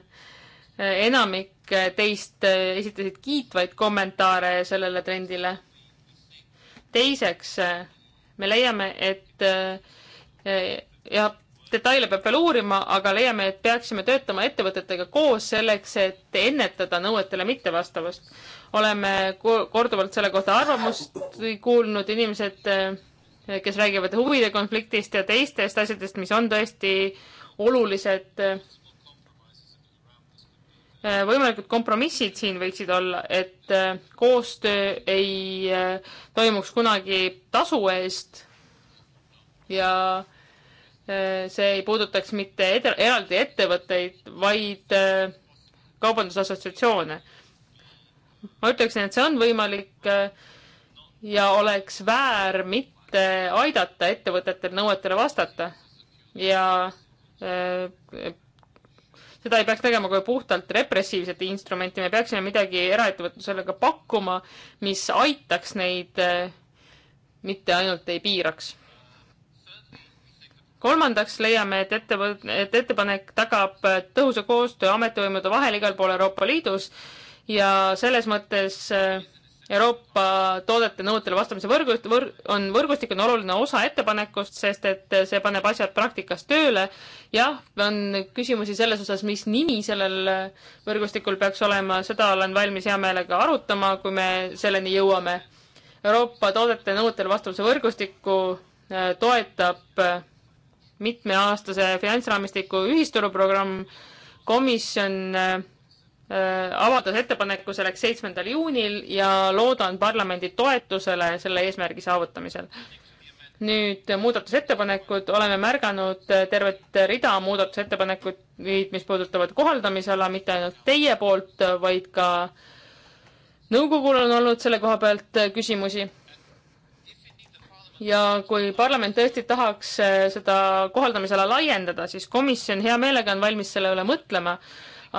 enamik teist esitasid kiitvaid kommentaare sellele trendile. teiseks, me leiame, et ja detaile peab veel uurima, aga leiame, et peaksime töötama ettevõtetega koos selleks, et ennetada nõuetele mittevastavust. oleme korduvalt selle kohta arvamust kuulnud, inimesed, kes räägivad huvide konfliktist ja teistest asjadest, mis on tõesti olulised Äh, võimalikud kompromissid siin võiksid olla, et äh, koostöö ei äh, toimuks kunagi tasu eest ja see ei puudutaks mitte ed eraldi ettevõtteid, vaid kaubandusassotsiatsioone. ma ütleksin, et see on võimalik ja oleks väär mitte aidata ettevõtetel nõuetele vastata ja seda ei peaks tegema kui puhtalt repressiivset instrumenti, me peaksime midagi eraettevõtlusele ka pakkuma, mis aitaks neid, eh, mitte ainult ei piiraks. kolmandaks leiame, et ettevõt-, et ettepanek tagab eh, tõhusa koostöö ametivõimude vahel igal pool Euroopa Liidus ja selles mõttes äh, Euroopa toodete nõuetele vastamise võrgust, võr-, on võrgustik on oluline osa ettepanekust, sest et see paneb asjad praktikas tööle. jah, on küsimusi selles osas, mis nimi sellel võrgustikul peaks olema, seda olen valmis hea meelega arutama, kui me selleni jõuame. Euroopa toodete nõuetele vastavuse võrgustikku äh, toetab äh, mitmeaastase finantsraamistiku ühisturuprogramm, komisjon äh, Äh, avaldas ettepaneku selleks seitsmendal juunil ja loodan parlamendi toetusele selle eesmärgi saavutamisel. nüüd muudatusettepanekud, oleme märganud tervet rida muudatusettepanekuid, mis puudutavad kohaldamisala, mitte ainult teie poolt, vaid ka nõukogul on olnud selle koha pealt küsimusi ja kui parlament tõesti tahaks seda kohaldamisala laiendada, siis komisjon hea meelega on valmis selle üle mõtlema,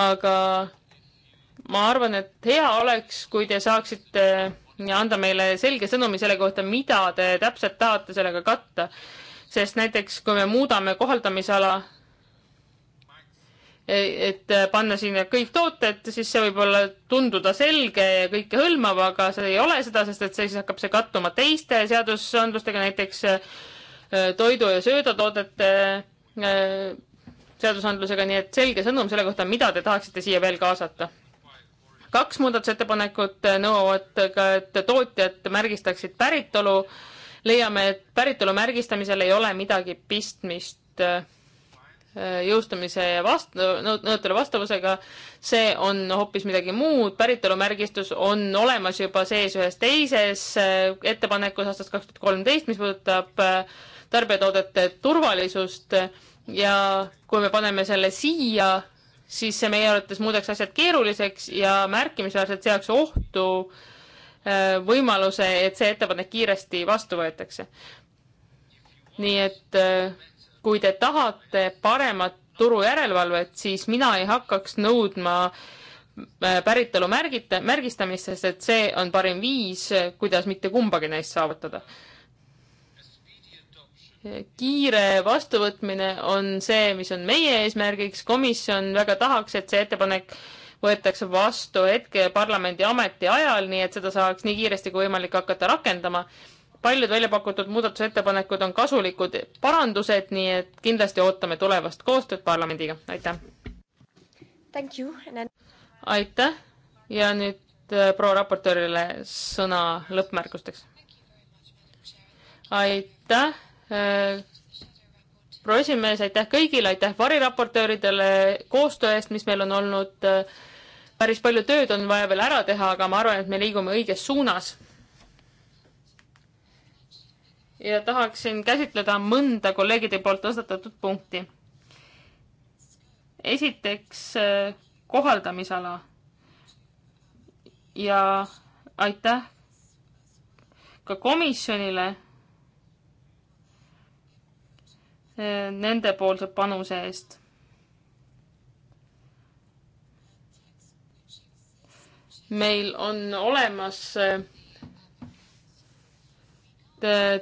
aga ma arvan, et hea oleks, kui te saaksite anda meile selge sõnumi selle kohta, mida te täpselt tahate sellega katta. sest näiteks kui me muudame kohaldamisala, e, et panna sinna kõik tooted, siis see võib olla, tunduda selge ja kõikehõlmav, aga see ei ole seda, sest et siis hakkab see kattuma teiste seadusandlustega, näiteks e, toidu ja söödatoodete e, seadusandlusega, nii et selge sõnum selle kohta, mida te tahaksite siia veel kaasata kaks muudatusettepanekut nõuavad ka, et tootjad märgistaksid päritolu. leiame, et päritolu märgistamisel ei ole midagi pistmist äh, jõustumise ja vastu, nõutele vastavusega, see on hoopis midagi muud, päritolumärgistus on olemas juba sees ühes teises äh, ettepanekus aastast kaks tuhat kolmteist, mis puudutab äh, tarbijatoodete turvalisust ja kui me paneme selle siia, siis see meie arvates muudaks asjad keeruliseks ja märkimisväärselt seaks ohtu äh, võimaluse, et see ettepanek kiiresti vastu võetakse. nii et äh, kui te tahate paremat turujärelevalvet, siis mina ei hakkaks nõudma äh, päritolu märgita, märgistamist, sest et see on parim viis, kuidas mitte kumbagi neist saavutada kiire vastuvõtmine on see, mis on meie eesmärgiks, komisjon väga tahaks, et see ettepanek võetakse vastu hetke parlamendi ametiajal, nii et seda saaks nii kiiresti kui võimalik hakata rakendama. paljud välja pakutud muudatusettepanekud on kasulikud parandused, nii et kindlasti ootame tulevast koostööd parlamendiga, aitäh! Then... aitäh ja nüüd äh, proua raportöörile sõna lõppmärkusteks. aitäh! Äh, proua esimees, aitäh kõigile, aitäh variraportööridele koostöö eest, mis meil on olnud. Äh, päris palju tööd on vaja veel ära teha, aga ma arvan, et me liigume õiges suunas. ja tahaksin käsitleda mõnda kolleegide poolt tõstatatud punkti. esiteks äh, kohaldamisala. ja aitäh ka komisjonile nendepoolse panuse eest. meil on olemas äh,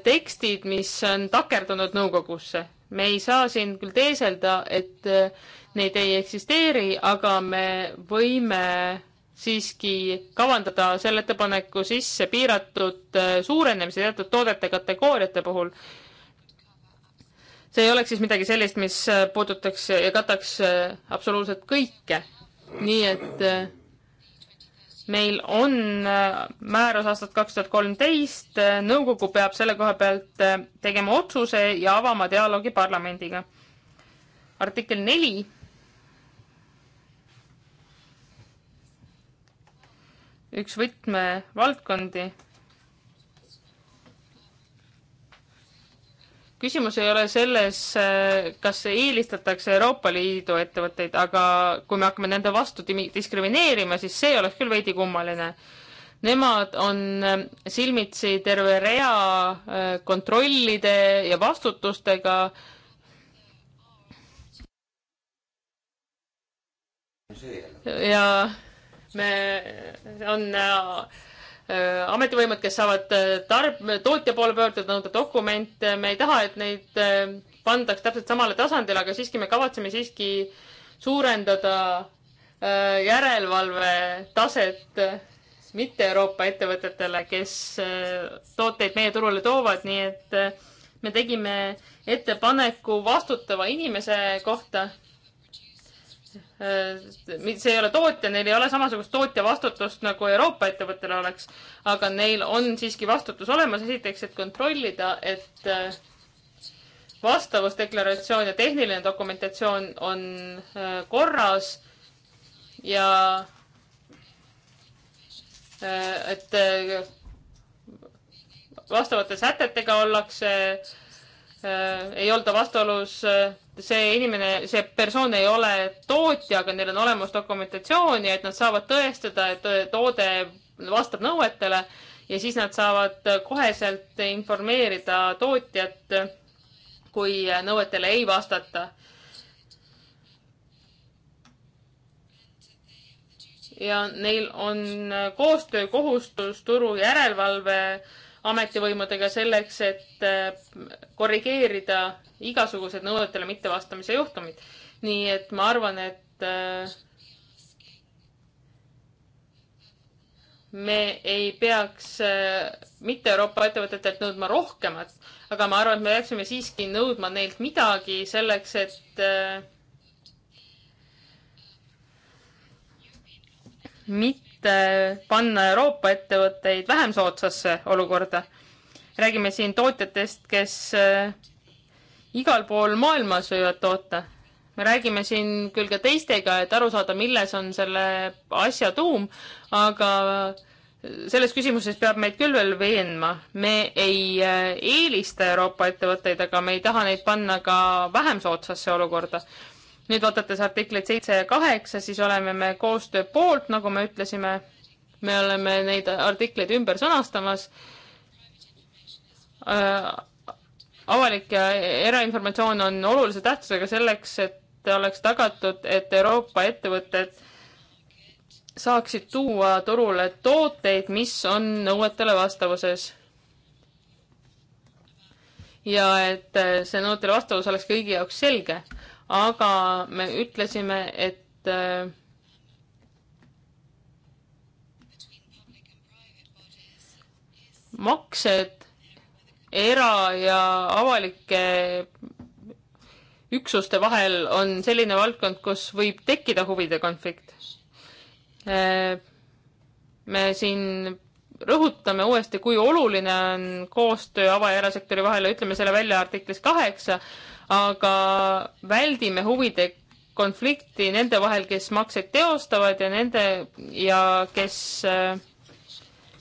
tekstid, mis on takerdunud nõukogusse. me ei saa siin küll teeselda, et äh, neid ei eksisteeri, aga me võime siiski kavandada selle ettepaneku sisse piiratud äh, suurenemise teatud toodete kategooriate puhul see ei oleks siis midagi sellist, mis äh, puudutaks äh, ja kataks äh, absoluutselt kõike. nii et meil on määrus aastat kaks tuhat kolmteist, nõukogu peab selle koha pealt tegema otsuse ja avama dialoogi parlamendiga. artikkel neli. üks võtmevaldkondi küsimus ei ole selles, äh, kas eelistatakse Euroopa Liidu ettevõtteid, aga kui me hakkame nende vastu diskrimineerima, siis see oleks küll veidi kummaline. Nemad on äh, silmitsi terve rea äh, kontrollide ja vastutustega. ja me on Äh, ametivõimud, kes saavad äh, tarb-, tootja poole pöörduda, nõuda dokumente, me ei taha, et neid äh, pandaks täpselt samale tasandile, aga siiski me kavatseme siiski suurendada järelevalve taset mitte Euroopa ettevõtetele, kes tooteid meie turule toovad, nii et me tegime ettepaneku vastutava inimese kohta Äh, see ei ole tootja, neil ei ole samasugust tootja vastutust nagu Euroopa ettevõttel oleks, aga neil on siiski vastutus olemas, esiteks, et kontrollida, et äh, vastavusdeklaratsioon ja tehniline dokumentatsioon on äh, korras ja et vastavate sätetega ollakse, ei olda vastuolus see inimene, see persoon ei ole tootja, aga neil on olemas dokumentatsiooni, et nad saavad tõestada, et toode vastab nõuetele ja siis nad saavad koheselt informeerida tootjat, kui nõuetele ei vastata. ja neil on koostöökohustus turu järelevalve ametivõimudega selleks, et korrigeerida igasugused nõuetele mittevastamise juhtumid. nii et ma arvan, et äh, me ei peaks äh, mitte Euroopa ettevõtetelt nõudma rohkemat, aga ma arvan, et me peaksime siiski nõudma neilt midagi selleks, et äh, mitte panna Euroopa ettevõtteid vähem soodsasse olukorda. räägime siin tootjatest, kes äh, igal pool maailmas võivad toota. me räägime siin küll ka teistega, et aru saada, milles on selle asja tuum, aga selles küsimuses peab meid küll veel veenma. me ei äh, eelista Euroopa ettevõtteid, aga me ei taha neid panna ka vähem soodsasse olukorda. nüüd vaadates artikleid seitse ja kaheksa, siis oleme me koostöö poolt, nagu me ütlesime. me oleme neid artikleid ümber sõnastamas. Äh, avalik ja erainformatsioon on olulise tähtsusega selleks, et oleks tagatud, et Euroopa ettevõtted saaksid tuua turule tooteid, mis on nõuetele vastavuses. ja et see nõuetele vastavus oleks kõigi jaoks selge, aga me ütlesime, et äh, maksed era- ja avalike üksuste vahel on selline valdkond, kus võib tekkida huvide konflikt. Äh, me siin rõhutame uuesti, kui oluline on koostöö ava- ja erasektori vahel ja ütleme selle välja artiklis kaheksa, aga väldime huvide konflikti nende vahel, kes makseid teostavad ja nende ja kes äh,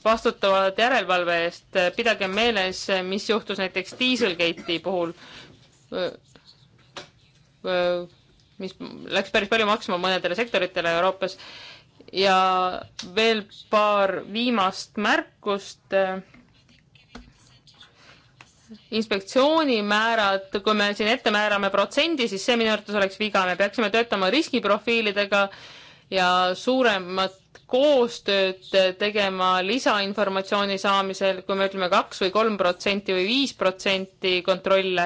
vastutavad järelevalve eest. pidage meeles, mis juhtus näiteks Dieselgate'i puhul, mis läks päris palju maksma mõnedele sektoritele Euroopas. ja veel paar viimast märkust inspektsioonimäärad, kui me siin ette määrame protsendi, siis see minu arvates oleks viga, me peaksime töötama riskiprofiilidega ja suuremat koostööd tegema lisainformatsiooni saamisel, kui me ütleme kaks või kolm protsenti või viis protsenti kontrolle,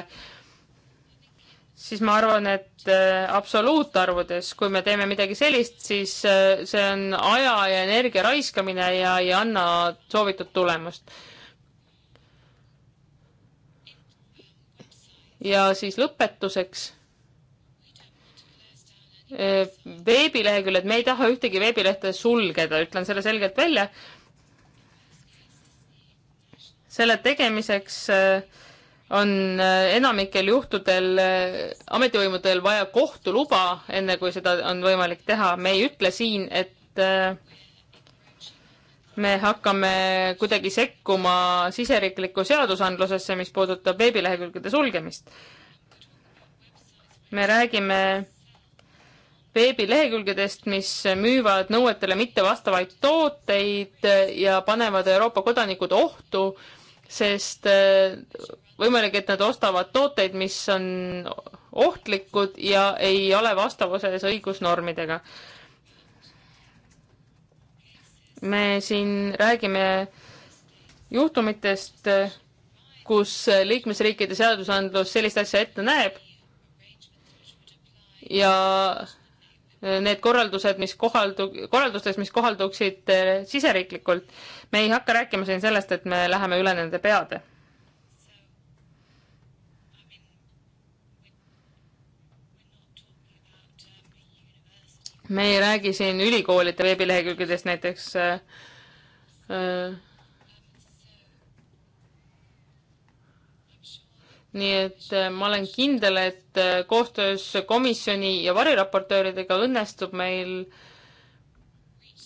siis ma arvan, et äh, absoluutarvudes, kui me teeme midagi sellist, siis äh, see on aja ja energia raiskamine ja ei anna soovitud tulemust. ja siis lõpetuseks veebileheküljed, me ei taha ühtegi veebilehte sulgeda, ütlen selle selgelt välja. selle tegemiseks äh, on äh, enamikel juhtudel äh, ametivõimudel vaja kohtuluba, enne kui seda on võimalik teha. me ei ütle siin, et me hakkame kuidagi sekkuma siseriiklikku seadusandlusesse, mis puudutab veebilehekülgede sulgemist. me räägime veebilehekülgedest, mis müüvad nõuetele mittevastavaid tooteid ja panevad Euroopa kodanikud ohtu, sest äh, võimalik, et nad ostavad tooteid, mis on ohtlikud ja ei ole vastavuses õigusnormidega. me siin räägime juhtumitest, kus liikmesriikide seadusandlus sellist asja ette näeb ja need korraldused, mis kohaldu-, korraldustes, mis kohalduksid eh, siseriiklikult. me ei hakka rääkima siin sellest, et me läheme üle nende peade. me ei räägi siin ülikoolide veebilehekülgedest näiteks äh, äh, nii et äh, ma olen kindel, et äh, koostöös komisjoni ja variraportööridega õnnestub meil äh,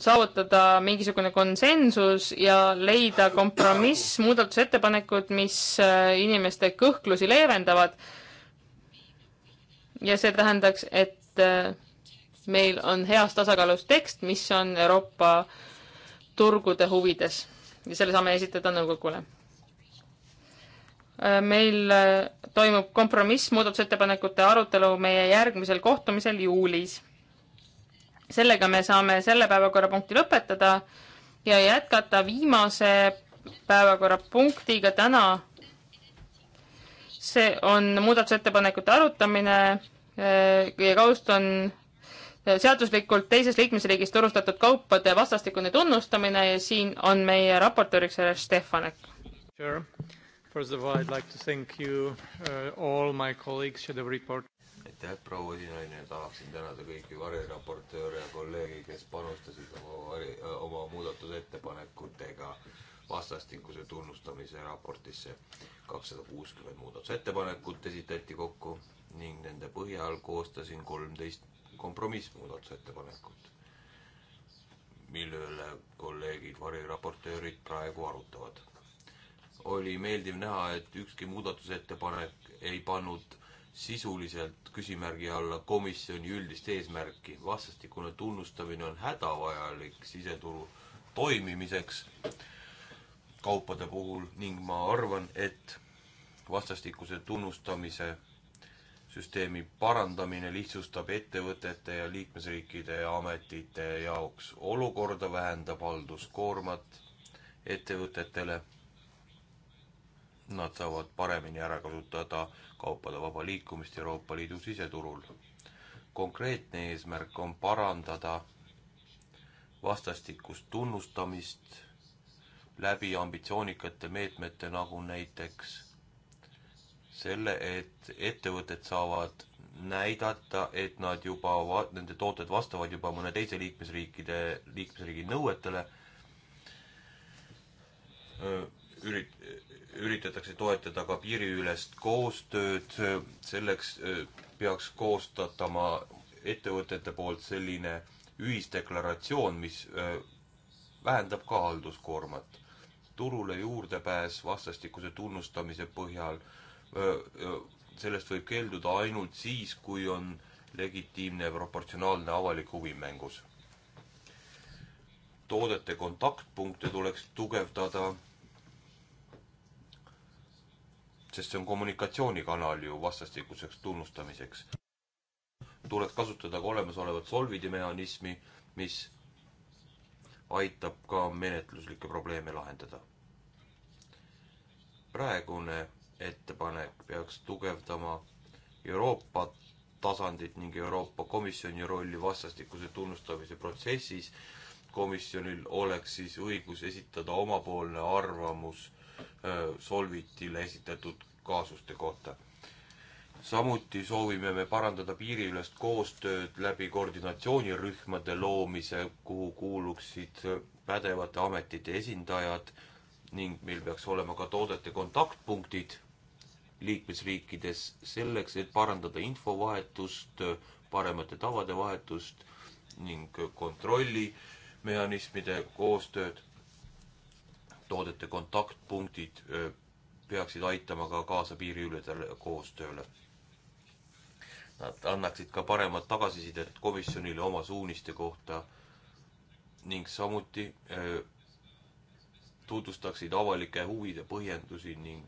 saavutada mingisugune konsensus ja leida kompromiss, muudatusettepanekud, mis inimeste kõhklusi leevendavad. ja see tähendaks, et meil on heas tasakaalus tekst, mis on Euroopa turgude huvides ja selle saame esitada nõukogule Äh, meil äh, toimub kompromiss muudatusettepanekute arutelu meie järgmisel kohtumisel juulis. sellega me saame selle päevakorrapunkti lõpetada ja jätkata viimase päevakorrapunktiga täna. see on muudatusettepanekute arutamine äh, ja kaust on seaduslikult teises liikmesriigis turustatud kaupade vastastikune tunnustamine ja siin on meie raportööriks härra Stefanek sure.. First of all, I'd like to thank you uh, all my colleagues to the report. aitäh, proua esinaine, tahaksin tänada kõiki variraportööre ja kolleege, kes panustasid oma vari, oma muudatusettepanekutega vastastikuse tunnustamise raportisse. kakssada kuuskümmend muudatusettepanekut esitati kokku ning nende põhjal koostasin kolmteist kompromissmuudatusettepanekut, mille üle kolleegid variraportöörid praegu arutavad oli meeldiv näha, et ükski muudatusettepanek ei pannud sisuliselt küsimärgi alla komisjoni üldist eesmärki. vastastikune tunnustamine on hädavajalik siseturu toimimiseks kaupade puhul ning ma arvan, et vastastikuse tunnustamise süsteemi parandamine lihtsustab ettevõtete ja liikmesriikide ja ametite jaoks olukorda, vähendab halduskoormat ettevõtetele Nad saavad paremini ära kasutada kaupade vaba liikumist Euroopa Liidu siseturul. konkreetne eesmärk on parandada vastastikust tunnustamist läbi ambitsioonikate meetmete, nagu näiteks selle, et ettevõtted saavad näidata, et nad juba, nende tooted vastavad juba mõne teise liikmesriikide, liikmesriigi nõuetele. ürit-, üritatakse toetada ka piiriülest koostööd, selleks äh, peaks koostatama ettevõtete poolt selline ühisdeklaratsioon, mis äh, vähendab ka halduskoormat. turule juurdepääs vastastikuse tunnustamise põhjal, äh, sellest võib keelduda ainult siis, kui on legitiimne ja proportsionaalne avalik huvi mängus. toodete kontaktpunkte tuleks tugevdada sest see on kommunikatsioonikanal ju vastastikuseks tunnustamiseks. tuleks kasutada ka olemasolevat solvidi mehhanismi, mis aitab ka menetluslikke probleeme lahendada. praegune ettepanek peaks tugevdama Euroopa tasandit ning Euroopa Komisjoni rolli vastastikuse tunnustamise protsessis. komisjonil oleks siis õigus esitada omapoolne arvamus Äh, Solvitile esitatud kaasuste kohta. samuti soovime me parandada piiriülest koostööd läbi koordinatsioonirühmade loomise, kuhu kuuluksid pädevate ametite esindajad ning meil peaks olema ka toodete kontaktpunktid liikmesriikides selleks, et parandada infovahetust, paremate tavade vahetust ning kontrollimehhanismide koostööd toodete kontaktpunktid peaksid aitama ka kaasa piiriületele koostööle. Nad annaksid ka paremat tagasisidet komisjonile oma suuniste kohta ning samuti öö, tutvustaksid avalike huvide põhjendusi ning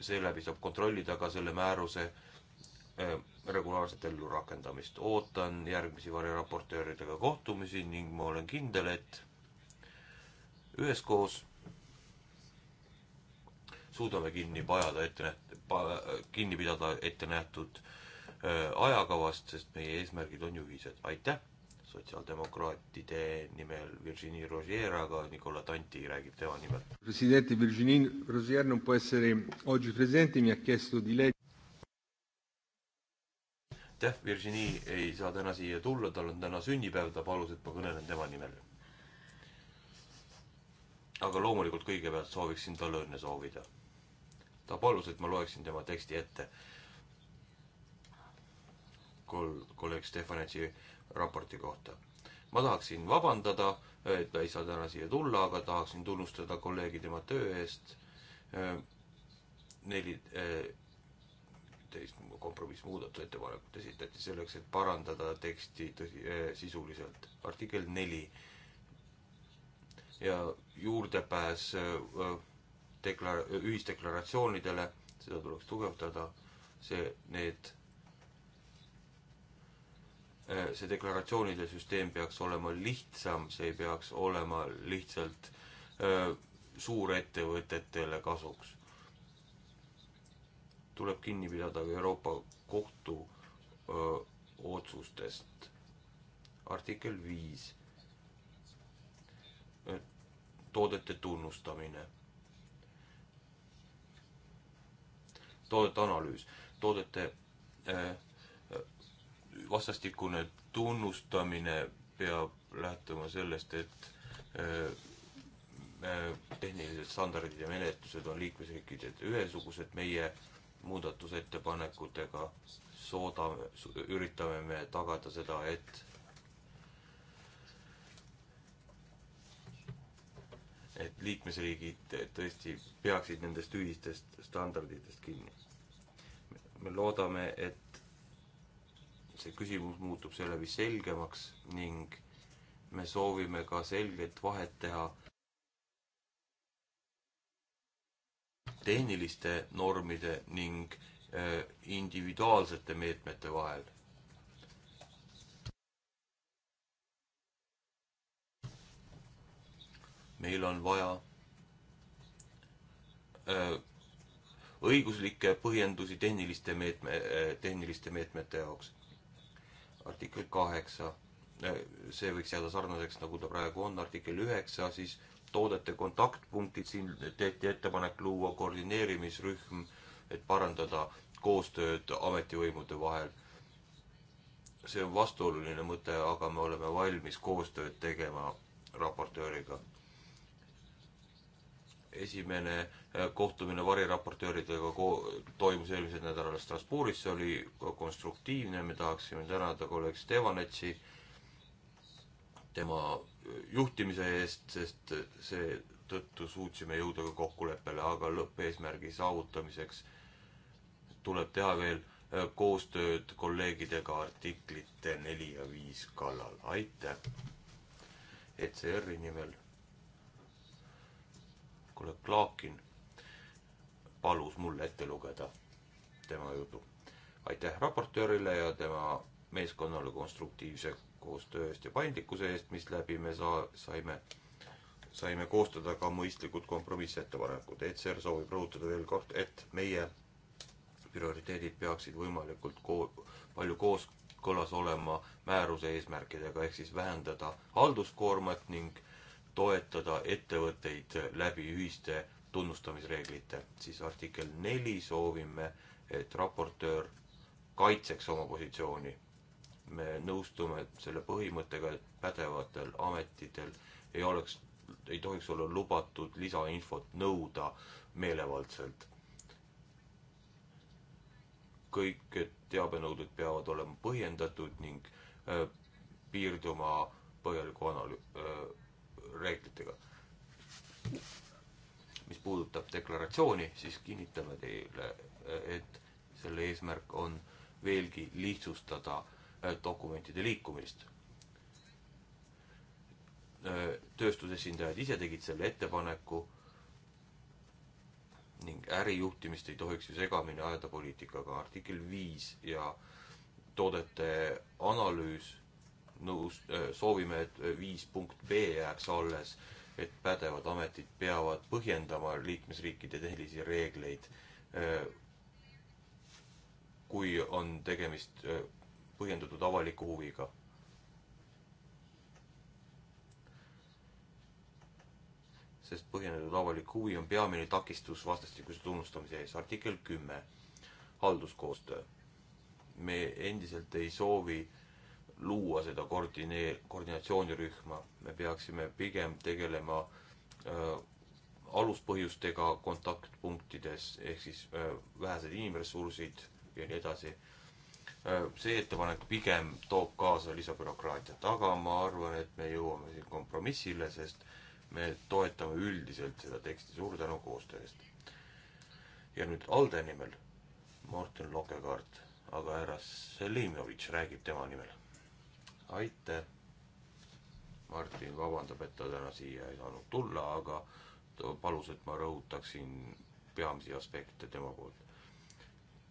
seeläbi saab kontrollida ka selle määruse öö, regulaarset ellurakendamist. ootan järgmisi variraportööridega kohtumisi ning ma olen kindel, et üheskoos suudame kinni pajada ette näht-, kinni pidada ette nähtud äh, ajakavast, sest meie eesmärgid on ju ühised. aitäh! sotsiaaldemokraatide nimel Virginie Rozier, aga Nicola Tanti räägib tema nimel. presidenti Virginie Rozier non può essere oggi presente, mi ha chiesto di lei. aitäh, Virginie ei saa täna siia tulla, tal on täna sünnipäev, ta palus, et ma kõnelen tema nimel aga loomulikult kõigepealt sooviksin talle õnne soovida. ta palus, et ma loeksin tema teksti ette. kol-, kolleeg Stefanetsi raporti kohta. ma tahaksin vabandada, et ta ei saa täna siia tulla, aga tahaksin tunnustada kolleegi tema töö eest. neli, teist kompromissmuudatusettepanekut esitati selleks, et parandada teksti tõsi, sisuliselt. artikkel neli ja juurdepääs äh, deklar-, ühisdeklaratsioonidele, seda tuleks tugevdada, see, need, äh, see deklaratsioonide süsteem peaks olema lihtsam, see ei peaks olema lihtsalt äh, suurettevõtetele kasuks. tuleb kinni pidada ka Euroopa Kohtu öö, otsustest. artikkel viis toodete tunnustamine, toodete analüüs, toodete äh, äh, vastastikune tunnustamine peab lähtuma sellest, et äh, tehnilised standardid ja menetlused on liikmesriikidel ühesugused, meie muudatusettepanekutega soodame, üritame me tagada seda, et et liikmesriigid tõesti peaksid nendest ühistest standarditest kinni. me loodame, et see küsimus muutub seeläbi selgemaks ning me soovime ka selgelt vahet teha tehniliste normide ning äh, individuaalsete meetmete vahel meil on vaja õiguslikke põhjendusi tehniliste meetme, tehniliste meetmete jaoks. artikkel kaheksa, see võiks jääda sarnaseks, nagu ta praegu on, artikkel üheksa, siis toodete kontaktpunktid, siin tehti ettepanek luua koordineerimisrühm, et parandada koostööd ametivõimude vahel. see on vastuoluline mõte, aga me oleme valmis koostööd tegema raportööriga esimene äh, kohtumine variraportööridega ko-, toimus eelmisel nädalal Strasbourgis, see oli konstruktiivne, me tahaksime tänada kolleeg Stevanetsi tema äh, juhtimise eest, sest äh, seetõttu suutsime jõuda ka kokkuleppele, aga lõppeesmärgi saavutamiseks tuleb teha veel koostööd kolleegidega artiklite neli ja viis kallal, aitäh! ECR-i nimel kolleeg Klaakin palus mul ette lugeda tema jutu. aitäh raportöörile ja tema meeskonnale konstruktiivse koostöö eest ja paindlikkuse eest, misläbi me saa-, saime, saime koostada ka mõistlikud kompromissettepanekud. ECR soovib rõhutada veel kord, et meie prioriteedid peaksid võimalikult ko-, palju kooskõlas olema määruse eesmärkidega, ehk siis vähendada halduskoormat ning toetada ettevõtteid läbi ühiste tunnustamisreeglite, siis artikkel neli soovime, et raportöör kaitseks oma positsiooni. me nõustume selle põhimõttega, et pädevatel ametitel ei oleks, ei tohiks olla lubatud lisainfot nõuda meelevaldselt. kõik teabenõuded peavad olema põhjendatud ning öö, äh, piirduma põhjaliku analüü-, äh, reeglitega. mis puudutab deklaratsiooni, siis kinnitame teile, et selle eesmärk on veelgi lihtsustada äh, dokumentide liikumist. Äh, tööstusesindajad ise tegid selle ettepaneku ning ärijuhtimist ei tohiks ju segamini ajada poliitikaga. artikkel viis ja toodete analüüs nõus, äh, soovime, et äh, viis punkt B jääks alles, et pädevad ametid peavad põhjendama liikmesriikide tehnilisi reegleid, äh, kui on tegemist põhjendatud avaliku huviga. sest põhjendatud avalik huvi on peamine takistus vastastikuse tunnustamise ees. artikkel kümme, halduskoostöö. me endiselt ei soovi äh, luua seda koordinee-, koordinatsioonirühma, me peaksime pigem tegelema äh, aluspõhjustega kontaktpunktides, ehk siis äh, vähesed inimressursid ja nii edasi äh,. see ettepanek pigem toob kaasa lisabürokraatiat, aga ma arvan, et me jõuame siin kompromissile, sest me toetame üldiselt seda teksti, suur tänu koostöö eest. ja nüüd Alde nimel Martin Lokekaart, aga härra Selimovitš räägib tema nimel aitäh. Martin vabandab, et ta täna siia ei saanud tulla, aga ta palus, et ma rõhutaksin peamisi aspekte tema poolt.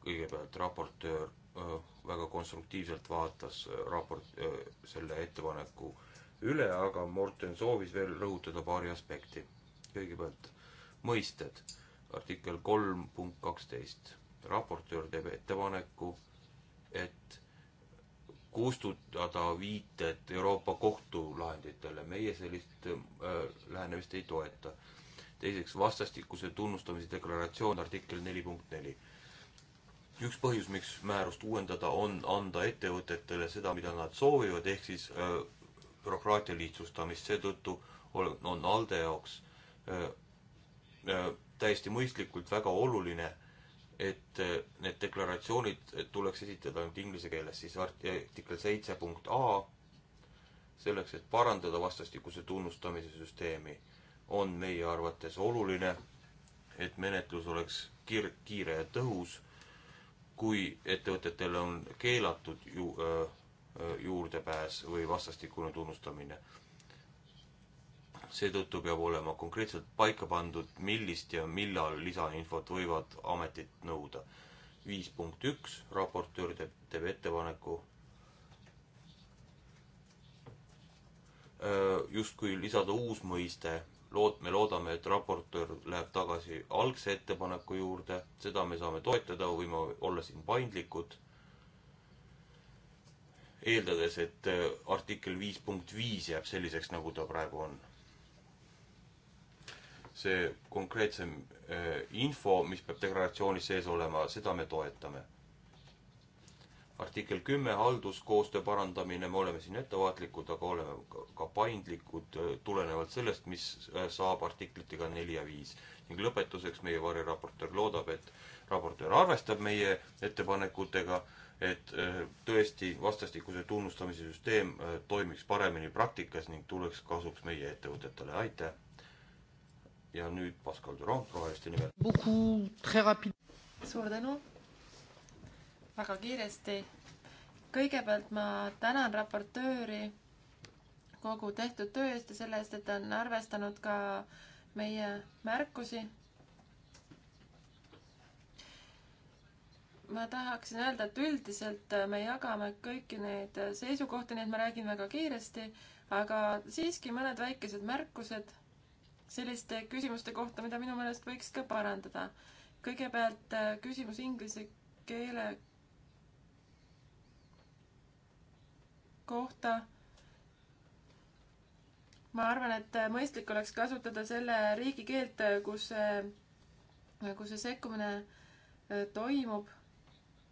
kõigepealt raportöör äh, väga konstruktiivselt vaatas äh, raport, äh, selle ettepaneku üle, aga Morten soovis veel rõhutada paari aspekti. kõigepealt mõisted, artikkel kolm punkt kaksteist. raportöör teeb ettepaneku, et kustutada viited Euroopa Kohtu lahenditele, meie sellist äh, lähenemist ei toeta. teiseks, vastastikuse tunnustamise deklaratsioon, artikkel neli punkt neli. üks põhjus, miks määrust uuendada, on anda ettevõtetele seda, mida nad soovivad, ehk siis äh, bürokraatia lihtsustamist, seetõttu on ALDE jaoks äh, äh, täiesti mõistlikult väga oluline et äh, need deklaratsioonid tuleks esitada ainult inglise keeles, siis artikkel seitse punkt A, selleks, et parandada vastastikuse tunnustamise süsteemi, on meie arvates oluline, et menetlus oleks kiir-, kiire ja tõhus, kui ettevõtetele on keelatud ju-, äh, äh, juurdepääs või vastastikune tunnustamine seetõttu peab olema konkreetselt paika pandud, millist ja millal lisainfot võivad ametid nõuda. viis punkt üks, raportöör teeb, teeb ettepaneku äh, justkui lisada uus mõiste, lood, me loodame, et raportöör läheb tagasi algse ettepaneku juurde, seda me saame toetada, võime olla siin paindlikud eeldades, et äh, artikkel viis punkt viis jääb selliseks, nagu ta praegu on see konkreetsem äh, info, mis peab deklaratsioonis sees olema, seda me toetame. artikkel kümme, halduskoostöö parandamine, me oleme siin ettevaatlikud, aga oleme ka paindlikud äh, tulenevalt sellest, mis äh, saab artiklitega neli ja viis. ning lõpetuseks meie variraportöör loodab, et raportöör arvestab meie ettepanekutega, et tõesti vastastikuse tunnustamise süsteem toimiks paremini praktikas ning tuleks kasuks meie ettevõtetele, aitäh! ja nüüd Pascal Durand roheliste nimel. suur tänu, väga kiiresti. kõigepealt ma tänan raportööri kogu tehtud töö eest ja selle eest, et ta on arvestanud ka meie märkusi. ma tahaksin öelda, et üldiselt me jagame kõiki neid seisukohti, nii et ma räägin väga kiiresti, aga siiski mõned väikesed märkused selliste küsimuste kohta, mida minu meelest võiks ka parandada. kõigepealt äh, küsimus inglise keele kohta. ma arvan, et äh, mõistlik oleks kasutada selle riigikeelt, äh, kus see, kus see sekkumine toimub.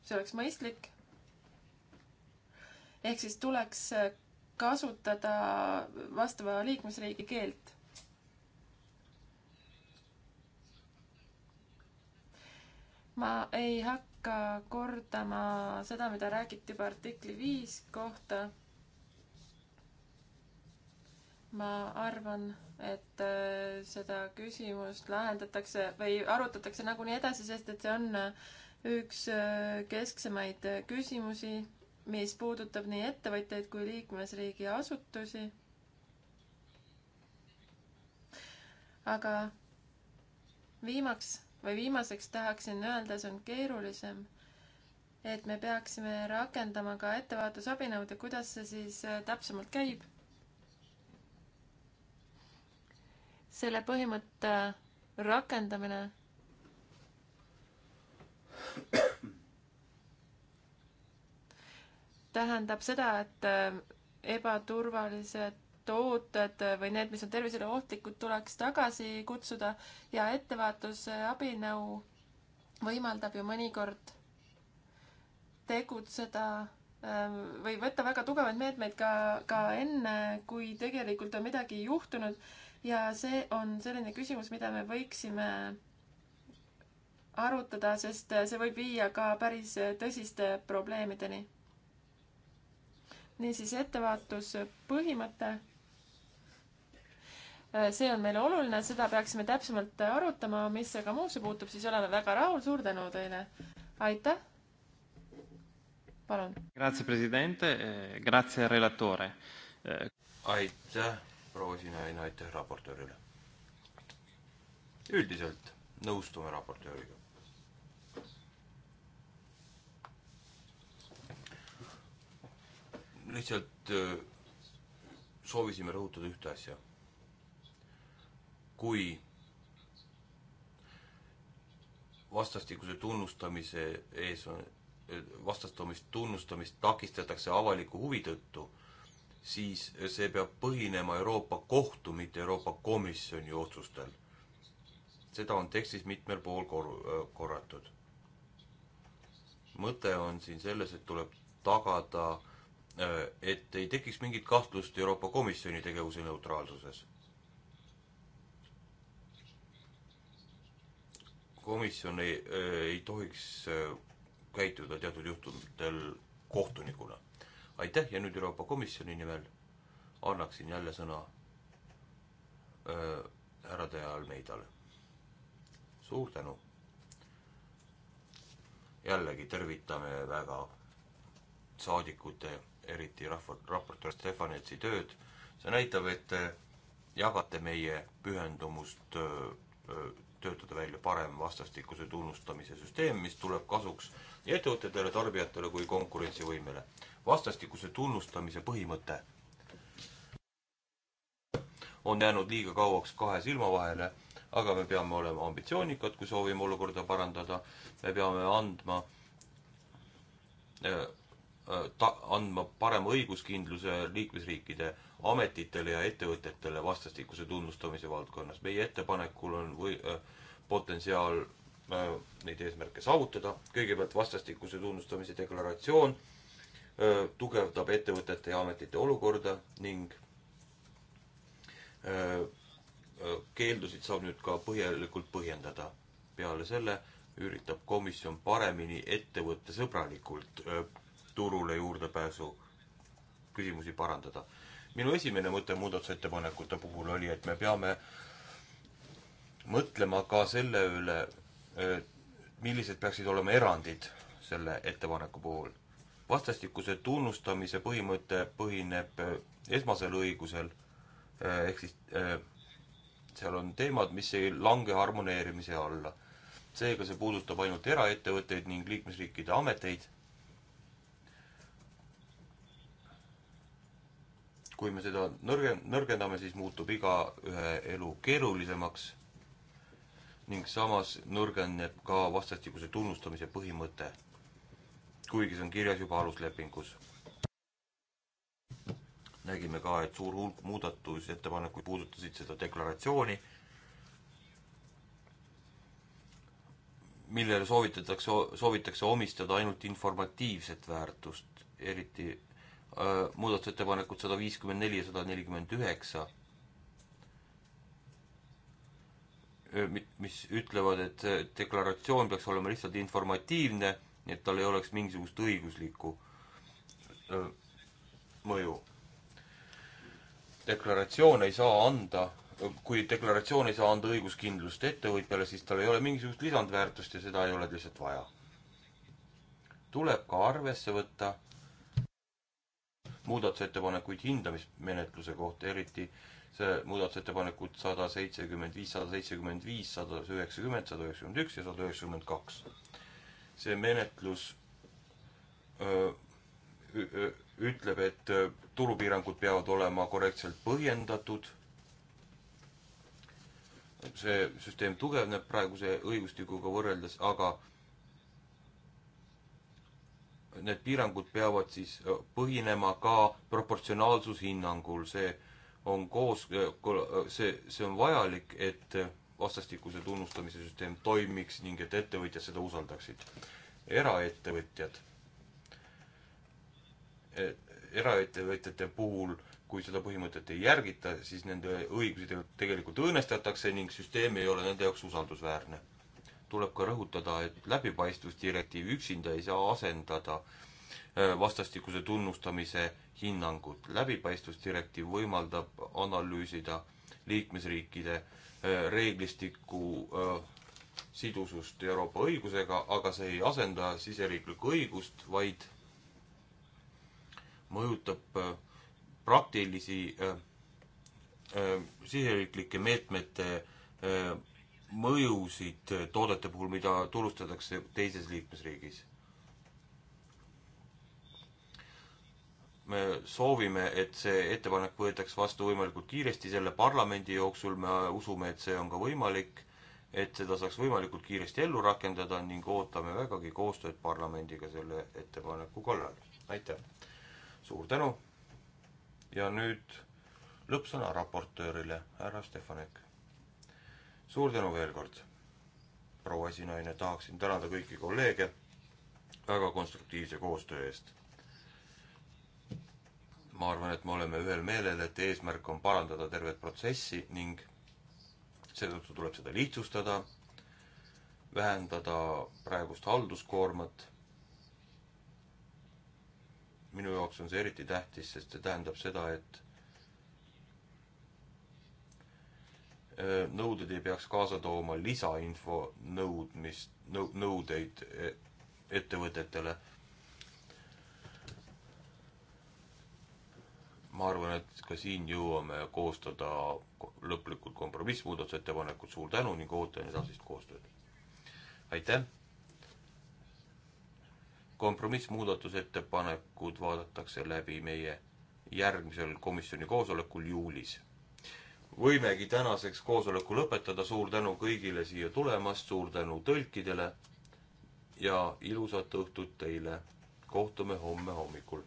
see oleks mõistlik. ehk siis tuleks kasutada vastava liikmesriigi keelt ma ei hakka kordama seda, mida räägiti juba artikli viis kohta. ma arvan, et äh, seda küsimust lahendatakse või arutatakse nagunii edasi, sest et see on äh, üks äh, kesksemaid küsimusi, mis puudutab nii ettevõtjaid kui liikmesriigi asutusi. aga viimaks või viimaseks tahaksin öelda, see on keerulisem, et me peaksime rakendama ka ettevaatusabinõud ja kuidas see siis äh, täpsemalt käib. selle põhimõtte rakendamine tähendab seda, et äh, ebaturvalised tooted või need, mis on tervisele ohtlikud, tuleks tagasi kutsuda ja ettevaatusabinõu võimaldab ju mõnikord tegutseda ähm, või võtta väga tugevaid meetmeid ka, ka enne, kui tegelikult on midagi juhtunud ja see on selline küsimus, mida me võiksime arutada, sest see võib viia ka päris tõsiste probleemideni niisiis ettevaatuspõhimõte Äh, see on meile oluline, seda peaksime täpsemalt arutama, mis aga muusse puutub, siis oleme väga rahul, suur tänu teile. aitäh. palun. Grazie presidente, e grazie relatore. E aitäh, proua Sinaine, aitäh raportöörile. üldiselt nõustume raportööriga. lihtsalt äh, soovisime rõhutada ühte asja kui vastastikuse tunnustamise ees on, vastastamist, tunnustamist takistatakse avaliku huvi tõttu, siis see peab põhinema Euroopa Kohtu, mitte Euroopa Komisjoni otsustel. seda on tekstis mitmel pool kor-, korratud. mõte on siin selles, et tuleb tagada, et ei tekiks mingit kahtlust Euroopa Komisjoni tegevuse neutraalsuses komisjon ei, ei tohiks äh, käituda teatud juhtumitel kohtunikuna. aitäh ja nüüd Euroopa Komisjoni nimel annaksin jälle sõna äh, härra De Almeidale. suur tänu. jällegi tervitame väga saadikute, eriti rahva, raportöör Stefanetsi tööd. see näitab, et te jagate meie pühendumust öö, äh, öö, töötada välja parem vastastikuse tunnustamise süsteem, mis tuleb kasuks nii ettevõtetele, tarbijatele kui konkurentsivõimele. vastastikuse tunnustamise põhimõte on jäänud liiga kauaks kahe silma vahele, aga me peame olema ambitsioonikad, kui soovime olukorda parandada, me peame andma äh, Äh, ta-, andma parema õiguskindluse liikmesriikide ametitele ja ettevõtetele vastastikuse tunnustamise valdkonnas. meie ettepanekul on või äh, potentsiaal äh, neid eesmärke saavutada, kõigepealt vastastikuse tunnustamise deklaratsioon äh, tugevdab ettevõtete ja ametite olukorda ning äh, äh, keeldusid saab nüüd ka põhjalikult põhjendada. peale selle üritab komisjon paremini ettevõttesõbralikult turule juurdepääsu küsimusi parandada. minu esimene mõte muudatusettepanekute puhul oli, et me peame mõtlema ka selle üle, millised peaksid olema erandid selle ettepaneku puhul. vastastikuse tunnustamise põhimõte põhineb eh, esmasel õigusel, eh, ehk siis eh, seal on teemad, mis ei lange harmoneerimise alla. seega see puudutab ainult eraettevõtteid ning liikmesriikide ameteid kui me seda nõrge-, nõrgendame, siis muutub igaühe elu keerulisemaks ning samas nõrgeneb ka vastastikuse tunnustamise põhimõte, kuigi see on kirjas juba aluslepingus. nägime ka, et suur hulk muudatusettepanekuid puudutasid seda deklaratsiooni, millele soovitatakse, soovitakse omistada ainult informatiivset väärtust, eriti Äh, muudatusettepanekud sada viiskümmend neli ja sada nelikümmend üheksa, äh, mis ütlevad, et äh, deklaratsioon peaks olema lihtsalt informatiivne, et tal ei oleks mingisugust õiguslikku mõju. deklaratsioon ei saa anda, kui deklaratsioon ei saa anda õiguskindlust ettevõtjale, siis tal ei ole mingisugust lisandväärtust ja seda ei ole lihtsalt vaja. tuleb ka arvesse võtta muudatusettepanekuid hindamismenetluse kohta, eriti see muudatusettepanekud sada seitsekümmend viis, sada seitsekümmend viis, sada üheksakümmend, sada üheksakümmend üks ja sada üheksakümmend kaks. see menetlus öö, öö, ütleb, et turupiirangud peavad olema korrektselt põhjendatud, see süsteem tugevneb praeguse õigustikuga võrreldes, aga öö, need piirangud peavad siis põhinema ka proportsionaalsushinnangul, see on koos, see, see on vajalik, et vastastikuse tunnustamise süsteem toimiks ning et ettevõtjad seda usaldaksid. eraettevõtjad, e, eraettevõtjate puhul, kui seda põhimõtet ei järgita, siis nende õigusi tegelikult õõnestatakse ning süsteem ei ole nende jaoks usaldusväärne tuleb ka rõhutada, et läbipaistvusdirektiiv üksinda ei saa asendada äh, vastastikuse tunnustamise hinnangut. läbipaistvusdirektiiv võimaldab analüüsida liikmesriikide äh, reeglistiku äh, sidusust Euroopa õigusega, aga see ei asenda siseriiklikku õigust, vaid mõjutab praktilisi siseriiklike meetmete mõjusid toodete puhul, mida turustatakse teises liikmesriigis. me soovime, et see ettepanek võetaks vastu võimalikult kiiresti selle parlamendi jooksul, me usume, et see on ka võimalik, et seda saaks võimalikult kiiresti ellu rakendada ning ootame vägagi koostööd parlamendiga selle ettepaneku kallal. aitäh! suur tänu! ja nüüd lõppsõna raportöörile, härra Stefanek suur tänu veel kord, proua esinaine, tahaksin tänada kõiki kolleege väga konstruktiivse koostöö eest. ma arvan, et me oleme ühel meelel, et eesmärk on parandada tervet protsessi ning seetõttu tuleb seda lihtsustada, vähendada praegust halduskoormat minu jaoks on see eriti tähtis, sest see tähendab seda, et Äh, nõuded ei peaks kaasa tooma lisainfo nõudmist, nõu-, nõudeid e-, ettevõtetele. ma arvan, et ka siin jõuame koostada lõplikud kompromissmuudatusettepanekud, suur tänu ning ootan edasist koostööd. aitäh! kompromissmuudatusettepanekud vaadatakse läbi meie järgmisel komisjoni koosolekul juulis võimegi tänaseks koosoleku lõpetada, suur tänu kõigile siia tulemast, suur tänu tõlkidele ja ilusat õhtut teile. kohtume homme hommikul